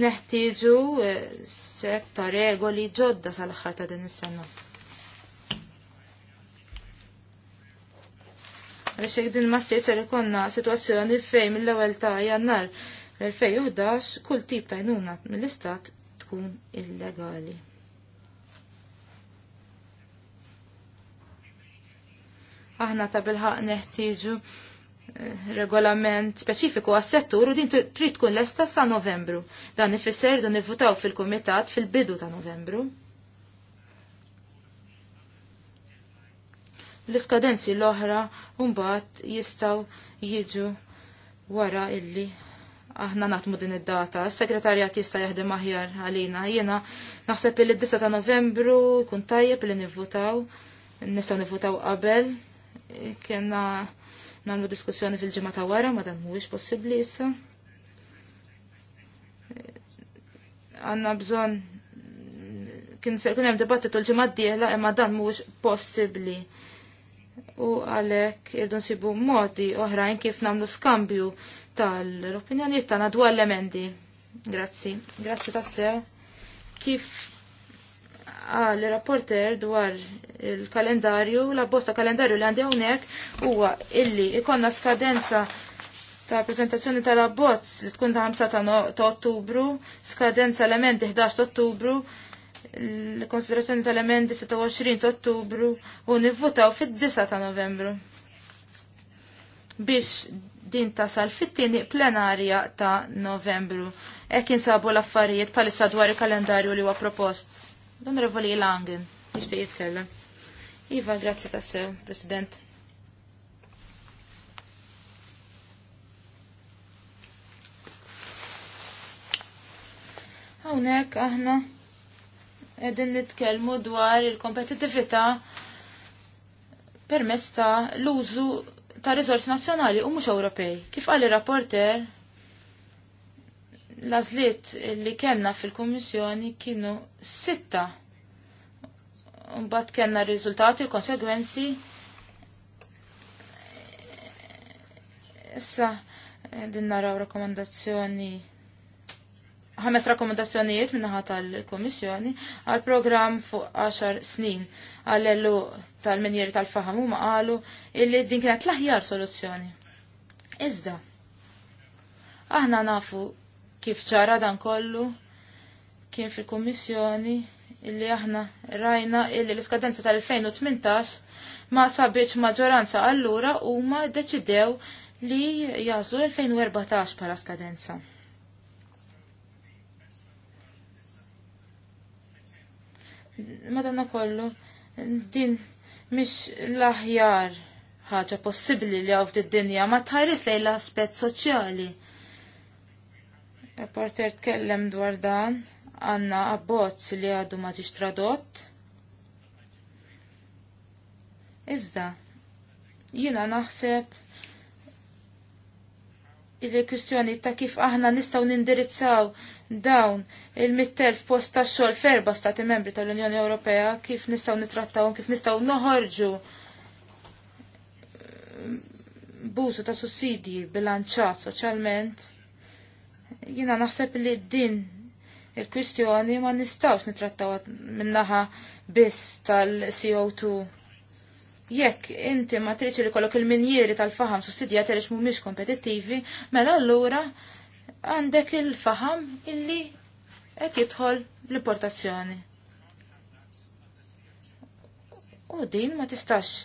neħtieġu eh, set ta' regoli ġodda sal-aħħar ta' din is-sena. Għaliex din ma ssir ser ikonna sitwazzjoni fejn mill-ewwel ta' jannar 2011 kull tip ta' jnuna mill-istat tkun illegali. Aħna ta' ħaq neħtieġu Eh, regolament speċifiku għas-settur u din trid tkun lesta sa' Novembru. Dan ifisser dan nivvutaw fil-Kumitat fil-bidu ta' Novembru. L-iskadenzi l-oħra mbagħad jistgħu jiġu wara illi aħna natmu din id-data. Segretarjat jista' jaħdem aħjar għalina. Jiena naħseb li 9 ta' Novembru kun tajjeb li nivvutaw, nistgħu nivvutaw qabel. Kienna namlu diskussjoni fil-ġimgħa ta' wara ma dan mhuwiex possibbli issa. Għandna bżonn kien ser kien hemm dibattitu l-ġimgħa d-dieħla imma dan mhuwiex possibbli. U għalhekk irdu nsibu modi oħrajn kif namlu skambju tal-opinjonijiet tagħna dwar l-emendi. Grazzi. Grazzi tassew. Kif għal rapporter dwar il-kalendarju, la bosta kalendarju li għandi hawnhekk huwa illi ikonna skadenza ta' prezentazzjoni tal-abbozz li tkun ta' 5 ta' ottubru, skadenza elementi 11 ta' ottubru, l-konsiderazzjoni tal-elementi 26 ta' ottubru u nivvutaw fid-9 ta' novembru. Biex din tasal fit-tieni plenarja ta' novembru. Ek insabu l-affarijiet palissa dwar il-kalendarju li huwa propost. L-Onorevoli Langen, nixtieq jitkellem. Iva, grazzi tassew, President. Hawnhekk aħna qegħdin nitkellmu dwar il-kompetittività permess ta' l-użu ta' risorsi nazzjonali u mhux Ewropej. Kif qal ir-rapporter l-azliet li kellna fil-Kummissjoni kienu sitta Mbagħad kellna r-riżultati, konsegwenzi Issa din naraw rakkomandazzjoni ħames rakkomandazzjonijiet minnaħa tal-Komissjoni għal programm fuq 10 snin għall-ellu tal-minjeri tal faħam huma qalu illi din kienet l-aħjar soluzzjoni. Iżda, aħna nafu kif ċara dan kollu kien fil-Komissjoni illi aħna rajna illi l-iskadenza tal-2018 ma sabiċ maġoranza allura u ma deċidew li jazlu l-2014 para skadenza. Madanna kollu, din mish l-aħjar ħaġa possibli li għaw dinja ma tħaris li l-aspet soċjali. Reporter tkellem dwar dan għanna abbozz li għadu ma tradott. Iżda, jina naħseb il-kwistjoni ta' kif aħna nistaw nindirizzaw dawn il-mittelf post ta' xol ferba stati membri tal-Unjoni Ewropea, kif nistaw nitrattaw, kif nistaw noħorġu buzu ta' sussidji bilanċat soċjalment, jina naħseb li din il-kwistjoni ma nistawx nitrattaw minnaħa biss tal-CO2. Jekk inti ma triċi li kollok il-minjeri tal-faham sussidjat għaliex mhumiex kompetittivi, mela allura għandek il-faham illi qed jidħol l-importazzjoni. U din ma tistax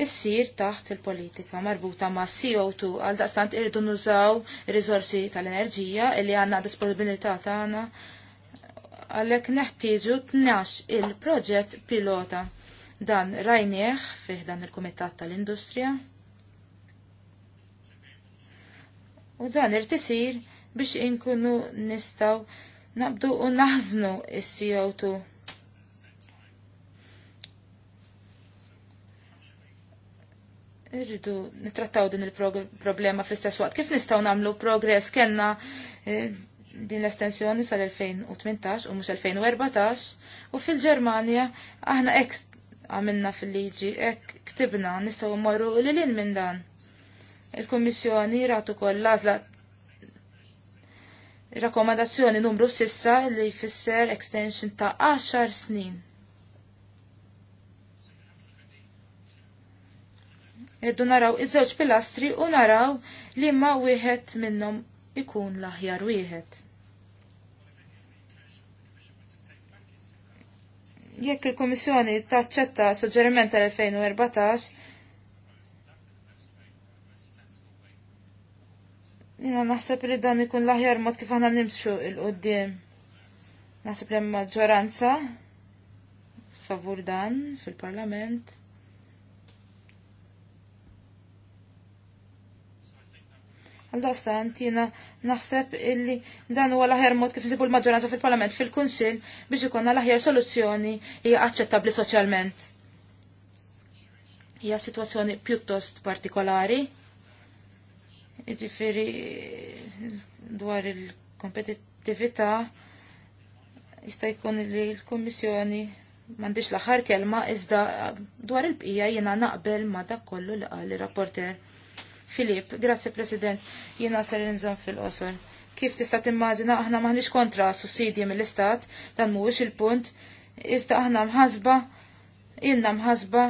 issir taħt il-politika marbuta ma' CO2 għal daqstant irridu nużaw risorsi tal-enerġija li għanna disponibilità tagħna għalhekk neħtieġu tnax il-proġett pilota dan rajnieħ fih dan il-Kumitat tal-Industrija. U dan irtisir biex inkunu nistaw nabdu u naħznu is co 2 Irridu nitrattaw din il-problema fl-istess waqt. Kif nistaw namlu progress kellna eh, din l-estensjoni sal-2018 u mhux 2014 u fil ġermania aħna hekk għamilna fil-liġi, hekk ktibna nistgħu morru li l minn dan. Il-Kummissjoni ratu koll l-għażla rakkomandazzjoni numru sissa li jfisser extension ta' 10 snin. Iddu naraw iż-żewġ pilastri u naraw li ma wieħed minnhom ikun l-aħjar wieħed. Jekk il kummissjoni taċċetta suġġeriment tal-2014, jina naħseb li dan ikun l-aħjar mod kif aħna nimxu il-qoddim. Naħseb li maġġoranza favur dan fil-Parlament. Għal-dastant jina naħseb illi dan huwa l-aħjar mod kif nsibu l-maġġoranza fil-Parlament fil-Kunsill biex ikonna l-aħjar soluzzjoni hija aċċettabbli soċjalment. Hija sitwazzjoni pjuttost partikolari. Jiġifieri dwar il-kompetittività jista' jkun li l-Kummissjoni m'għandix l-aħħar kelma iżda dwar il-bqija jiena naqbel ma' dak kollu li qal ir-rapporter. Filip, grazzi President, jina ser nżon fil-qosor. Kif tista' timmaġina aħna maħniex kontra sussidji mill-Istat, dan mhuwiex il-punt, iżda aħna mħazba, inna mħazba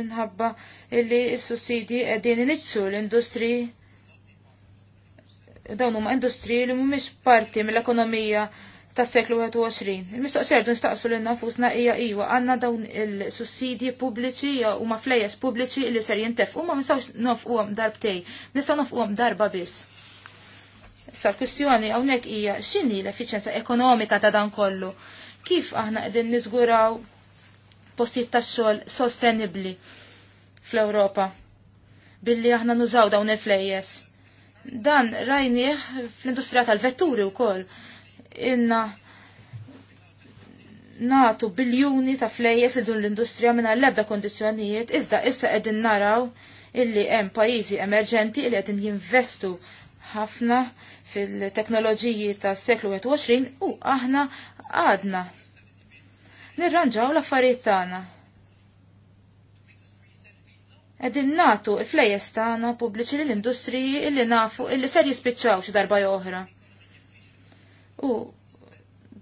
minħabba illi s-sussidji qegħdin iniġġu l-industri dawn huma industri li mhumiex parti mill-ekonomija tas seklu 21. Il-mistoqserdu nistaqsu l nafusna hija iwa għanna dawn il-sussidji pubbliċi u ma flejes pubbliċi li ser jintef. U ma nof u għam darbtej, nistaw u għam darba biss. Issa l-kwistjoni hawnhekk hija x'inhi l efficienza ekonomika ta' dan kollu. Kif aħna qegħdin niżguraw postijiet tax-xogħol sostenibbli fl-Ewropa billi aħna nużaw dawn il-flejjes. Dan rajnieh fl-industrija tal-vetturi wkoll inna natu biljuni ta' flejjes idun l-industrija minna l-ebda kondizjonijiet, iżda issa edin naraw illi hemm pajjiżi emerġenti illi edin jinvestu ħafna fil-teknoloġiji ta' seklu 21 u aħna għadna. Nirranġaw l-affarijiet tagħna. Qegħdin natu l-flejjes tagħna pubbliċi lill-industriji illi nafu illi ser jispiċċaw xi darba oħra. U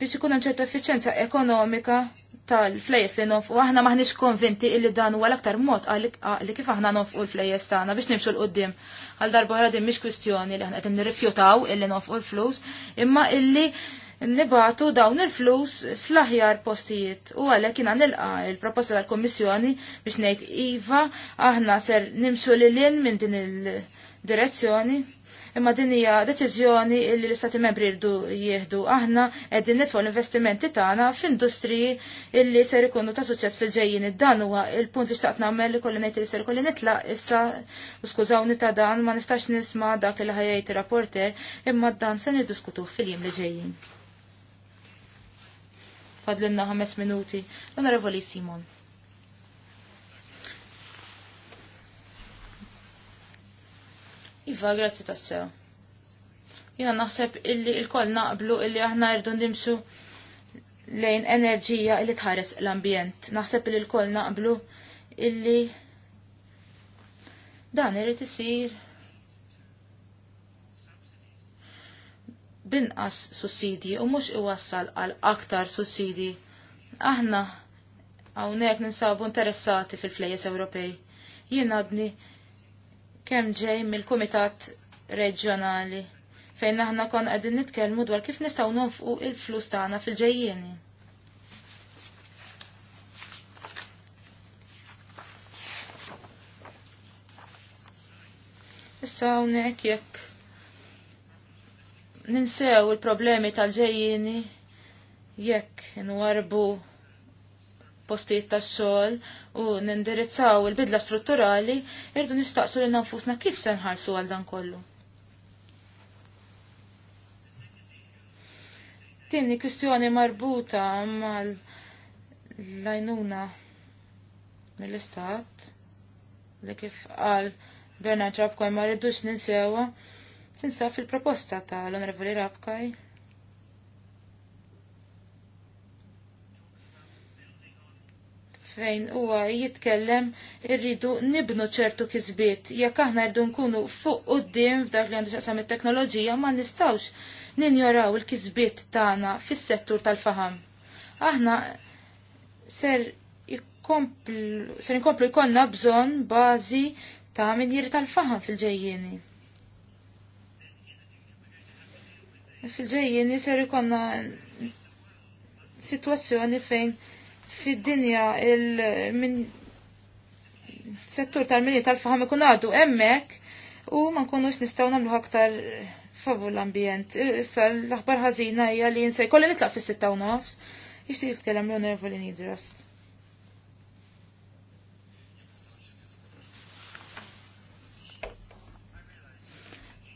biex ikun hemm ċerta effiċenza ekonomika tal-flejes li nofqu, aħna maħniex konvinti illi dan huwa l-aktar mod għalli kif aħna nofqu l-flejes tagħna biex nimxu l qudiem Għal darba oħra din mhix kwistjoni li aħna qed nirrifjutaw illi nofqu l-flus, imma illi nibatu dawn il-flus fl-aħjar postijiet. U għalhekk jiena nilqa il-proposta tal-Kummissjoni biex ngħid iva aħna ser nimxu lil minn din il-direzzjoni imma din hija deċiżjoni li l-Istati Membri rdu jieħdu aħna qegħdin nitfgħu l-investimenti tagħna f'industriji illi ser ikunu ta' suċċess fil-ġejjin id-dan huwa il-punt li xtaqt nagħmel li kolli ngħid li ser kolli nitlaq issa skużawni ta' dan ma nistax nisma' dak li ħajjajt rapporter imma dan se niddiskutuh fil-jiem li ġejjin. Fadlinna ħames minuti. onorevoli Simon. Iva, grazzi tassew. Jina naħseb illi il-koll naqblu illi aħna rridu nimsu lejn enerġija illi tħares l-ambjent. Naħseb illi il koll naqblu illi dan irrid isir binqas sussidji u mhux iwassal għal aktar sussidji. Aħna hawnhekk ninsabu interessati fil-flejjes Ewropej. Jien għadni kemm ġej mill-Kumitat Reġjonali fejn aħna kon qegħdin nitkellmu dwar kif nistgħu nonfqu il-flus tagħna fil-ġejjieni. Issa hawnhekk jekk ninsew il-problemi tal-ġejjieni jekk inwarbu postijiet tax-xogħol u nindirizzaw il-bidla strutturali, irdu nistaqsu li nanfusna kif se nħarsu għal dan kollu. Tieni kwistjoni marbuta mal lajnuna mill-istat li kif qal Bernard Rabkaj ma rridux ninsewa tinsab fil-proposta tal-Onorevoli Rabkaj fejn huwa jitkellem irridu nibnu ċertu kisbiet. Jekk aħna rridu nkunu fuq qudiem f'dak li għandu xaqsam it-teknoloġija ma nistgħux ninjoraw il-kisbiet tagħna fis-settur tal-faham. Aħna ser jkomplu ser inkomplu jkollna bżonn bażi ta' minjiri tal-faham fil-ġejjieni. Fil-ġejjieni ser ikonna situazzjoni fejn fid-dinja il settur tal-mini tal-faham ikun għadu emmek u ma nkunux nistaw namlu aktar favur l-ambjent. Issa l-aħbar ħażina hija li jinsa jkolli nitlaq fis-sitta u nofs. Ixtieq jitkellem l li Nidrast.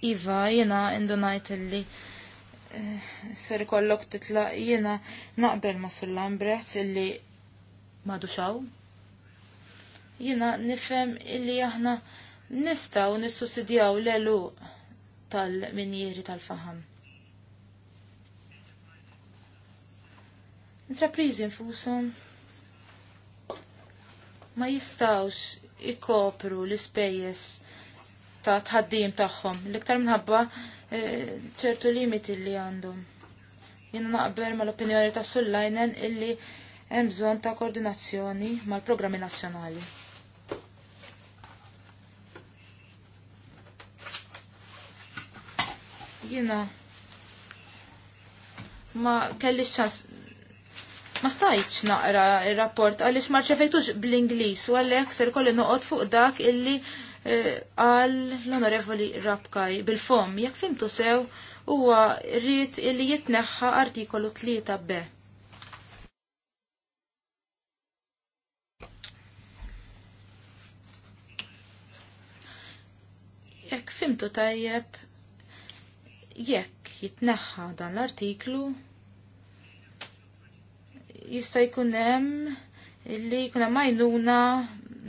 Iva, jena indunajt li eh, sari kollok titlaq jena naqbel ma sullan breħt illi madu xaw. Jina nifem illi aħna nistaw nissussidjaw l-elu tal-minjeri tal-faham. Intraprizi nfusum ma jistawx ikopru l spejjes ta' tħaddim tagħhom l-iktar minħabba eh, ċertu limiti li għandhom. Jiena naqbel mal opinjoni ta' Sullajnen illi hemm bżonn ta' koordinazzjoni mal-programmi nazzjonali. Jiena ma kellix ċans ma stajċ naqra il-rapport għalix ma ċefejtux bl-Inglis u għalek ser kolli noqot fuq dak illi eh, għal l-onorevoli Rabkaj bil-fom jek fimtu sew huwa rrit illi jitneħħa artikolu 3 b. Ek fimtu tajjeb jekk jitneħħa dan l-artiklu jista' jkun hemm illi jkun hemm għajnuna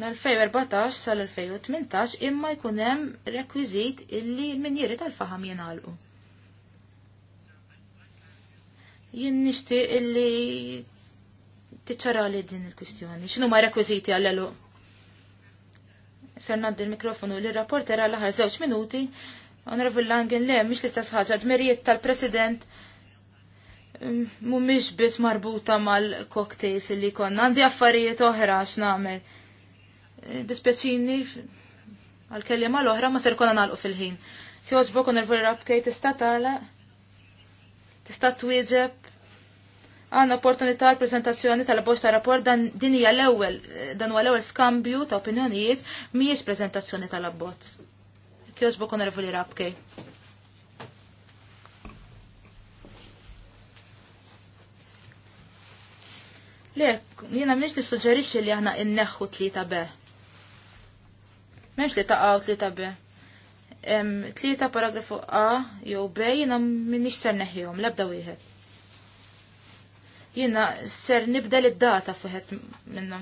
l-2014 sal-2018 imma jkun hemm rekwiżit illi l-minjieri tal-faham jingħalqu. Jien nixtieq illi tiċċara li din il-kwistjoni. X'inhuma rekwiżiti għall-eluq? ser naddi l-mikrofonu li rapporter għal ħar zewċ minuti. Onorevol Langen, le, mhix l-istess d-merijiet tal-President mm, mhumiex biss marbuta mal-cocktails li konna. Għandi affarijiet oħra għax nagħmel. Eh, dispjaċini għal-kelliema l-oħra ma ser konna nagħlqu fil-ħin. Kjoġbok onorevol Rabkej tista' tala, tista' wieġeb għanna opportunità għal prezentazzjoni tal-bost ta' rapport dan din hija l-ewwel dan huwa l-ewwel skambju ta' opinjonijiet mhijiex prezentazzjoni tal-abbozz. Kjożbok onorevoli Rabkej. Le, jiena mniex nissuġġerixxi li aħna inneħħu tlieta be. M'hemmx li taqgħu tlieta be, Tlieta paragrafu A jew B jiena m'iniex ser neħjihom l-ebda wieħed jina ser nibdel id-data fuħet minna.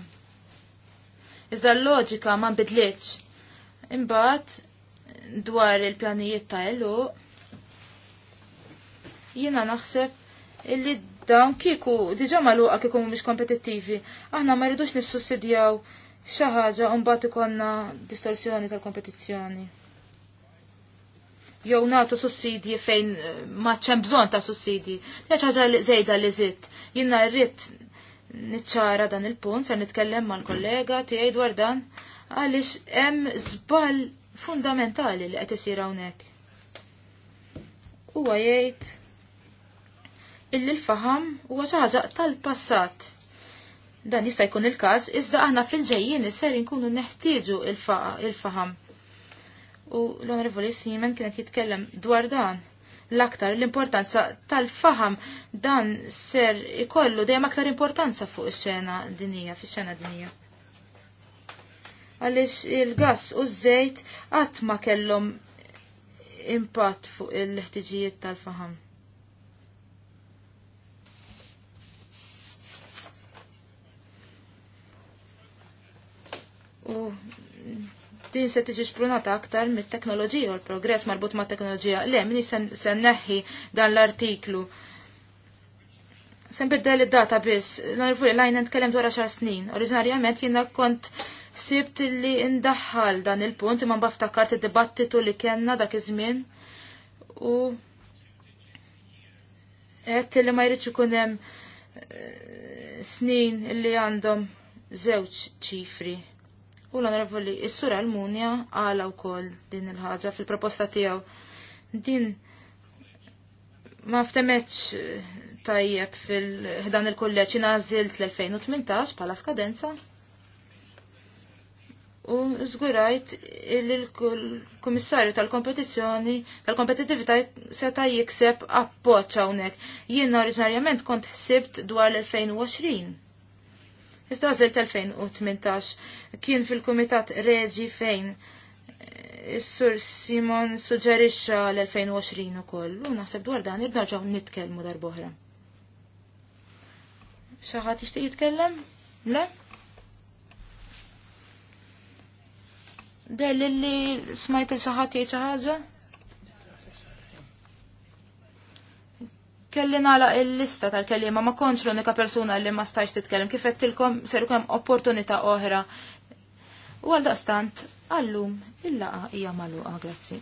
Iżda l-loġika ma nbidlitx. Imbagħad dwar il-pjanijiet ta' elu jina naħseb illi dawn kiku diġa maluqa kiku mhumiex kompetittivi. Aħna ma rridux nissussidjaw xi ħaġa u mbagħad ikonna distorsjoni tal-kompetizzjoni jew nagħtu sussidji fejn eh, ma ċem bżonn ta' sussidji. Neċħaġa ħaġa li żejda li żitt. Jiena rrit niċċara dan il-punt se nitkellem mal-kollega tiegħi dwar dan għaliex hemm żball fundamentali li qed isir hawnhekk. Huwa jgħid illi l-faham huwa xi ħaġa tal-passat dan jista' jkun il-każ iżda aħna fil-ġejjien is-ser inkunu neħtieġu il-faham u l-Onorevoli Simen kienet jitkellem dwar dan l-aktar l-importanza tal-faham dan ser ikollu dejjem aktar importanza fuq ix-xena dinija, fix-xena dinija. Għaliex il-gas u z żejt qatt ma kellhom impatt fuq il-ħtiġijiet tal-faham. U din se tiġi xprunata aktar mit-teknoloġija u l-progress marbut ma' teknoloġija. Le, minni se neħi dan l-artiklu. Sen biddel id-data biss, narfu li lajn n-tkellem dwar xar snin. Oriġinarjament jiena kont sibt li ndaħħal dan il-punt imma baftakart il dibattitu li kellna dak iż-żmien u qed li ma jridx ikun hemm eh, snin li għandhom żewġ ċifri u l-onorevoli Issur Almunja għala wkoll din il-ħaġa fil-proposta tiegħu. Din ma ftemeċ eh, tajjeb fil-ħdan il-kolleġ inażilt l-2018 bħala skadenza u zgurajt il-Kummissarju tal-Kompetizzjoni tal se seta' jikseb appoġġ hawnhekk. Jien oriġinarjament kont ħsibt dwar l-2020 Iżda għażilt 2018 kien fil-Kumitat Reġi fejn Is-Sur eh, Simon suġġerixxa l-2020 ukoll u naħseb dwar dan irnaġgħu nitkellmu darb'oħra. Xi ħadd jixtieq jitkellem? Le? Der li smajt il-xaħat jieċa kelli nala il-lista tal kelli ma konċ l-unika persuna li ma stajx titkellem kif qed seru kem opportunita oħra. U għal daqstant, għallum il-laqa hija maluqa, grazzi.